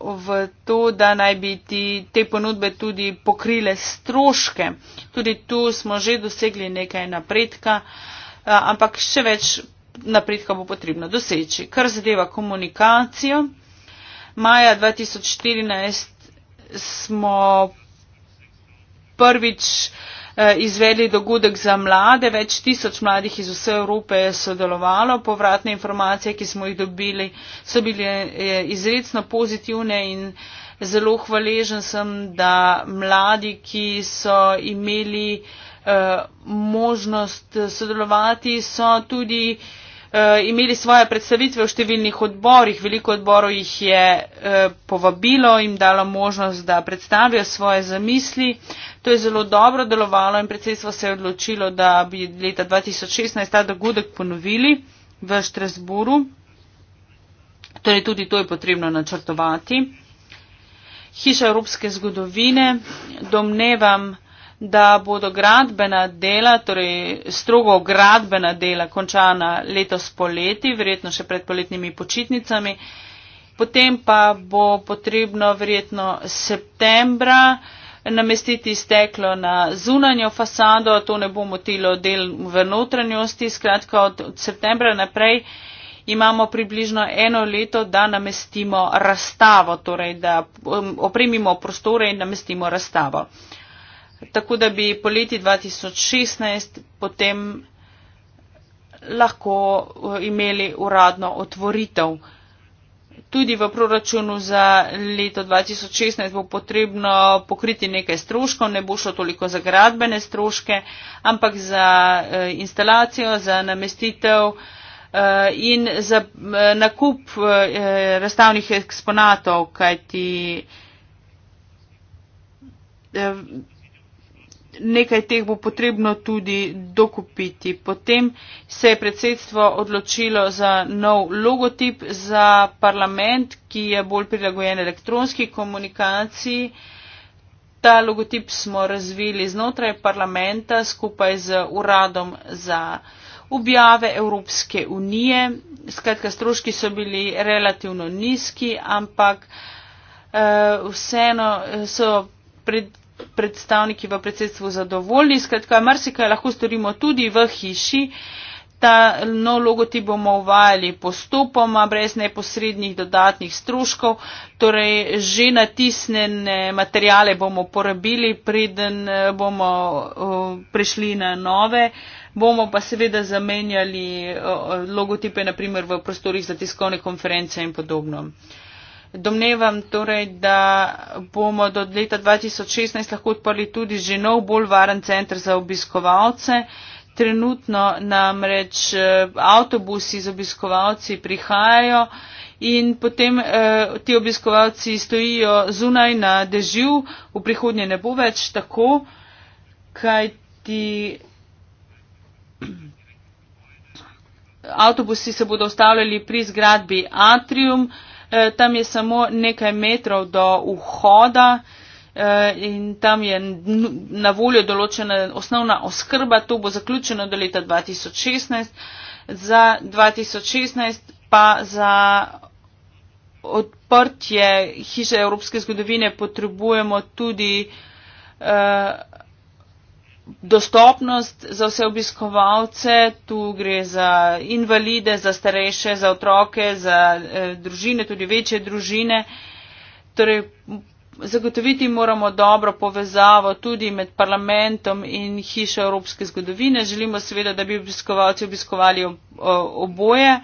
v to, da naj bi ti, te ponudbe tudi pokrile stroške. Tudi tu smo že dosegli nekaj napredka, eh, ampak še več napredka bo potrebno doseči. Kar zadeva komunikacijo, maja 2014 smo prvič eh, izvedli dogodek za mlade, več tisoč mladih iz vse Evrope je sodelovalo, povratne informacije, ki smo jih dobili, so bile eh, izredno pozitivne in zelo hvaležen sem, da mladi, ki so imeli eh, možnost sodelovati, so tudi eh, Eh, imeli svoje predstavitve v številnih odborih. Veliko odborov jih je eh, povabilo in dalo možnost, da predstavijo svoje zamisli. To je zelo dobro delovalo in predsedstvo se je odločilo, da bi leta 2016 ta dogodek ponovili v Štresburu. Torej tudi to je potrebno načrtovati. Hiša evropske zgodovine domnevam, da bodo gradbena dela, torej strogo gradbena dela, končana letos poleti, verjetno še pred poletnimi počitnicami. Potem pa bo potrebno verjetno septembra namestiti steklo na zunanjo fasado, to ne bo motilo del v notranjosti, skratka od, od septembra naprej imamo približno eno leto, da namestimo razstavo, torej da um, opremimo prostore in namestimo razstavo tako da bi po leti 2016 potem lahko eh, imeli uradno otvoritev. Tudi v proračunu za leto 2016 bo potrebno pokriti nekaj stroškov, ne bo šlo toliko za gradbene stroške, ampak za eh, instalacijo, za namestitev eh, in za nakup razstavnih eksponatov, kajti nekaj teh bo potrebno tudi dokupiti. Potem se je predsedstvo odločilo za nov logotip za parlament, ki je bolj prilagojen elektronski komunikaciji. Ta logotip smo razvili znotraj parlamenta skupaj z uradom za objave Evropske unije. Skratka, stroški so bili relativno nizki, ampak eh, vseeno so pred predstavniki v predsedstvu zadovoljni. Skratka, marsikaj lahko storimo tudi v hiši. Ta no, logotip bomo uvajali postopoma, brez neposrednih dodatnih stroškov, torej že natisnene materijale bomo porabili, preden eh, bomo eh, prišli na nove. Bomo pa seveda zamenjali eh, logotipe, naprimer v prostorih za tiskovne konference in podobno. Domnevam torej, da bomo do leta 2016 lahko odprli tudi že nov bolj varen centr za obiskovalce. Trenutno namreč eh, avtobusi z obiskovalci prihajajo in potem eh, ti obiskovalci stojijo zunaj na dežju, v prihodnje ne bo več tako, kaj ti. Avtobusi se bodo ustavljali pri zgradbi Atrium. Eh, tam je samo nekaj metrov do vhoda eh, in tam je na voljo določena osnovna oskrba, to bo zaključeno do leta 2016. Za 2016 pa za odprtje hiše Evropske zgodovine potrebujemo tudi eh, dostopnost za vse obiskovalce, tu gre za invalide, za starejše, za otroke, za eh, družine, tudi večje družine. Torej, zagotoviti moramo dobro povezavo tudi med parlamentom in hišo Evropske zgodovine. Želimo seveda, da bi obiskovalci obiskovali oboje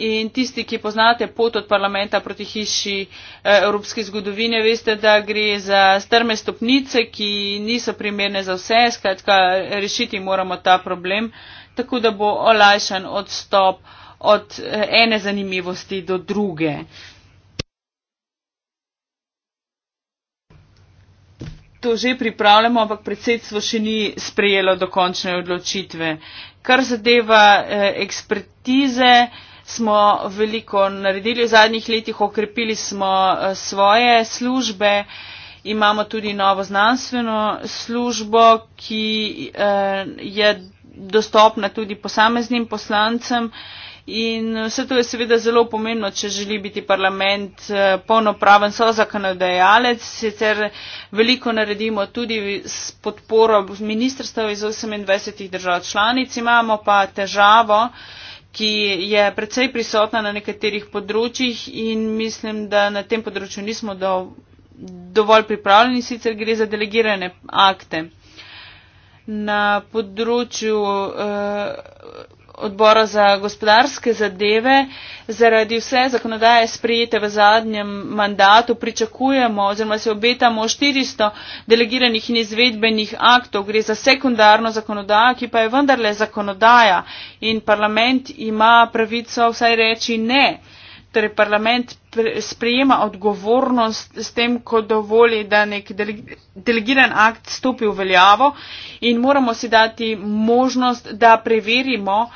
in tisti ki poznate pot od parlamenta proti hiši eh, evropske zgodovine veste da gre za strme stopnice ki niso primerne za vse skratka rešiti moramo ta problem tako da bo olajšan odstop od eh, ene zanimivosti do druge To že pripravljamo, ampak predsedstvo še ni sprejelo dokončne odločitve. Kar zadeva eh, ekspertize, eh, smo veliko naredili v zadnjih letih, okrepili smo eh, svoje službe, imamo tudi novo znanstveno službo, ki eh, je dostopna tudi posameznim poslancem. In vse to je seveda zelo pomembno, če želi biti parlament eh, polnopraven sozakonodajalec. Sicer veliko naredimo tudi s podporo ministrstva iz 28 držav članic, imamo pa težavo, ki je predvsej prisotna na nekaterih področjih in mislim, da na tem področju nismo do, dovolj pripravljeni, sicer gre za delegirane akte. Na področju eh, odbora za gospodarske zadeve. Zaradi vse zakonodaje sprejete v zadnjem mandatu pričakujemo oziroma se obetamo 400 delegiranih in izvedbenih aktov. Gre za sekundarno zakonodajo, ki pa je vendarle zakonodaja in parlament ima pravico vsaj reči ne. Torej parlament sprejema odgovornost s tem, ko dovoli, da nek delegiran akt stopi v veljavo in moramo si dati možnost, da preverimo,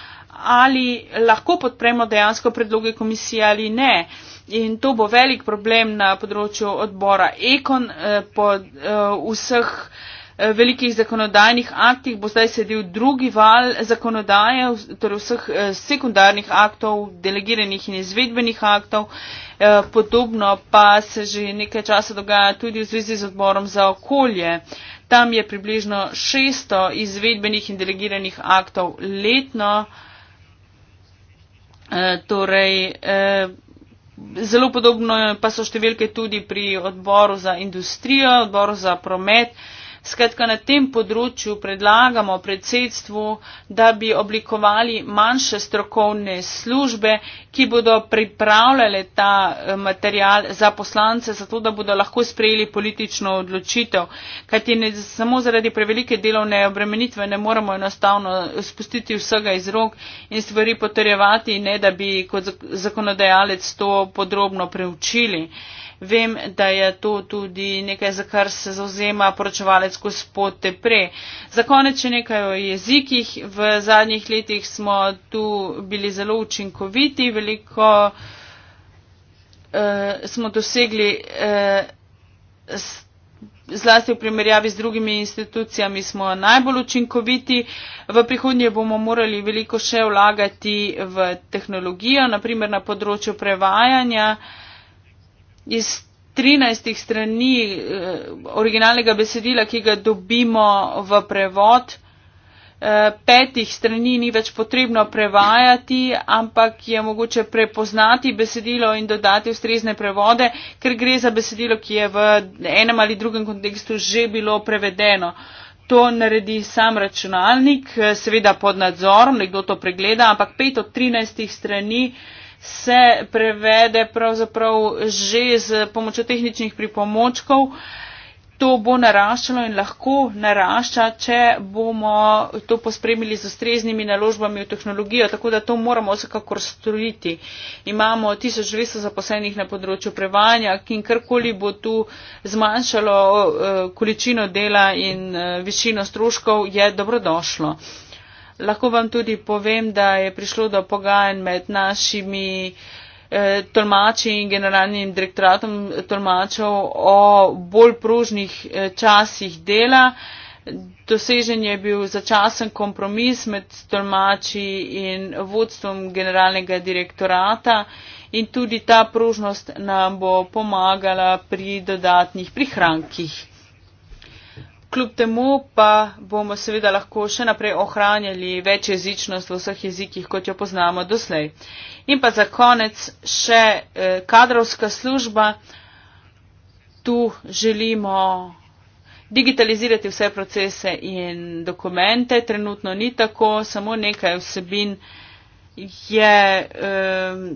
ali lahko podpremo dejansko predloge komisije ali ne. In to bo velik problem na področju odbora Ekon eh, po eh, vseh eh, velikih zakonodajnih aktih bo zdaj sedel drugi val zakonodaje, torej vseh sekundarnih aktov, delegiranih in izvedbenih aktov. Podobno pa se že nekaj časa dogaja tudi v zvezi z odborom za okolje. Tam je približno 600 izvedbenih in delegiranih aktov letno. E, torej, e, zelo podobno pa so številke tudi pri odboru za industrijo, odboru za promet. Skratka, na tem področju predlagamo predsedstvu, da bi oblikovali manjše strokovne službe, ki bodo pripravljale ta eh, material za poslance, zato da bodo lahko sprejeli politično odločitev. Kajti ne, samo zaradi prevelike delovne obremenitve ne moramo enostavno eh, spustiti vsega iz rok in stvari potrjevati, ne da bi kot zakonodajalec to podrobno preučili. Vem, da je to tudi nekaj, za kar se zauzema poročevalec gospod Tepre. Za konec še nekaj o jezikih. V zadnjih letih smo tu bili zelo učinkoviti, veliko eh, smo dosegli. Eh, s, Zlasti v primerjavi z drugimi institucijami smo najbolj učinkoviti. V prihodnje bomo morali veliko še vlagati v tehnologijo, naprimer na področju prevajanja iz 13 strani eh, originalnega besedila, ki ga dobimo v prevod, eh, petih strani ni več potrebno prevajati, ampak je mogoče prepoznati besedilo in dodati ustrezne prevode, ker gre za besedilo, ki je v enem ali drugem kontekstu že bilo prevedeno. To naredi sam računalnik, eh, seveda pod nadzorom, nekdo to pregleda, ampak pet od trinajstih strani eh, se prevede pravzaprav že z pomočjo tehničnih pripomočkov. To bo naraščalo in lahko narašča, če bomo to pospremili z ustreznimi naložbami v tehnologijo, tako da to moramo vsekakor storiti. Imamo 1200 zaposlenih na področju prevajanja, ki in karkoli bo tu zmanjšalo eh, količino dela in eh, višino stroškov, je dobrodošlo. Lahko vam tudi povem, da je prišlo do pogajanj med našimi eh, tolmači in generalnim direktoratom tolmačev o bolj pružnih eh, časih dela. Dosežen je bil začasen kompromis med tolmači in vodstvom generalnega direktorata in tudi ta pružnost nam bo pomagala pri dodatnih prihrankih. Kljub temu pa bomo seveda lahko še naprej ohranjali več jezičnost v vseh jezikih, kot jo poznamo doslej. In pa za konec še eh, kadrovska služba. Tu želimo digitalizirati vse procese in dokumente. Trenutno ni tako, samo nekaj vsebin je. Um, ehm,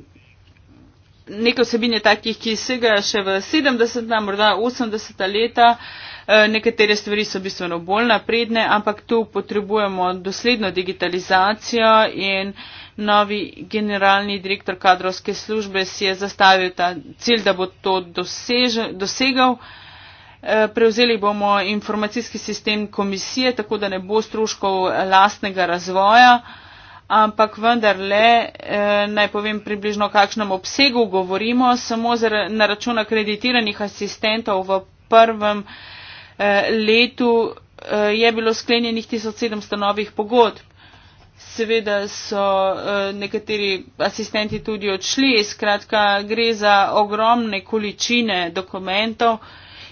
Neko vsebin je takih, ki segajo še v 70, morda 80 leta, uh, Eh, nekatere stvari so bistveno bolj napredne, ampak tu potrebujemo dosledno digitalizacijo in novi generalni direktor kadrovske službe si je zastavil ta cilj, da bo to dosežel, dosegal. Eh, prevzeli bomo informacijski sistem komisije, tako da ne bo stroškov lastnega razvoja, ampak vendar le, eh, naj povem približno, o kakšnem obsegu govorimo, samo na račun akreditiranih asistentov v prvem letu eh, je bilo sklenjenih 1700 novih pogodb. Seveda so eh, nekateri asistenti tudi odšli, skratka gre za ogromne količine dokumentov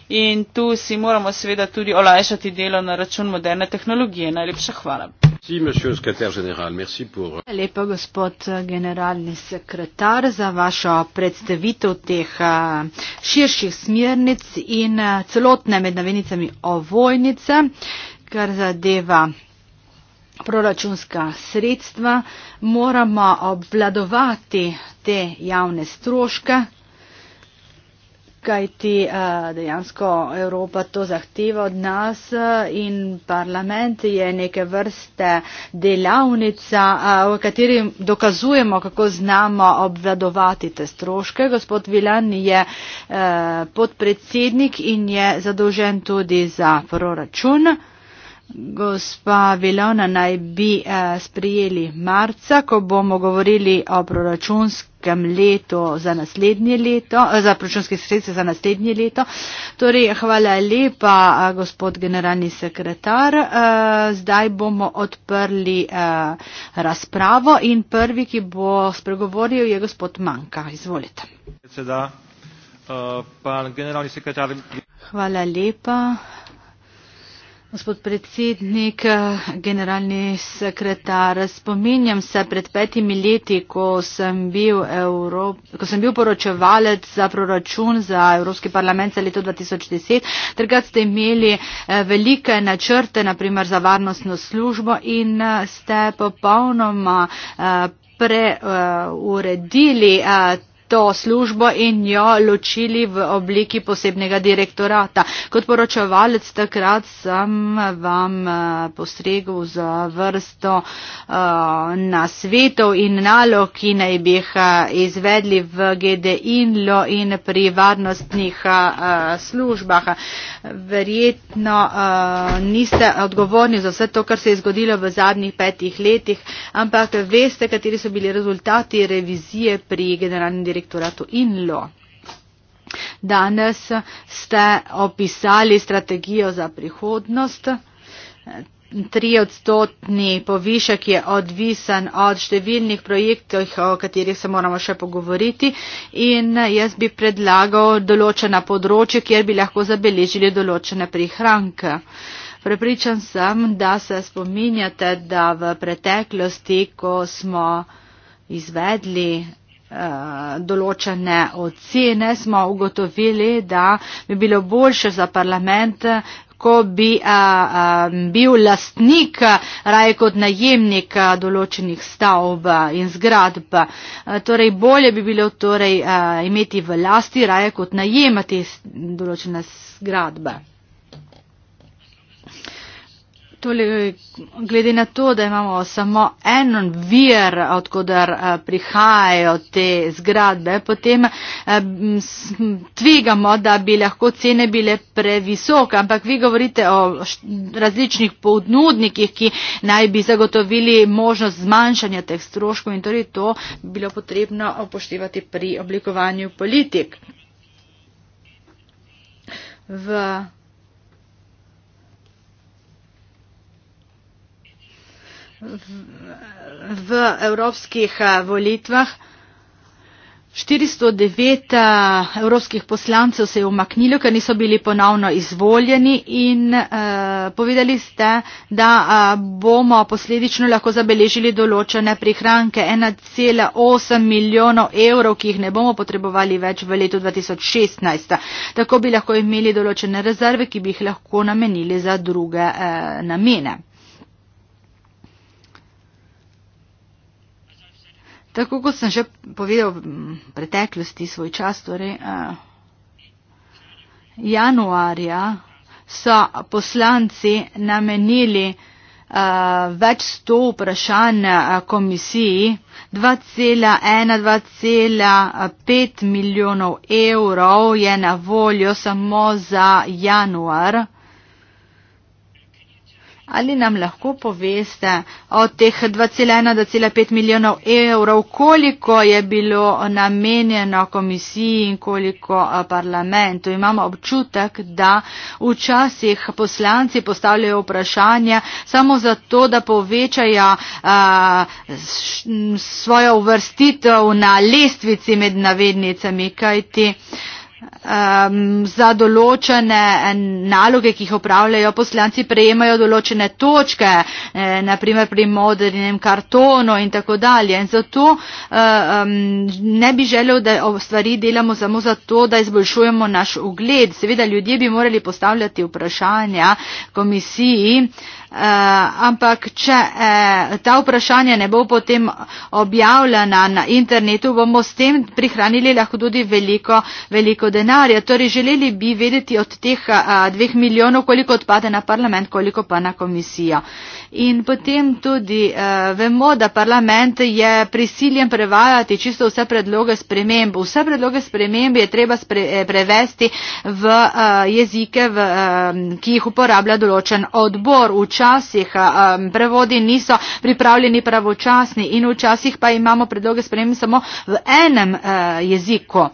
in tu si moramo seveda tudi olajšati delo na račun moderne tehnologije. Najlepša hvala. Lepo, gospod eh, generalni sekretar, za vašo predstavitev teh eh, širših smernic in eh, celotne med navednicami ovojnice, kar zadeva proračunska sredstva, moramo obvladovati te javne stroške, kajti eh, dejansko Evropa to zahteva od nas eh, in parlament je neke vrste delavnica, eh, v kateri dokazujemo, kako znamo obvladovati te stroške. Gospod Vilan je podpredsednik in je zadolžen tudi za proračun. Gospa Vilona naj bi sprijeli marca, ko bomo govorili o proračunskih proračunskem letu za naslednje leto, eh, za proračunske sredstva za naslednje leto. Torej, hvala lepa, eh, gospod generalni sekretar. Eh, zdaj bomo odprli razpravo in prvi, ki bo spregovoril, je gospod Manka. Izvolite. Hvala lepa. Gospod predsednik, generalni sekretar, spominjam se pred petimi leti, ko sem bil, Evrop, ko sem bil poročevalec za proračun za Evropski parlament za leto 2010, trgat ste imeli eh, velike načrte, naprimer za varnostno službo in eh, ste popolnoma eh, preuredili. Uh, to službo in jo ločili v obliki posebnega direktorata. Kot poročevalec takrat sem vam eh, postregel z vrsto eh, nasvetov in nalog, ki naj bi jih eh, izvedli v GDI-lo in pri varnostnih službah. Verjetno niste odgovorni za vse to, kar se je zgodilo v zadnjih petih letih, ampak veste, kateri so bili rezultati revizije pri generalnem direktorju direktoratu INLO. Danes ste opisali strategijo za prihodnost. Tri odstotni povišek je odvisen od številnih projektov, o katerih se moramo še pogovoriti in jaz bi predlagal določena področja, kjer bi lahko zabeležili določene prihranke. Prepričan sem, da se spominjate, da v preteklosti, ko smo izvedli Eh, določene ocene, smo ugotovili, da bi bilo boljše za parlament, ko bi a, eh, a, eh, bil lastnik raje kot najemnik določenih stavb in zgradb. A, torej bolje bi bilo torej, a, imeti v lasti raje kot najemati določene zgradbe. Tole, glede na to, da imamo samo en vir, odkudar eh, prihajajo te zgradbe, potem eh, tvegamo, da bi lahko cene bile previsoke, ampak vi govorite o različnih podnudnikih, ki naj bi zagotovili možnost zmanjšanja teh stroškov in torej to bi bilo potrebno upoštevati pri oblikovanju politik. V v evropskih eh, volitvah. 409 eh, evropskih poslancev se je umaknilo, ker niso bili ponovno izvoljeni in eh, povedali ste, da eh, bomo posledično lahko zabeležili določene prihranke 1,8 milijonov evrov, ki jih ne bomo potrebovali več v letu 2016. Tako bi lahko imeli določene rezerve, ki bi jih lahko namenili za druge eh, namene. Tako kot sem že povedal v preteklosti svoj čas, torej uh, januarja so poslanci namenili uh, več sto vprašanj eh, komisiji, 2,1-2,5 milijonov evrov je na voljo samo za januar. Ali nam lahko poveste od teh 2,1-2,5 milijonov evrov, koliko je bilo namenjeno komisiji in koliko eh, parlamentu? Imamo občutek, da včasih poslanci postavljajo vprašanja samo zato, da povečajo a, eh, š, svojo uvrstitev na lestvici med navednicami, kajti. A, um, za določene eh, naloge, ki jih opravljajo poslanci, prejemajo določene točke, eh, naprimer pri modernem kartonu in tako dalje. In zato uh, um, ne bi želel, da stvari delamo samo zato, da izboljšujemo naš ugled. Seveda ljudje bi morali postavljati vprašanja komisiji. Uh, Eh, ampak če eh, ta vprašanja ne bo potem objavljena na internetu, bomo s tem prihranili lahko tudi veliko, veliko denarja. Torej, želeli bi vedeti od teh eh, dveh milijonov, koliko odpade na parlament, koliko pa na komisijo. In potem tudi uh, vemo, da parlament je prisiljen prevajati čisto vse predloge sprememb. Vse predloge sprememb je treba spre, eh, prevesti v uh, jezike, v, uh, ki jih uporablja določen odbor. Včasih uh, prevodi niso pripravljeni pravočasni in včasih pa imamo predloge sprememb samo v enem uh, jeziku.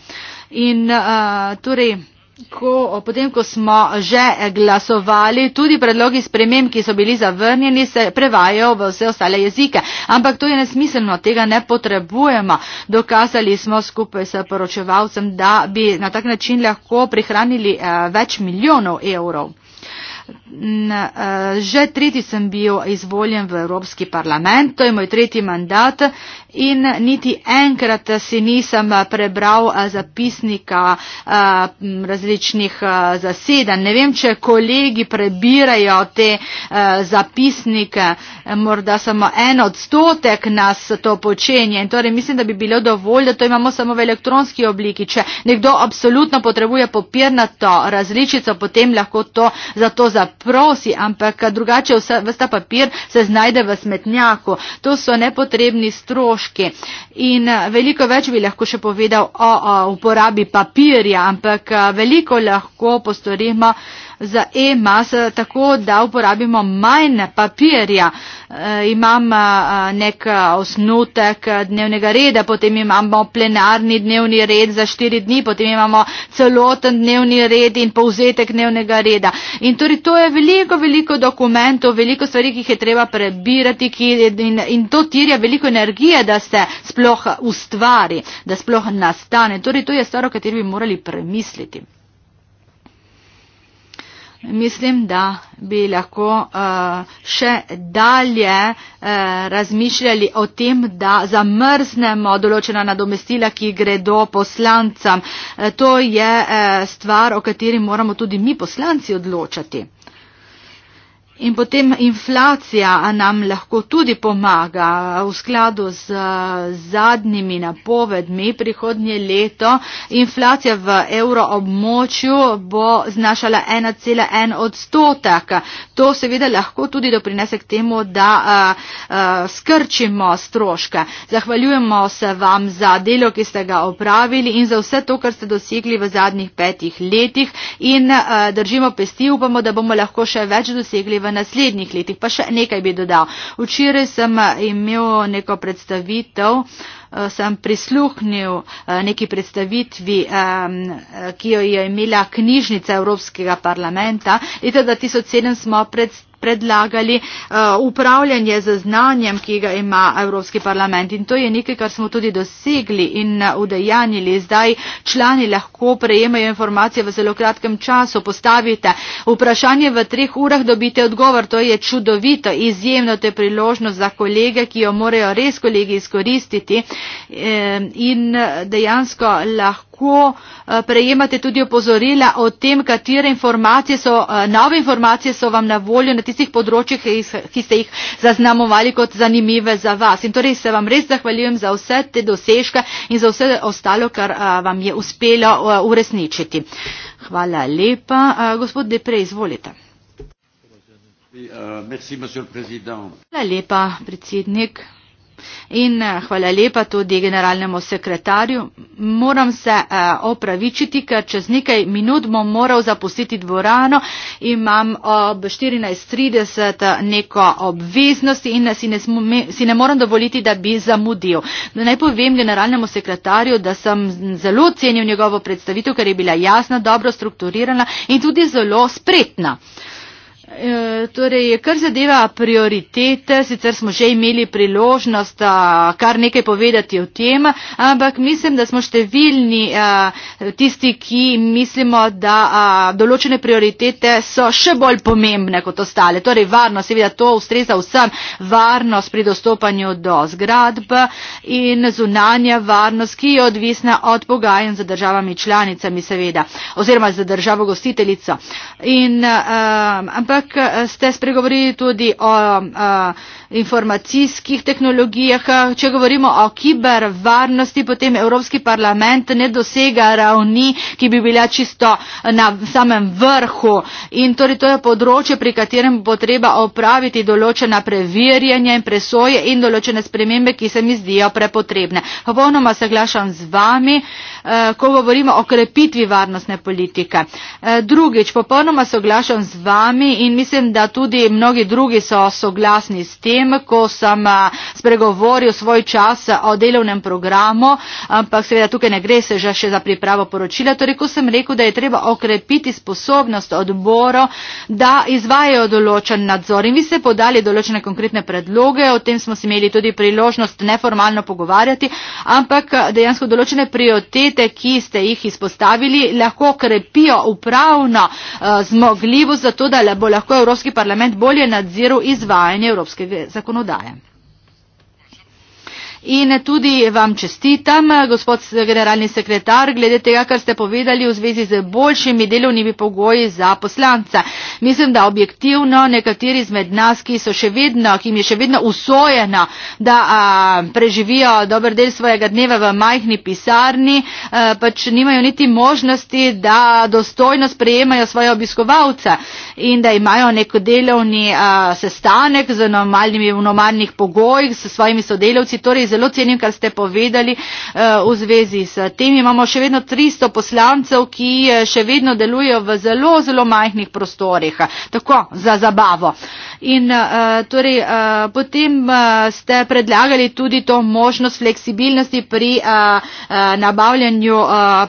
In uh, torej. Ko, potem, ko smo že glasovali, tudi predlogi sprememb, ki so bili zavrnjeni, se prevajajo v vse ostale jezike. Ampak to je nesmiselno, tega ne potrebujemo. Dokazali smo skupaj s poročevalcem, da bi na tak način lahko prihranili eh, več milijonov evrov. Eh, že tretji sem bil izvoljen v Evropski parlament, to je moj tretji mandat in niti enkrat si nisem eh, prebral eh, zapisnika eh, različnih zasedanj. Ne vem, če kolegi prebirajo te zapisnike, morda samo en odstotek nas to počenje. In torej mislim, da bi bilo dovolj, da to imamo samo v elektronski obliki. Če nekdo absolutno potrebuje papirnato različico, potem lahko to za to zaprosi, ampak drugače vsta papir se znajde v smetnjaku. To so nepotrebni stroški stroški. In eh, veliko več bi lahko še povedal o, o eh, uporabi papirja, ampak eh, veliko lahko postorimo za e-mas, eh, tako da uporabimo manj papirja. Eh, imam eh, nek osnutek dnevnega reda, potem imamo plenarni dnevni red za štiri dni, potem imamo celoten dnevni red in povzetek dnevnega reda. In torej to je veliko, veliko dokumentov, veliko stvari, ki jih je treba prebirati ki, in, in to tirja veliko energije, da se sploh ustvari, da sploh nastane. Torej to je stvar, o kateri bi morali premisliti mislim, da bi lahko uh, še dalje uh, razmišljali o tem, da zamrznemo določena nadomestila, ki gredo poslancem. Uh, to je uh, stvar, o kateri moramo tudi mi poslanci odločati. In potem inflacija nam lahko tudi pomaga v skladu z zadnjimi napovedmi prihodnje leto. Inflacija v evroobmočju bo znašala 1,1 odstotek. To seveda lahko tudi doprinese k temu, da a, a, skrčimo stroške. Zahvaljujemo se vam za delo, ki ste ga opravili in za vse to, kar ste dosegli v zadnjih petih letih in a, držimo pesti, upamo, da bomo lahko še več dosegli v naslednjih letih. Pa še nekaj bi dodal. Včeraj sem eh, imel neko predstavitev, eh, sem prisluhnil eh, neki predstavitvi, ki jo je imela knjižnica Evropskega parlamenta. Leta 2007 smo predstavili predlagali eh, upravljanje z znanjem, ki ga ima Evropski parlament. In to je nekaj, kar smo tudi dosegli in eh, udejanili. Zdaj člani lahko prejemajo informacije v zelo kratkem času. Postavite vprašanje v treh urah, dobite odgovor. To je čudovito, izjemno, to je priložnost za kolege, ki jo morajo res kolegi izkoristiti. Eh, in dejansko lahko lahko eh, prejemate tudi opozorila o tem, katere informacije so, eh, nove informacije so vam na voljo na tistih področjih, ki ste jih zaznamovali kot zanimive za vas. In torej se vam res zahvaljujem za vse te dosežke in za vse ostalo, kar eh, vam je uspelo uresničiti. Hvala lepa. Gospod Depre, izvolite. Euh, Hvala lepa, predsednik. In eh, hvala lepa tudi generalnemu sekretarju. Moram se eh, opravičiti, ker čez nekaj minut bom moral zapustiti dvorano. Imam ob 14.30 eh, neko obveznosti in si ne, si ne moram dovoliti, da bi zamudil. Naj povem generalnemu sekretarju, da sem zelo cenil njegovo predstavitev, ker je bila jasna, dobro strukturirana in tudi zelo spretna. E, torej, kar zadeva prioritete, sicer smo že imeli priložnost kar nekaj povedati o tem, ampak mislim, da smo številni tisti, ki mislimo, da določene prioritete so še bolj pomembne kot ostale. Torej, varnost, seveda to ustreza vsem, varnost pri dostopanju do zgradb in zunanja varnost, ki je odvisna od pogajanj z državami članicami, seveda, oziroma z državo gostiteljico. In, ampak, ampak eh, ste spregovorili tudi o a, eh, informacijskih tehnologijah. Če govorimo o kibervarnosti, potem Evropski parlament ne dosega ravni, ki bi bila čisto na samem vrhu. In torej to je področje, pri katerem bo treba opraviti določena preverjanja in presoje in določene spremembe, ki se mi zdijo prepotrebne. Popolnoma se glašam z vami, eh, ko govorimo o krepitvi varnostne politike. Drugič, popolnoma se glašam z vami in in mislim, da tudi mnogi drugi so soglasni s tem, ko sem eh, spregovoril svoj čas eh, o delovnem programu, ampak seveda tukaj ne gre se že še za pripravo poročila. Torej, ko sem rekel, da je treba okrepiti sposobnost odboro, da izvajajo določen nadzor in vi ste podali določene konkretne predloge, o tem smo si imeli tudi priložnost neformalno pogovarjati, ampak eh, dejansko določene prioritete, ki ste jih izpostavili, lahko okrepijo upravno zmogljivost za to, da bo lahko lahko evropski parlament bolje nadziral izvajanje evropske zakonodaje. In tudi vam čestitam, gospod generalni sekretar, glede tega, kar ste povedali v zvezi z boljšimi delovnimi pogoji za poslanca. Mislim, da objektivno nekateri izmed nas, ki so še vedno, ki jim je še vedno usvojeno, da a, preživijo dober del svojega dneva v majhni pisarni, a, pač nimajo niti možnosti, da dostojno sprejemajo svoje obiskovalce in da imajo neko delovni a, sestanek z normalnimi, v normalnih pogojih, s svojimi sodelavci, torej z zelo cenim, kar ste povedali eh, v zvezi s tem. Imamo še vedno 300 poslancev, ki eh, še vedno delujejo v zelo, zelo majhnih prostorih. Tako, za zabavo. In eh, torej, potem ste predlagali tudi to možnost fleksibilnosti pri nabavljanju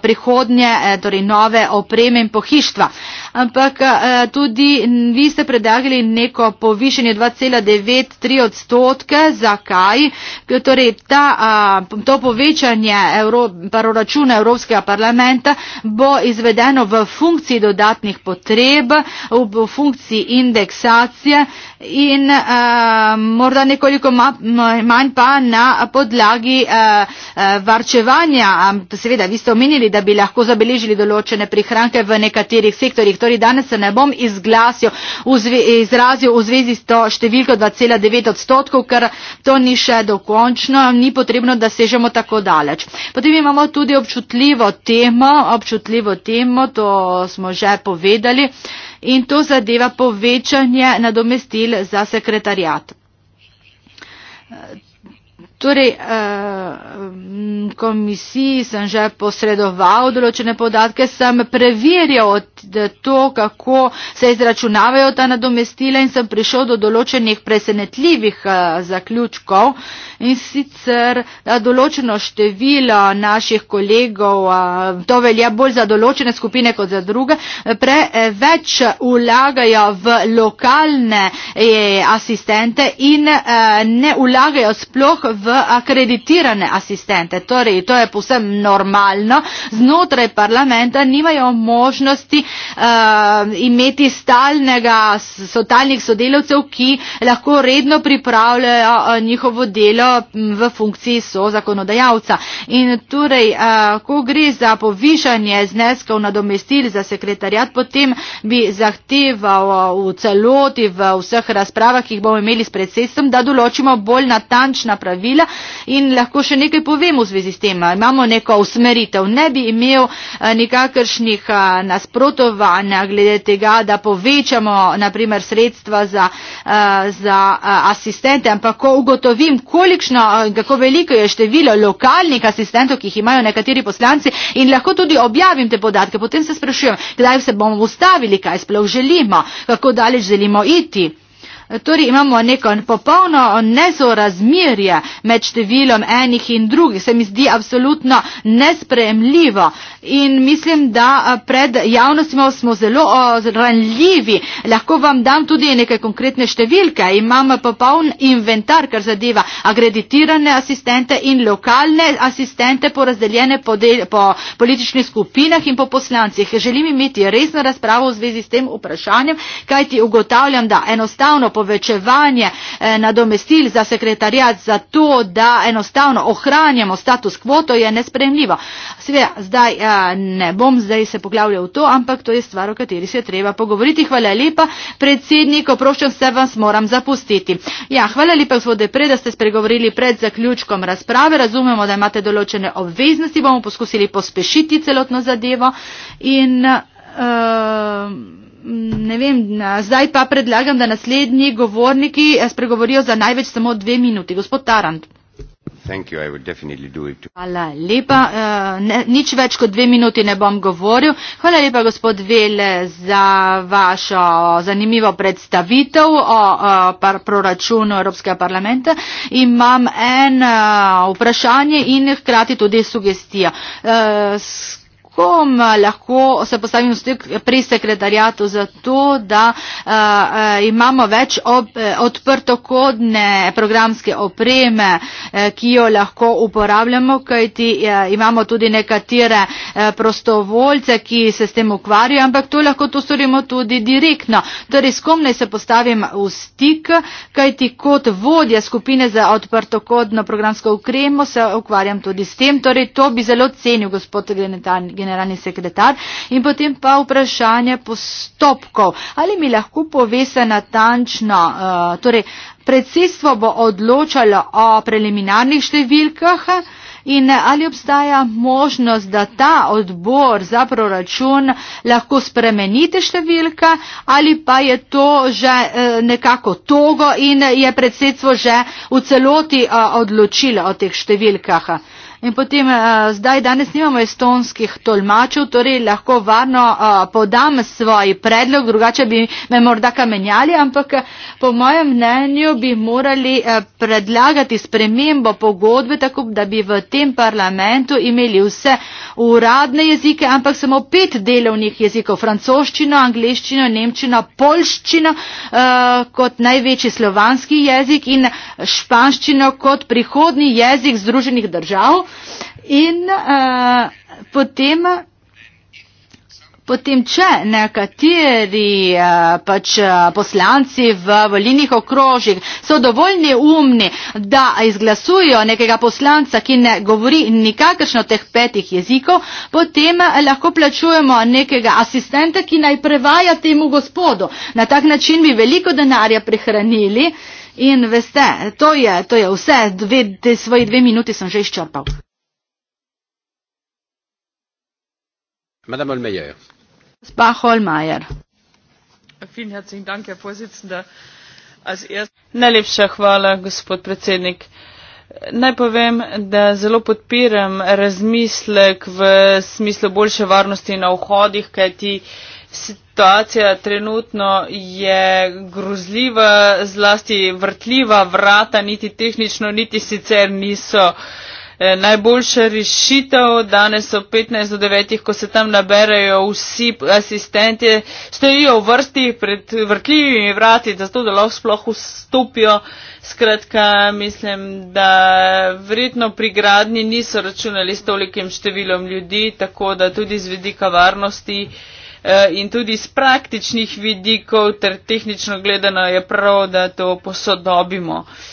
prihodnje, torej nove opreme in pohištva ampak eh, tudi vi ste predlagali neko povišenje 2,93 odstotke. Zakaj? Torej, ta, to povečanje Euro, proračuna Evropskega parlamenta bo izvedeno v funkciji dodatnih potreb, v funkciji indeksacije in uh, morda nekoliko ma, ma, manj pa na podlagi uh, uh, varčevanja. Um, seveda, vi ste omenili, da bi lahko zabeležili določene prihranke v nekaterih sektorjih. Torej, danes se ne bom izglasil, vzve, izrazil v zvezi s to številko 2,9 odstotkov, ker to ni še dokončno, ni potrebno, da sežemo tako daleč. Potem imamo tudi občutljivo temo, občutljivo temo, to smo že povedali. Uh, in to zadeva povečanje nadomestil za sekretarjat. Torej, eh, komisiji sem že posredoval določene podatke, sem preverjal to, kako se izračunavajo ta nadomestila in sem prišel do določenih presenetljivih eh, zaključkov in sicer da določeno število naših kolegov, eh, to velja bolj za določene skupine kot za druge, preveč ulagajo v lokalne asistente in ne ulagajo sploh v akreditirane asistente torej to je povsem normalno znotraj parlamenta nimajo možnosti uh, imeti stalnega stalnih sodelavcev ki lahko redno pripravljajo eh, njihovo delo v funkciji so zakonodajalca in torej uh, ko gre za povišanje zneskov nadomestil za sekretarjat potem bi zahteval v celoti v vseh razpravah ki jih bomo imeli s predsedstvom da določimo bolj natančna pravila cilja in lahko še nekaj povem v zvezi s tem. Imamo neko usmeritev, ne bi imel eh, nikakršnih eh, nasprotovanj glede tega, da povečamo naprimer sredstva za, eh, za asistente, ampak ko ugotovim, kolikšno, kako veliko je število lokalnih asistentov, ki jih imajo nekateri poslanci in lahko tudi objavim te podatke, potem se sprašujem, kdaj se bomo ustavili, kaj sploh želimo, kako daleč želimo iti. Torej imamo neko popolno nesorazmerje med številom enih in drugih. Se mi zdi absolutno nespremljivo in mislim, da pred javnostjo smo zelo ranljivi. Lahko vam dam tudi nekaj konkretne številke. Imam popoln inventar, kar zadeva akreditirane asistente in lokalne asistente porazdeljene po, del, po političnih skupinah in po poslancih. Želim imeti resno razpravo v zvezi s tem vprašanjem, kajti ugotavljam, da enostavno povečevanje eh, nadomestil za sekretarjat za to, da enostavno ohranjamo status quo, to je nespremljivo. Sveda, zdaj eh, ne bom zdaj se poglavljal v to, ampak to je stvar, o kateri se treba pogovoriti. Hvala lepa, predsednik, oproščam se, vas moram zapustiti. Ja, hvala lepa, gospode Pre, da ste spregovorili pred zaključkom razprave. Razumemo, da imate določene obveznosti, bomo poskusili pospešiti celotno zadevo. In, uh, ne vem, zdaj pa predlagam, da naslednji govorniki eh, spregovorijo za največ samo dve minuti. Gospod Tarant. Hvala lepa. Eh, ne, nič več kot dve minuti ne bom govoril. Hvala lepa, gospod Vele, za vašo zanimivo predstavitev o, o eh, par, proračunu Evropskega parlamenta. Imam en o, vprašanje in hkrati tudi sugestijo. O, kom eh, lahko se postavim v stik pri sekretarjatu za to, da eh, eh, imamo več odprtokodne programske opreme, ki jo lahko uporabljamo, kajti imamo tudi nekatere prostovoljce, ki se s tem ukvarjajo, ampak to lahko to storimo tudi direktno. Torej, s kom naj se postavim v stik, kajti kot vodja skupine za odprtokodno programsko opremo se ukvarjam tudi s tem. Torej, to bi zelo cenil gospod Grenetan generalni sekretar in potem pa vprašanje postopkov. Ali mi lahko povese natančno, eh, torej predsedstvo bo odločalo o preliminarnih številkah? In eh, ali obstaja možnost, da ta odbor za proračun lahko spremenite številka ali pa je to že eh, nekako togo in je predsedstvo že v celoti eh, odločilo o teh številkah. In potem zdaj danes nimamo estonskih tolmačev, torej lahko varno podam svoj predlog, drugače bi me morda kamenjali, ampak po mojem mnenju bi morali predlagati spremembo pogodbe, tako da bi v tem parlamentu imeli vse uradne jezike, ampak samo pet delovnih jezikov, francoščino, angliščino, nemščino, polščino uh, kot največji slovanski jezik in španščino kot prihodni jezik Združenih držav. In uh, potem Potem, če nekateri eh, pač eh, poslanci v volilnih okrožjih so dovolj neumni, da izglasujo nekega poslanca, ki ne govori nikakršno teh petih jezikov, potem eh, lahko plačujemo nekega asistenta, ki naj prevaja temu gospodu. Na tak način bi veliko denarja prihranili in veste, to je, to je vse, dve, te svoje dve minuti sem že izčrpal. Madame Olmeyer gospa hohlmeier. najlepša hvala gospod predsednik. naj povem da zelo podpiram razmislek v smislu boljše varnosti na vhodih kajti situacija trenutno je grozljiva zlasti vrtljiva vrata niti tehnično niti sicer niso uh, Eh, najboljša rešitev. Danes so 15 do 9, ko se tam naberajo vsi asistenti, stojijo v vrsti pred vrtljivimi vrati, zato da lahko sploh vstopijo. Skratka, mislim, da verjetno pri gradni niso računali s tolikim številom ljudi, tako da tudi z vidika varnosti. Eh, in tudi iz praktičnih vidikov ter tehnično gledano je prav, da to posodobimo. Uh,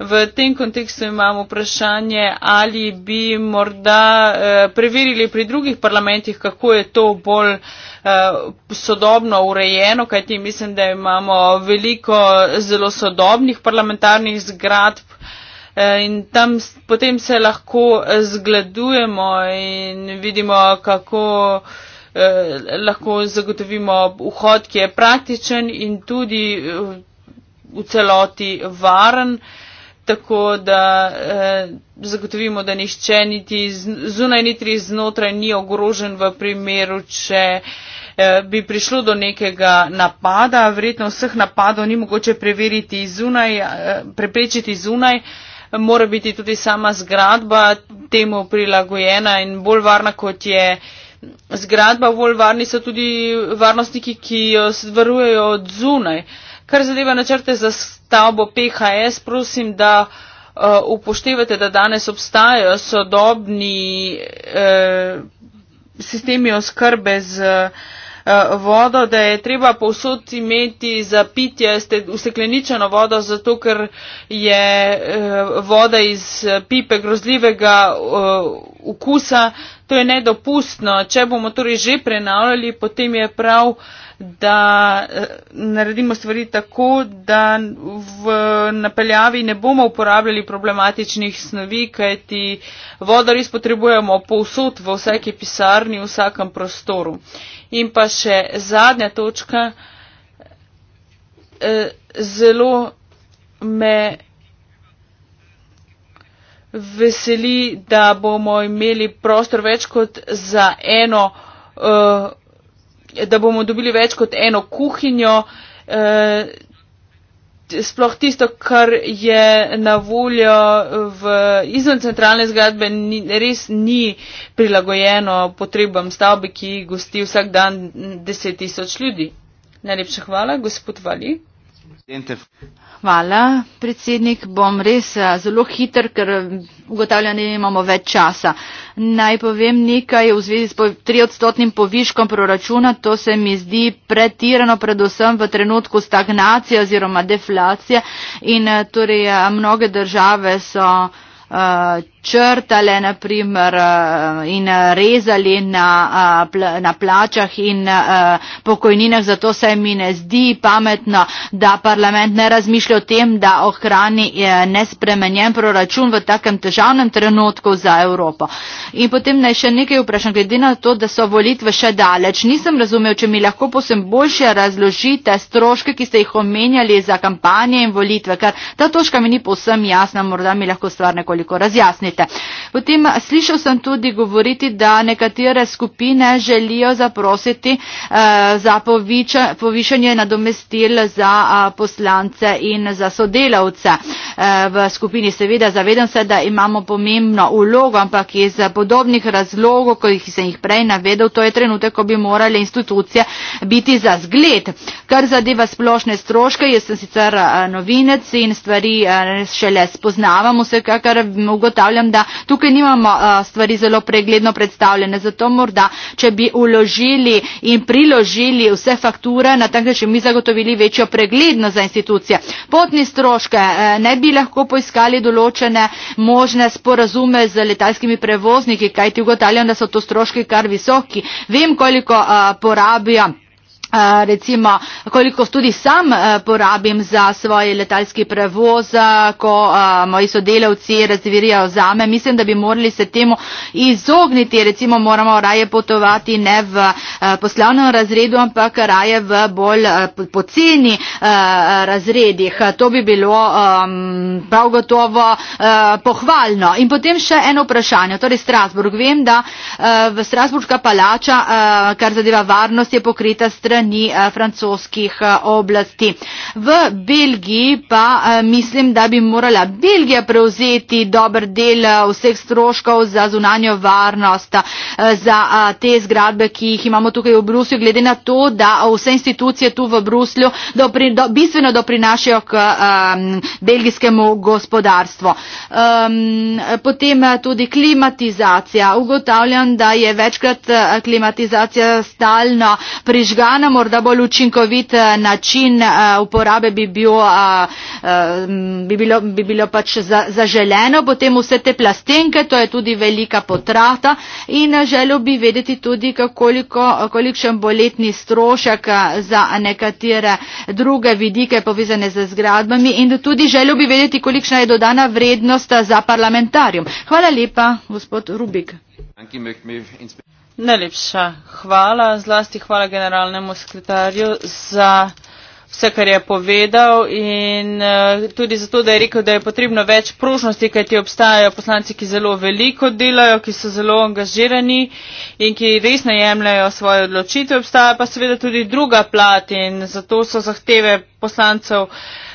V tem kontekstu imam vprašanje, ali bi morda eh, preverili pri drugih parlamentih, kako je to bolj eh, sodobno urejeno, kajti mislim, da imamo veliko zelo sodobnih parlamentarnih zgradb. Eh, in tam potem se lahko zgledujemo in vidimo, kako eh, lahko zagotovimo vhod, ki je praktičen in tudi v celoti varen. Eh, tako, da eh, zagotovimo, da nišče niti zunaj, niti znotraj ni ogrožen v primeru, če eh, bi prišlo do nekega napada. Verjetno vseh napadov ni mogoče preveriti zunaj, eh, preprečiti zunaj. Mora biti tudi sama zgradba temu prilagojena in bolj varna kot je zgradba. Bolj varni so tudi varnostniki, ki jo varujejo od zunaj. Eh, Kar zadeva načrte za stavbo PHS, prosim, da uh, upoštevate, da danes obstajajo sodobni uh, sistemi oskrbe z uh, vodo, da je treba povsod imeti za pitje ustekleničeno vodo, zato ker je uh, voda iz pipe grozljivega uh, okusa. To je nedopustno. Če bomo torej že prenavljali, potem je prav. Uh, da eh, naredimo stvari tako, da v napeljavi ne bomo uporabljali problematičnih snovi, kajti vodo res potrebujemo povsod, v vsaki pisarni, v vsakem prostoru. In pa še zadnja točka. Eh, zelo me veseli, da bomo imeli prostor več kot za eno uh, da bomo dobili več kot eno kuhinjo, eh, sploh tisto, kar je na voljo v izven centralne zgradbe, ni, res ni prilagojeno potrebam stavbe, ki gosti vsak dan deset tisoč ljudi. Najlepša hvala, gospod Vali. Hvala, predsednik. Bom res eh, zelo hiter, ker eh, ugotavljam, da imamo več časa. Naj povem nekaj v zvezi s triodstotnim poviškom proračuna. To se mi zdi pretirano, predvsem v trenutku stagnacije oziroma deflacije. In eh, torej mnoge države so črtale naprimer eh, in rezali na, eh, na plačah in eh, pokojninah, zato se mi ne zdi pametno, da parlament ne razmišlja o tem, da ohrani nespremenjen proračun v takem težavnem trenutku za Evropo. In potem naj še nekaj vprašam, glede na to, da so volitve še daleč. Nisem razumel, če mi lahko posem boljše razložite stroške, ki ste jih omenjali za kampanje in volitve, ker ta točka mi ni posem jasna, morda mi lahko stvar nekoliko razjasnite spomnite. Potem slišal sem tudi govoriti, da nekatere skupine želijo zaprositi eh, za poviča, povišanje nadomestil za eh, poslance in za sodelavce eh, v skupini. Seveda zavedam se, da imamo pomembno ulogo, ampak iz podobnih razlogov, ki sem jih prej navedel, to je trenutek, ko bi morale institucije biti za zgled. Kar zadeva splošne stroške, jaz sem sicer eh, novinec in stvari eh, šele spoznavam, vsekakor ugotavljam, mislim, da tukaj nimamo eh, stvari zelo pregledno predstavljene. Zato morda, če bi uložili in priložili vse fakture na tak način, mi zagotovili večjo preglednost za institucije. Potni stroške eh, ne bi lahko poiskali določene možne sporazume z letalskimi prevozniki, kajti ugotavljam, da so to stroški kar visoki. Vem, koliko eh, porabijo Eh, recimo koliko tudi sam eh, porabim za svoj letalski prevoz, eh, ko moji sodelavci razvirijo zame. Mislim, da bi morali se temu izogniti, recimo moramo raje potovati ne v poslovnem razredu, ampak raje v bolj poceni razredih. To bi bilo ehm, prav gotovo pohvalno. In potem še eno vprašanje, torej Strasburg. Vem, da v Strasburgska palača, kar zadeva varnost, je pokrita strani strani eh, francoskih eh, oblasti. V Belgiji pa eh, mislim, da bi morala Belgija prevzeti dober del vseh stroškov za zunanjo varnost za te zgradbe, ki jih imamo tukaj v Bruslju, glede na to, da vse institucije tu v Bruslju dopri, do, bistveno doprinašajo k um, belgijskemu gospodarstvu. Um, potem tudi klimatizacija. Ugotavljam, da je večkrat klimatizacija stalno prižgana morda bolj učinkovit eh, način eh, uporabe bi bil, eh, bi bilo, bi bilo pač zaželeno, potem vse te plastenke, to je tudi velika potrata in želel bi vedeti tudi, koliko, kolikšen bo letni strošek za nekatere druge vidike povezane z zgradbami in tudi želel bi vedeti, kolikšna je dodana vrednost za parlamentarjem. Hvala lepa, gospod Rubik. Danke, Najlepša hvala, zlasti hvala generalnemu sekretarju za vse, kar je povedal in eh, tudi zato, da je rekel, da je potrebno več prožnosti, kaj ti obstajajo poslanci, ki zelo veliko delajo, ki so zelo angažirani in ki res najemljajo svoje odločitve. Obstaja pa seveda tudi druga plat in zato so zahteve poslancev.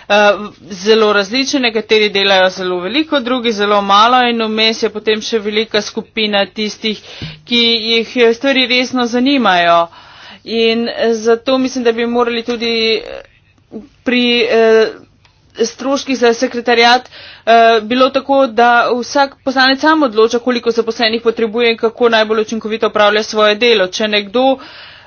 Eh, zelo različne, nekateri delajo zelo veliko, drugi zelo malo in vmes je potem še velika skupina tistih, ki jih eh, stvari resno zanimajo. In eh, zato mislim, da bi morali tudi pri eh, stroških za sekretarjat eh, bilo tako, da vsak poslanec sam odloča, koliko zaposlenih potrebuje in kako najbolj učinkovito upravlja svoje delo. Če nekdo eh,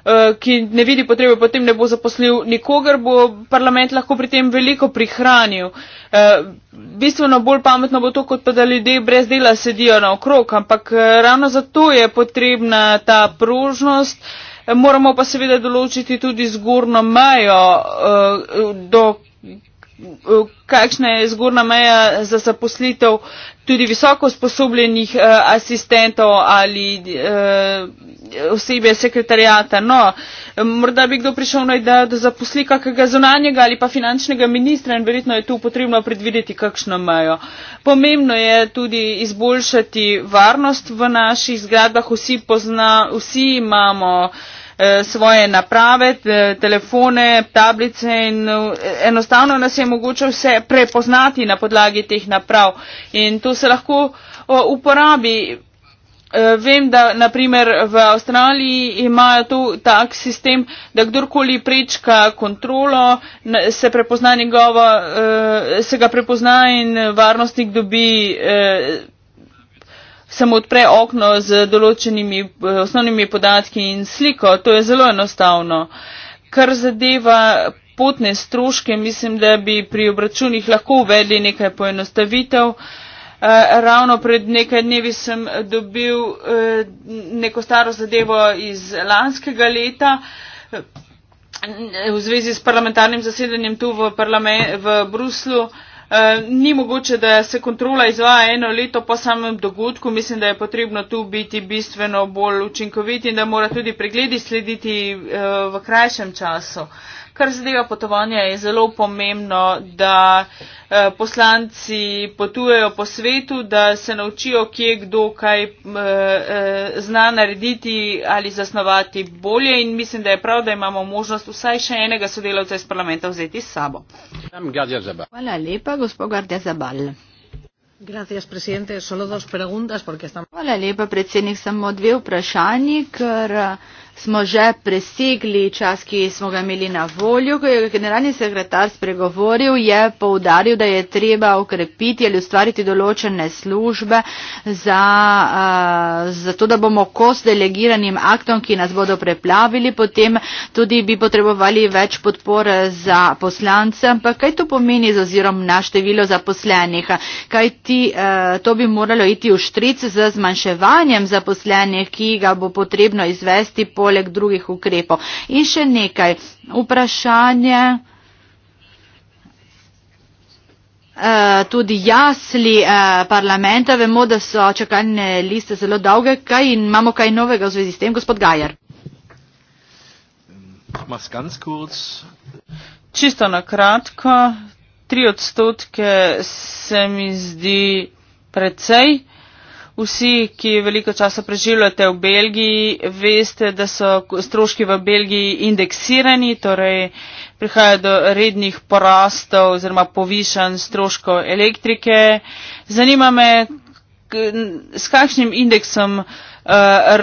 Eh, ki ne vidi potrebe, potem ne bo zaposlil nikogar, bo parlament lahko pri tem veliko prihranil. Eh, bistveno bolj pametno bo to, kot pa da ljudje brez dela sedijo na okrog, ampak eh, ravno zato je potrebna ta prožnost. Moramo pa seveda določiti tudi zgornjo mejo, do, kakšna je zgornja meja za zaposlitev tudi visoko usposobljenih uh, asistentov ali uh, eh, osebe sekretarijata. No, morda bi kdo prišel na idejo, da zaposli kakega zunanjega ali pa finančnega ministra in verjetno je tu potrebno predvideti kakšno mejo. Pomembno je tudi izboljšati varnost v naših zgradbah. Vsi, pozna, vsi imamo uh, Eh, svoje naprave, telefone, tablice in eh, enostavno nas je mogoče vse prepoznati na podlagi teh naprav. In to se lahko uporabi. Eh, vem, da naprimer v Avstraliji imajo tu tak sistem, da kdorkoli prečka kontrolo, se, prepozna njegovo, se ga prepozna in varnostnik dobi se mu odpre okno z določenimi eh, osnovnimi podatki in sliko. To je zelo enostavno. Kar zadeva potne stroške, mislim, da bi pri obračunih lahko uvedli nekaj poenostavitev. Eh, ravno pred nekaj dnevi sem dobil eh, neko staro zadevo iz lanskega leta v zvezi s parlamentarnim zasedanjem tu v, parlament, v Bruslu. Eh, ni mogoče, da se kontrola izvaja eno leto po samem dogodku. Mislim, da je potrebno tu biti bistveno bolj učinkoviti in da mora tudi pregledi slediti eh, v krajšem času. Uh, kar zadeva potovanja, je zelo pomembno, da eh, poslanci potujejo po svetu, da se naučijo, kje kdo kaj eh, eh, zna narediti ali zasnovati bolje in mislim, da je prav, da imamo možnost vsaj še enega sodelavca iz parlamenta vzeti s sabo. Hvala lepa, gospod Gardja Zabal. Hvala lepa, predsednik, samo dve vprašanji, ker smo že presegli čas, ki smo ga imeli na voljo. Ko je generalni sekretar spregovoril, je poudaril, da je treba ukrepiti ali ustvariti določene službe za, za to, da bomo kos delegiranim aktom, ki nas bodo preplavili, potem tudi bi potrebovali več podpore za poslance. Ampak kaj to pomeni z ozirom na število zaposlenih? Kaj ti to bi moralo iti v štric z zmanjševanjem zaposlenih, ki ga bo potrebno izvesti po poleg drugih ukrepov. In še nekaj. Vprašanje. Eh, tudi jasli eh, parlamenta, vemo, da so čakalne liste zelo dolge. Kaj in imamo kaj novega v zvezi s tem, gospod Gajer? Čisto na kratko, tri odstotke se mi zdi precej. Vsi, ki veliko časa preživljate v Belgiji, veste, da so stroški v Belgiji indeksirani, torej prihaja do rednih porastov oziroma povišan stroškov elektrike. Zanima me, s kakšnim indeksom eh,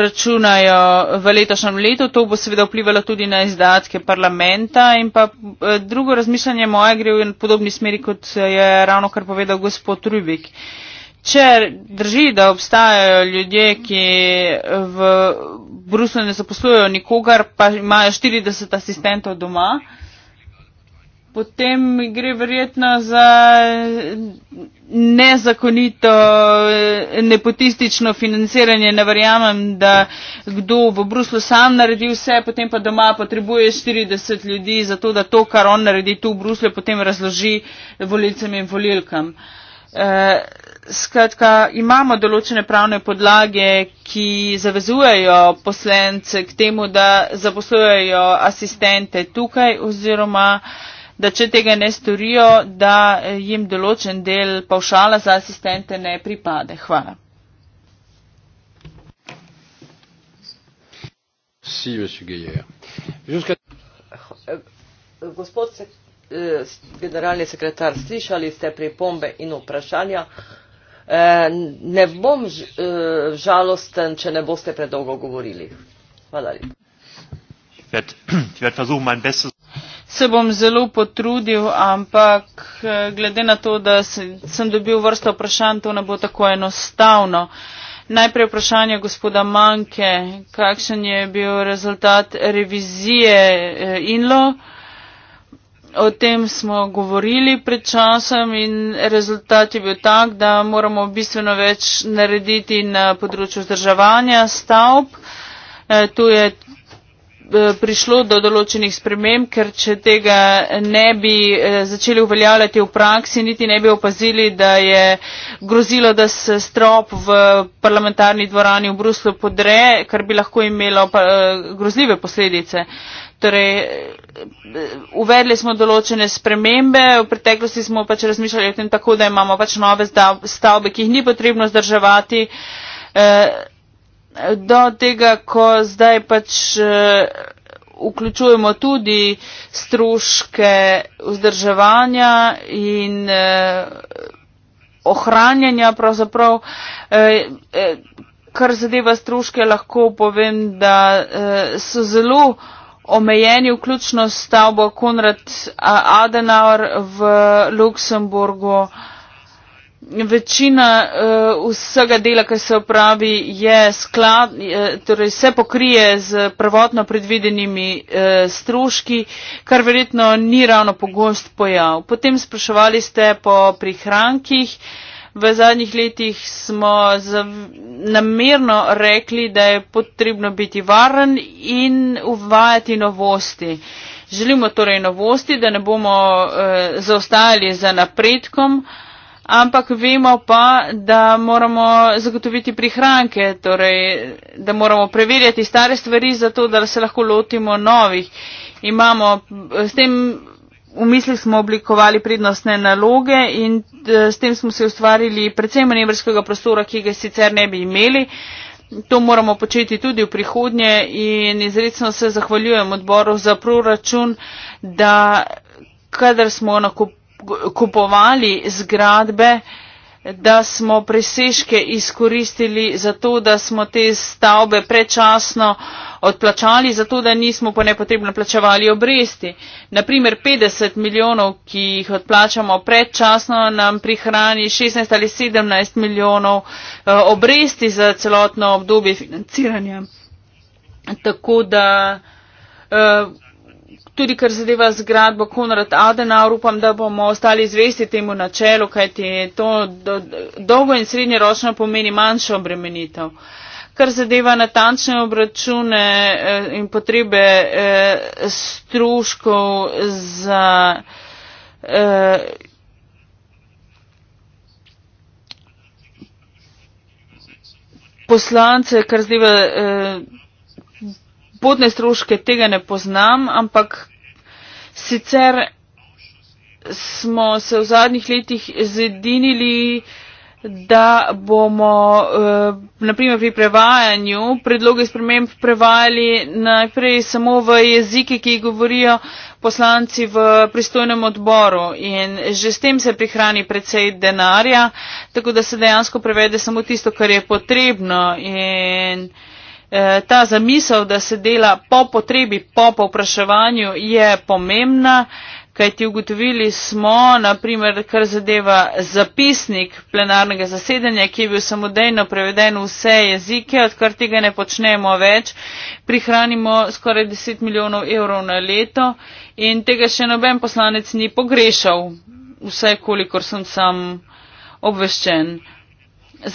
računajo v letošnjem letu. To bo seveda vplivalo tudi na izdatke parlamenta in pa eh, drugo razmišljanje moje gre v podobni smeri, kot je ravno kar povedal gospod Rubik. Če drži, da obstajajo ljudje, ki v Bruslu ne zaposlujejo nikogar, pa imajo 40 asistentov doma, potem gre verjetno za nezakonito, nepotistično financiranje. Ne verjamem, da kdo v Bruslu sam naredi vse, potem pa doma potrebuje 40 ljudi za to, da to, kar on naredi tu v Bruslu, potem razloži volilcem in volilkam. Uh, skratka, imamo določene pravne podlage, ki zavezujejo poslence k temu, da zaposlujejo asistente tukaj oziroma, da če tega ne storijo, da jim določen del pavšala za asistente ne pripade. Hvala. Si, Gospod se, eh, generalni sekretar, slišali ste pripombe in vprašanja. Eh, ne bom eh, žalosten, če ne boste predolgo govorili. Hvala lepa. Se bom zelo potrudil, ampak eh, glede na to, da sem dobil vrsto vprašanj, to ne bo tako enostavno. Najprej vprašanje gospoda Manke, kakšen je bil rezultat revizije INLO? O tem smo govorili pred časom in rezultat je bil tak, da moramo bistveno več narediti na področju zdržavanja stavb. E, tu je e, prišlo do določenih spremem, ker če tega ne bi e, začeli uveljavljati v praksi, niti ne bi opazili, da je grozilo, da se strop v parlamentarni dvorani v Bruslu podre, kar bi lahko imelo grozljive posledice. Torej, uvedli smo določene spremembe, v preteklosti smo pač razmišljali o tem tako, da imamo pač nove stavbe, ki jih ni potrebno zdrževati. Eh, do tega, ko zdaj pač eh, vključujemo tudi stroške vzdrževanja in eh, ohranjanja pravzaprav. Kar zadeva stroške, lahko povem, da so zelo omejeni vključno s stavbo Konrad Adenauer v Luksemburgu. Večina uh, vsega dela, kar se opravi, je sklad, uh, torej se pokrije z prvotno predvidenimi uh, stroški, kar verjetno ni ravno pogost pojav. Potem spraševali ste po prihrankih. Uh, V zadnjih letih smo namerno rekli, da je potrebno biti varen in uvajati novosti. Želimo torej novosti, da ne bomo eh, zaostajali za napredkom, ampak vemo pa, da moramo zagotoviti prihranke, torej, da moramo preverjati stare stvari, zato da se lahko lotimo novih. Imamo, eh, s tem v mislih smo oblikovali prednostne naloge in eh, s tem smo se ustvarili predvsem manevrskega prostora, ki ga sicer ne bi imeli. To moramo početi tudi v prihodnje in izredno se zahvaljujem odboru za proračun, da kadar smo nakupovali zgradbe, da smo preseške izkoristili za to, da smo te stavbe predčasno odplačali zato, da nismo po nepotrebno plačevali obresti. Naprimer, 50 milijonov, ki jih odplačamo predčasno, nam prihrani 16 ali 17 milijonov eh, obresti za celotno obdobje financiranja. Tako da. Eh, tudi kar zadeva zgradbo Konrad Adenauer, upam, da bomo ostali zvesti temu načelu, kajti to do, dolgo in srednjeročno pomeni manjšo obremenitev. Uh, kar zadeva natančne obračune eh, in potrebe eh, stroškov za eh, poslance, kar zadeva potne stroške, tega ne poznam, ampak sicer smo se v zadnjih letih zedinili eh, da bomo eh, naprimer pri prevajanju predloge sprememb prevajali najprej samo v jezike, ki jih govorijo poslanci v pristojnem odboru in že s tem se prihrani predvsej denarja, tako da se dejansko prevede samo tisto, kar je potrebno in eh, ta zamisel, da se dela po potrebi, po povpraševanju je pomembna kajti ugotovili smo, naprimer, kar zadeva zapisnik plenarnega zasedanja, ki je bil samodejno preveden v vse jezike, odkar tega ne počnemo več, prihranimo skoraj 10 milijonov evrov na leto in tega še noben poslanec ni pogrešal, vsaj kolikor sem sam obveščen.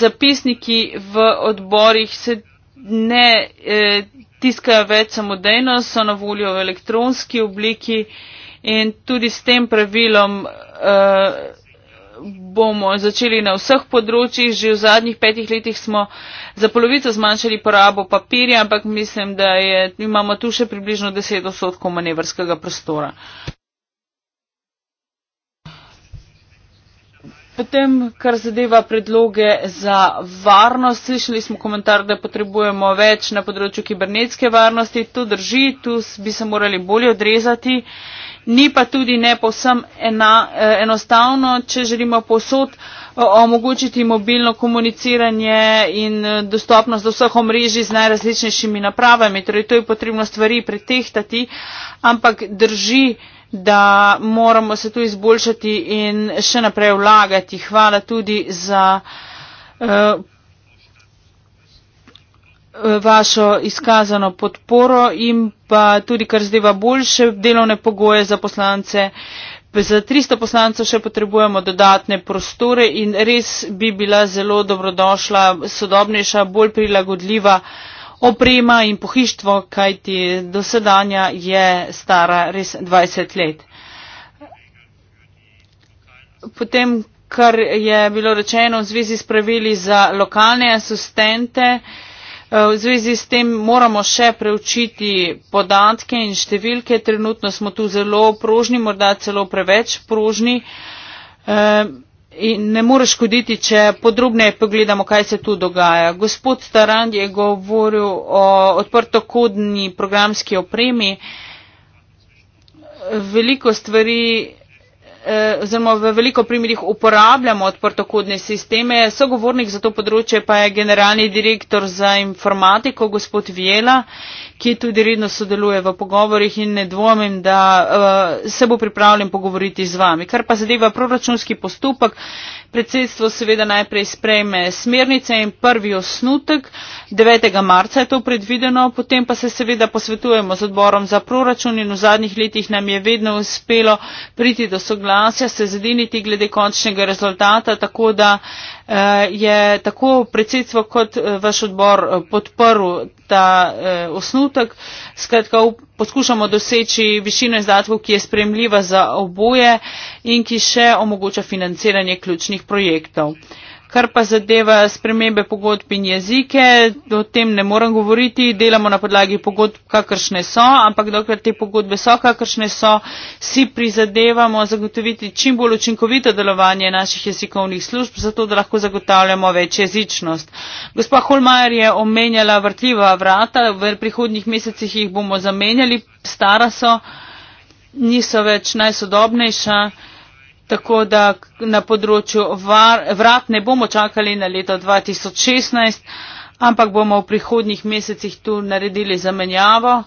Zapisniki v odborih se ne eh, tiskajo več samodejno, so na voljo v elektronski obliki in tudi s tem pravilom eh, bomo začeli na vseh področjih. Že v zadnjih petih letih smo za polovico zmanjšali porabo papirja, ampak mislim, da je, imamo tu še približno 10 odstotkov manevrskega prostora. Potem, kar zadeva predloge za varnost, slišali smo komentar, da potrebujemo več na področju kibernetske varnosti. To drži, tu bi se morali bolje odrezati. Uh, ni pa tudi ne povsem eh, enostavno če želimo posod eh, omogočiti mobilno komuniciranje in eh, dostopnost do vseh omrežij z najrazličnejšimi napravami torej to je potrebno stvari pretehtati ampak drži da moramo se tu izboljšati in še naprej vlagati hvala tudi za uh, vašo izkazano podporo in pa tudi, kar zdeva boljše delovne pogoje za poslance. Za 300 poslancev še potrebujemo dodatne prostore in res bi bila zelo dobrodošla, sodobnejša, bolj prilagodljiva oprema in pohištvo, kajti dosedanja je stara res 20 let. Potem, kar je bilo rečeno v zvezi s pravili za lokalne asistente, Eh, v zvezi s tem moramo še preučiti podatke in številke. Trenutno smo tu zelo prožni, morda celo preveč prožni. Eh, in ne more škoditi, če podrobneje pogledamo, kaj se tu dogaja. Gospod Starand je govoril o odprtokodni programski opremi. Veliko stvari Eh, oziroma v veliko primerjih uporabljamo odprtokodne sisteme. Sogovornik za to področje pa je generalni direktor za informatiko gospod Vjela ki tudi redno sodeluje v pogovorih in ne dvomim, da uh, se bo pripravljen pogovoriti z vami. Kar pa zadeva proračunski postopek, predsedstvo seveda najprej sprejme smernice in prvi osnutek, 9. marca je to predvideno, potem pa se seveda posvetujemo z odborom za proračun in v zadnjih letih nam je vedno uspelo priti do soglasja, se zediniti glede končnega rezultata, tako da uh, Eh, je tako predsedstvo kot eh, vaš odbor eh, podprl ta osnutek. Skratka, poskušamo doseči višino izdatkov, ki je spremljiva za oboje in ki še omogoča financiranje ključnih projektov. Kar pa zadeva spremembe pogodb in jezike, o tem ne morem govoriti, delamo na podlagi pogodb, kakršne so, ampak dokler te pogodbe so, kakršne so, si prizadevamo zagotoviti čim bolj učinkovito delovanje naših jezikovnih služb, zato da lahko zagotavljamo več jezičnost. Gospa Holmajer je omenjala vrtljiva vrata, v prihodnjih mesecih jih bomo zamenjali, stara so, niso več najsodobnejša tako da na področju vrat ne bomo čakali na leto 2016, ampak bomo v prihodnjih mesecih tu naredili zamenjavo.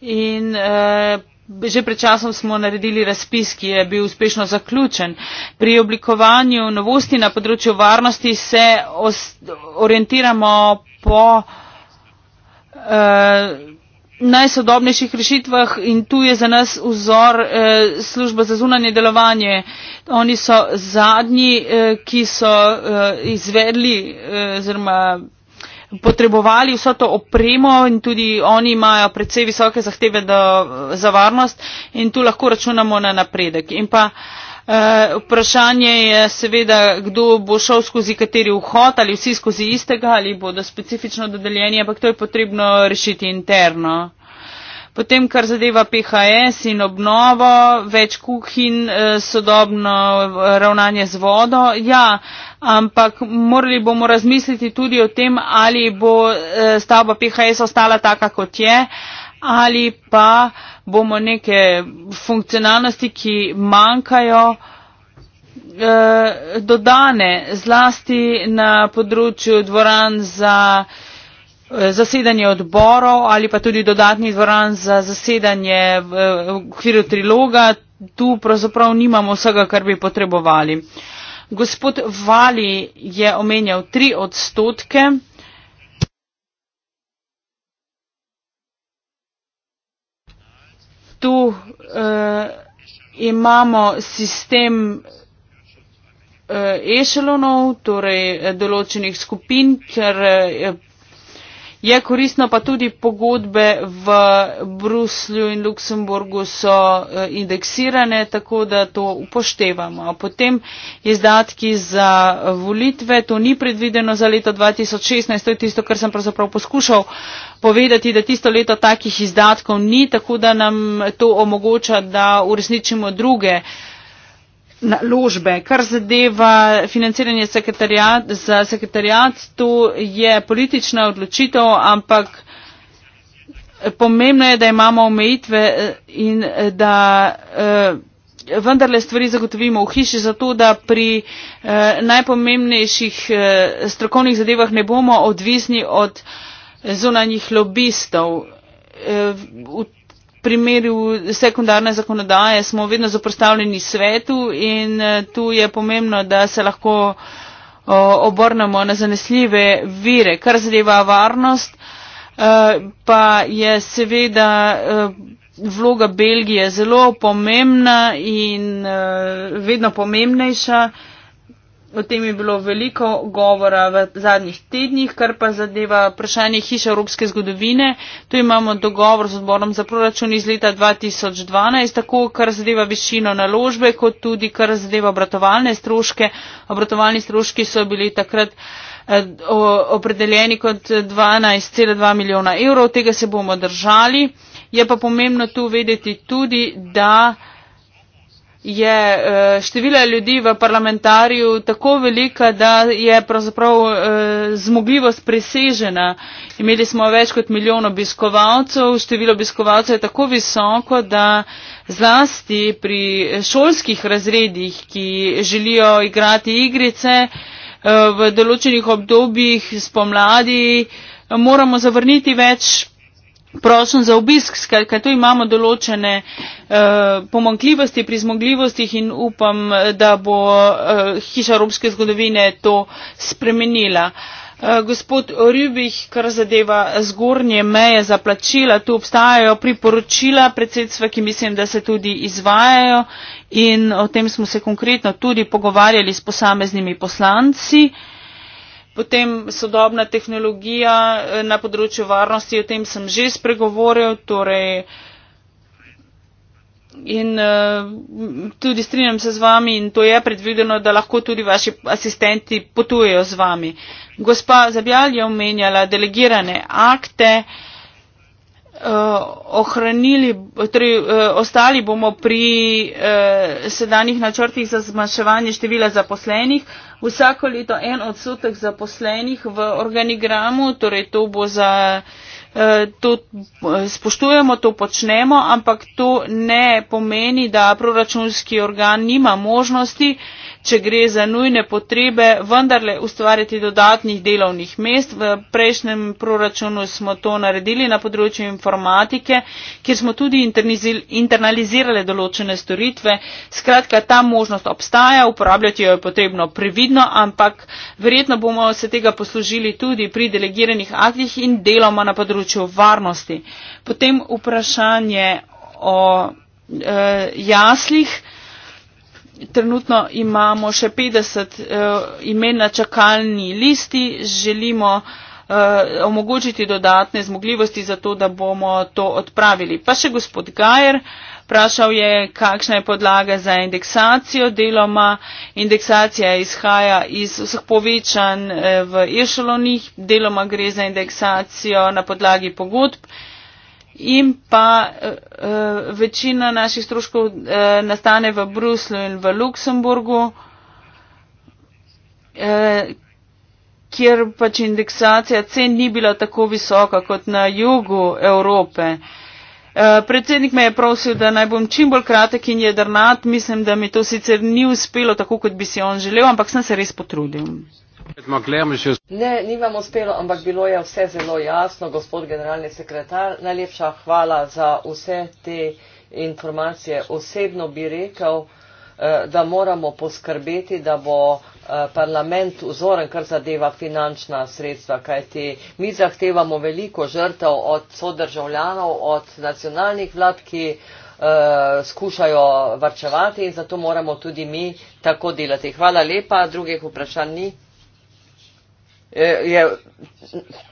In eh, že pred časom smo naredili razpis, ki je bil uspešno zaključen. Pri oblikovanju novosti na področju varnosti se orientiramo po. Eh, najsodobnejših rešitvah in tu je za nas vzor eh, služba za zunanje delovanje. Oni so zadnji, eh, ki so eh, izvedli eh, oziroma eh, potrebovali vso to opremo in tudi oni imajo predvsej visoke zahteve do, za varnost in tu lahko računamo na napredek. In pa eh, Eh, vprašanje je seveda, kdo bo šel skozi kateri vhod ali vsi skozi istega ali bodo specifično dodeljeni, ampak to je potrebno rešiti interno. Potem, kar zadeva PHS in obnovo, več kuhin, eh, sodobno ravnanje z vodo, ja, ampak morali bomo razmisliti tudi o tem, ali bo eh, stavba PHS ostala taka, kot je ali pa bomo neke funkcionalnosti, ki manjkajo, eh, dodane zlasti na področju dvoran za eh, zasedanje odborov ali pa tudi dodatni dvoran za zasedanje eh, v okviru triloga. Tu pravzaprav nimamo vsega, kar bi potrebovali. Gospod Vali je omenjal tri odstotke. tu uh, imamo sistem uh, ešelonov, torej eh, določenih skupin, ker uh, Je koristno pa tudi pogodbe v Bruslju in Luksemburgu so eh, indeksirane, tako da to upoštevamo. Potem izdatki za volitve, to ni predvideno za leto 2016, to je tisto, kar sem pravzaprav poskušal povedati, da tisto leto takih izdatkov ni, tako da nam to omogoča, da uresničimo druge uh, naložbe. Kar zadeva financiranje sekretarijat, za sekretarijat, tu je politična odločitev, ampak pomembno je, da imamo omejitve eh, in eh, da eh, vendarle stvari zagotovimo v hiši, zato da pri najpomembnejših strokovnih zadevah ne bomo odvisni od zunanjih lobistov primeru sekundarne zakonodaje smo vedno zaprostavljeni svetu in eh, tu je pomembno, da se lahko obrnemo na zanesljive vire. Kar zadeva varnost, eh, pa je seveda eh, vloga Belgije zelo pomembna in vedno pomembnejša. O tem je bilo veliko govora v zadnjih tednih, kar pa zadeva vprašanje hiše evropske zgodovine. Tu imamo dogovor z odborom za proračun iz leta 2012, tako kar zadeva višino naložbe, kot tudi kar zadeva obratovalne stroške. Obratovalni stroški so bili takrat eh, opredeljeni kot 12,2 milijona evrov, tega se bomo držali. Je pa pomembno tu vedeti tudi, da je eh, število ljudi v parlamentarju tako velika, da je pravzaprav eh, zmogljivost presežena. Imeli smo več kot milijon obiskovalcev, število obiskovalcev je tako visoko, da zlasti pri šolskih razredih, ki želijo igrati igrice, eh, v določenih obdobjih spomladi moramo zavrniti več prošen za obisk, skratka tu imamo določene eh, pomankljivosti pri zmogljivostih in upam, da bo eh, hiša evropske zgodovine to spremenila. Eh, gospod Ribih, kar zadeva zgornje meje za plačila, tu obstajajo priporočila predsedstva, ki mislim, da se tudi izvajajo in o tem smo se konkretno tudi pogovarjali s posameznimi poslanci. Potem sodobna tehnologija eh, na področju varnosti, o tem sem že spregovoril. Torej in eh, tudi strinjam se z vami in to je predvideno, da lahko tudi vaši asistenti potujejo z vami. Gospa Zabjal je omenjala delegirane akte. Uh, ohranili, tri, torej, uh, ostali bomo pri uh, sedanjih načrtih za zmanjševanje števila zaposlenih. Uh, vsako leto en odstotek zaposlenih v organigramu, torej to bo za. Eh, to eh, spoštujemo, to počnemo, ampak to ne pomeni, da proračunski organ nima možnosti, če gre za nujne potrebe, vendarle ustvariti dodatnih delovnih mest. V prejšnjem proračunu smo to naredili na področju informatike, kjer smo tudi internalizirali določene storitve. Skratka, ta možnost obstaja, uporabljati jo je potrebno previdno, ampak verjetno bomo se tega poslužili tudi pri delegiranih aktih in deloma na področju varnosti. Potem vprašanje o e, jaslih trenutno imamo še petdeset eh, imen na čakalni listi želimo eh, omogočiti dodatne zmogljivosti za to, da bomo to odpravili. Pa še gospod Gajer vprašal je, kakšna je podlaga za indeksacijo deloma. Indeksacija izhaja iz vseh povečanj eh, v ešalonih, deloma gre za indeksacijo na podlagi pogodb in pa uh, večina naših stroškov uh, nastane v Bruslu in v Luksemburgu, uh, kjer pač indeksacija cen ni bila tako visoka kot na jugu Evrope. Predsednik me je prosil, da naj bom čim bolj kratek in jedrnat. Mislim, da mi to sicer ni uspelo tako, kot bi si on želel, ampak sem se res potrudil. Ne, ni vam uspelo, ampak bilo je vse zelo jasno. Gospod generalni sekretar, najlepša hvala za vse te informacije. Osebno bi rekel, eh, da moramo poskrbeti, da bo eh, parlament vzoren, kar zadeva finančna sredstva, kajti mi zahtevamo veliko žrtev od sodržavljanov, od nacionalnih vlad, ki eh, skušajo varčevati in zato moramo tudi mi tako delati. Hvala lepa, drugih vprašanj ni. Eh, je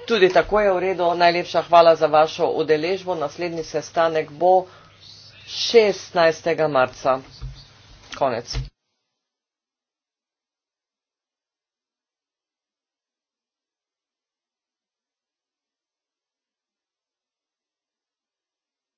tudi tako je v redu. Najlepša hvala za vašo udeležbo. Naslednji sestanek bo 16. marca. Konec.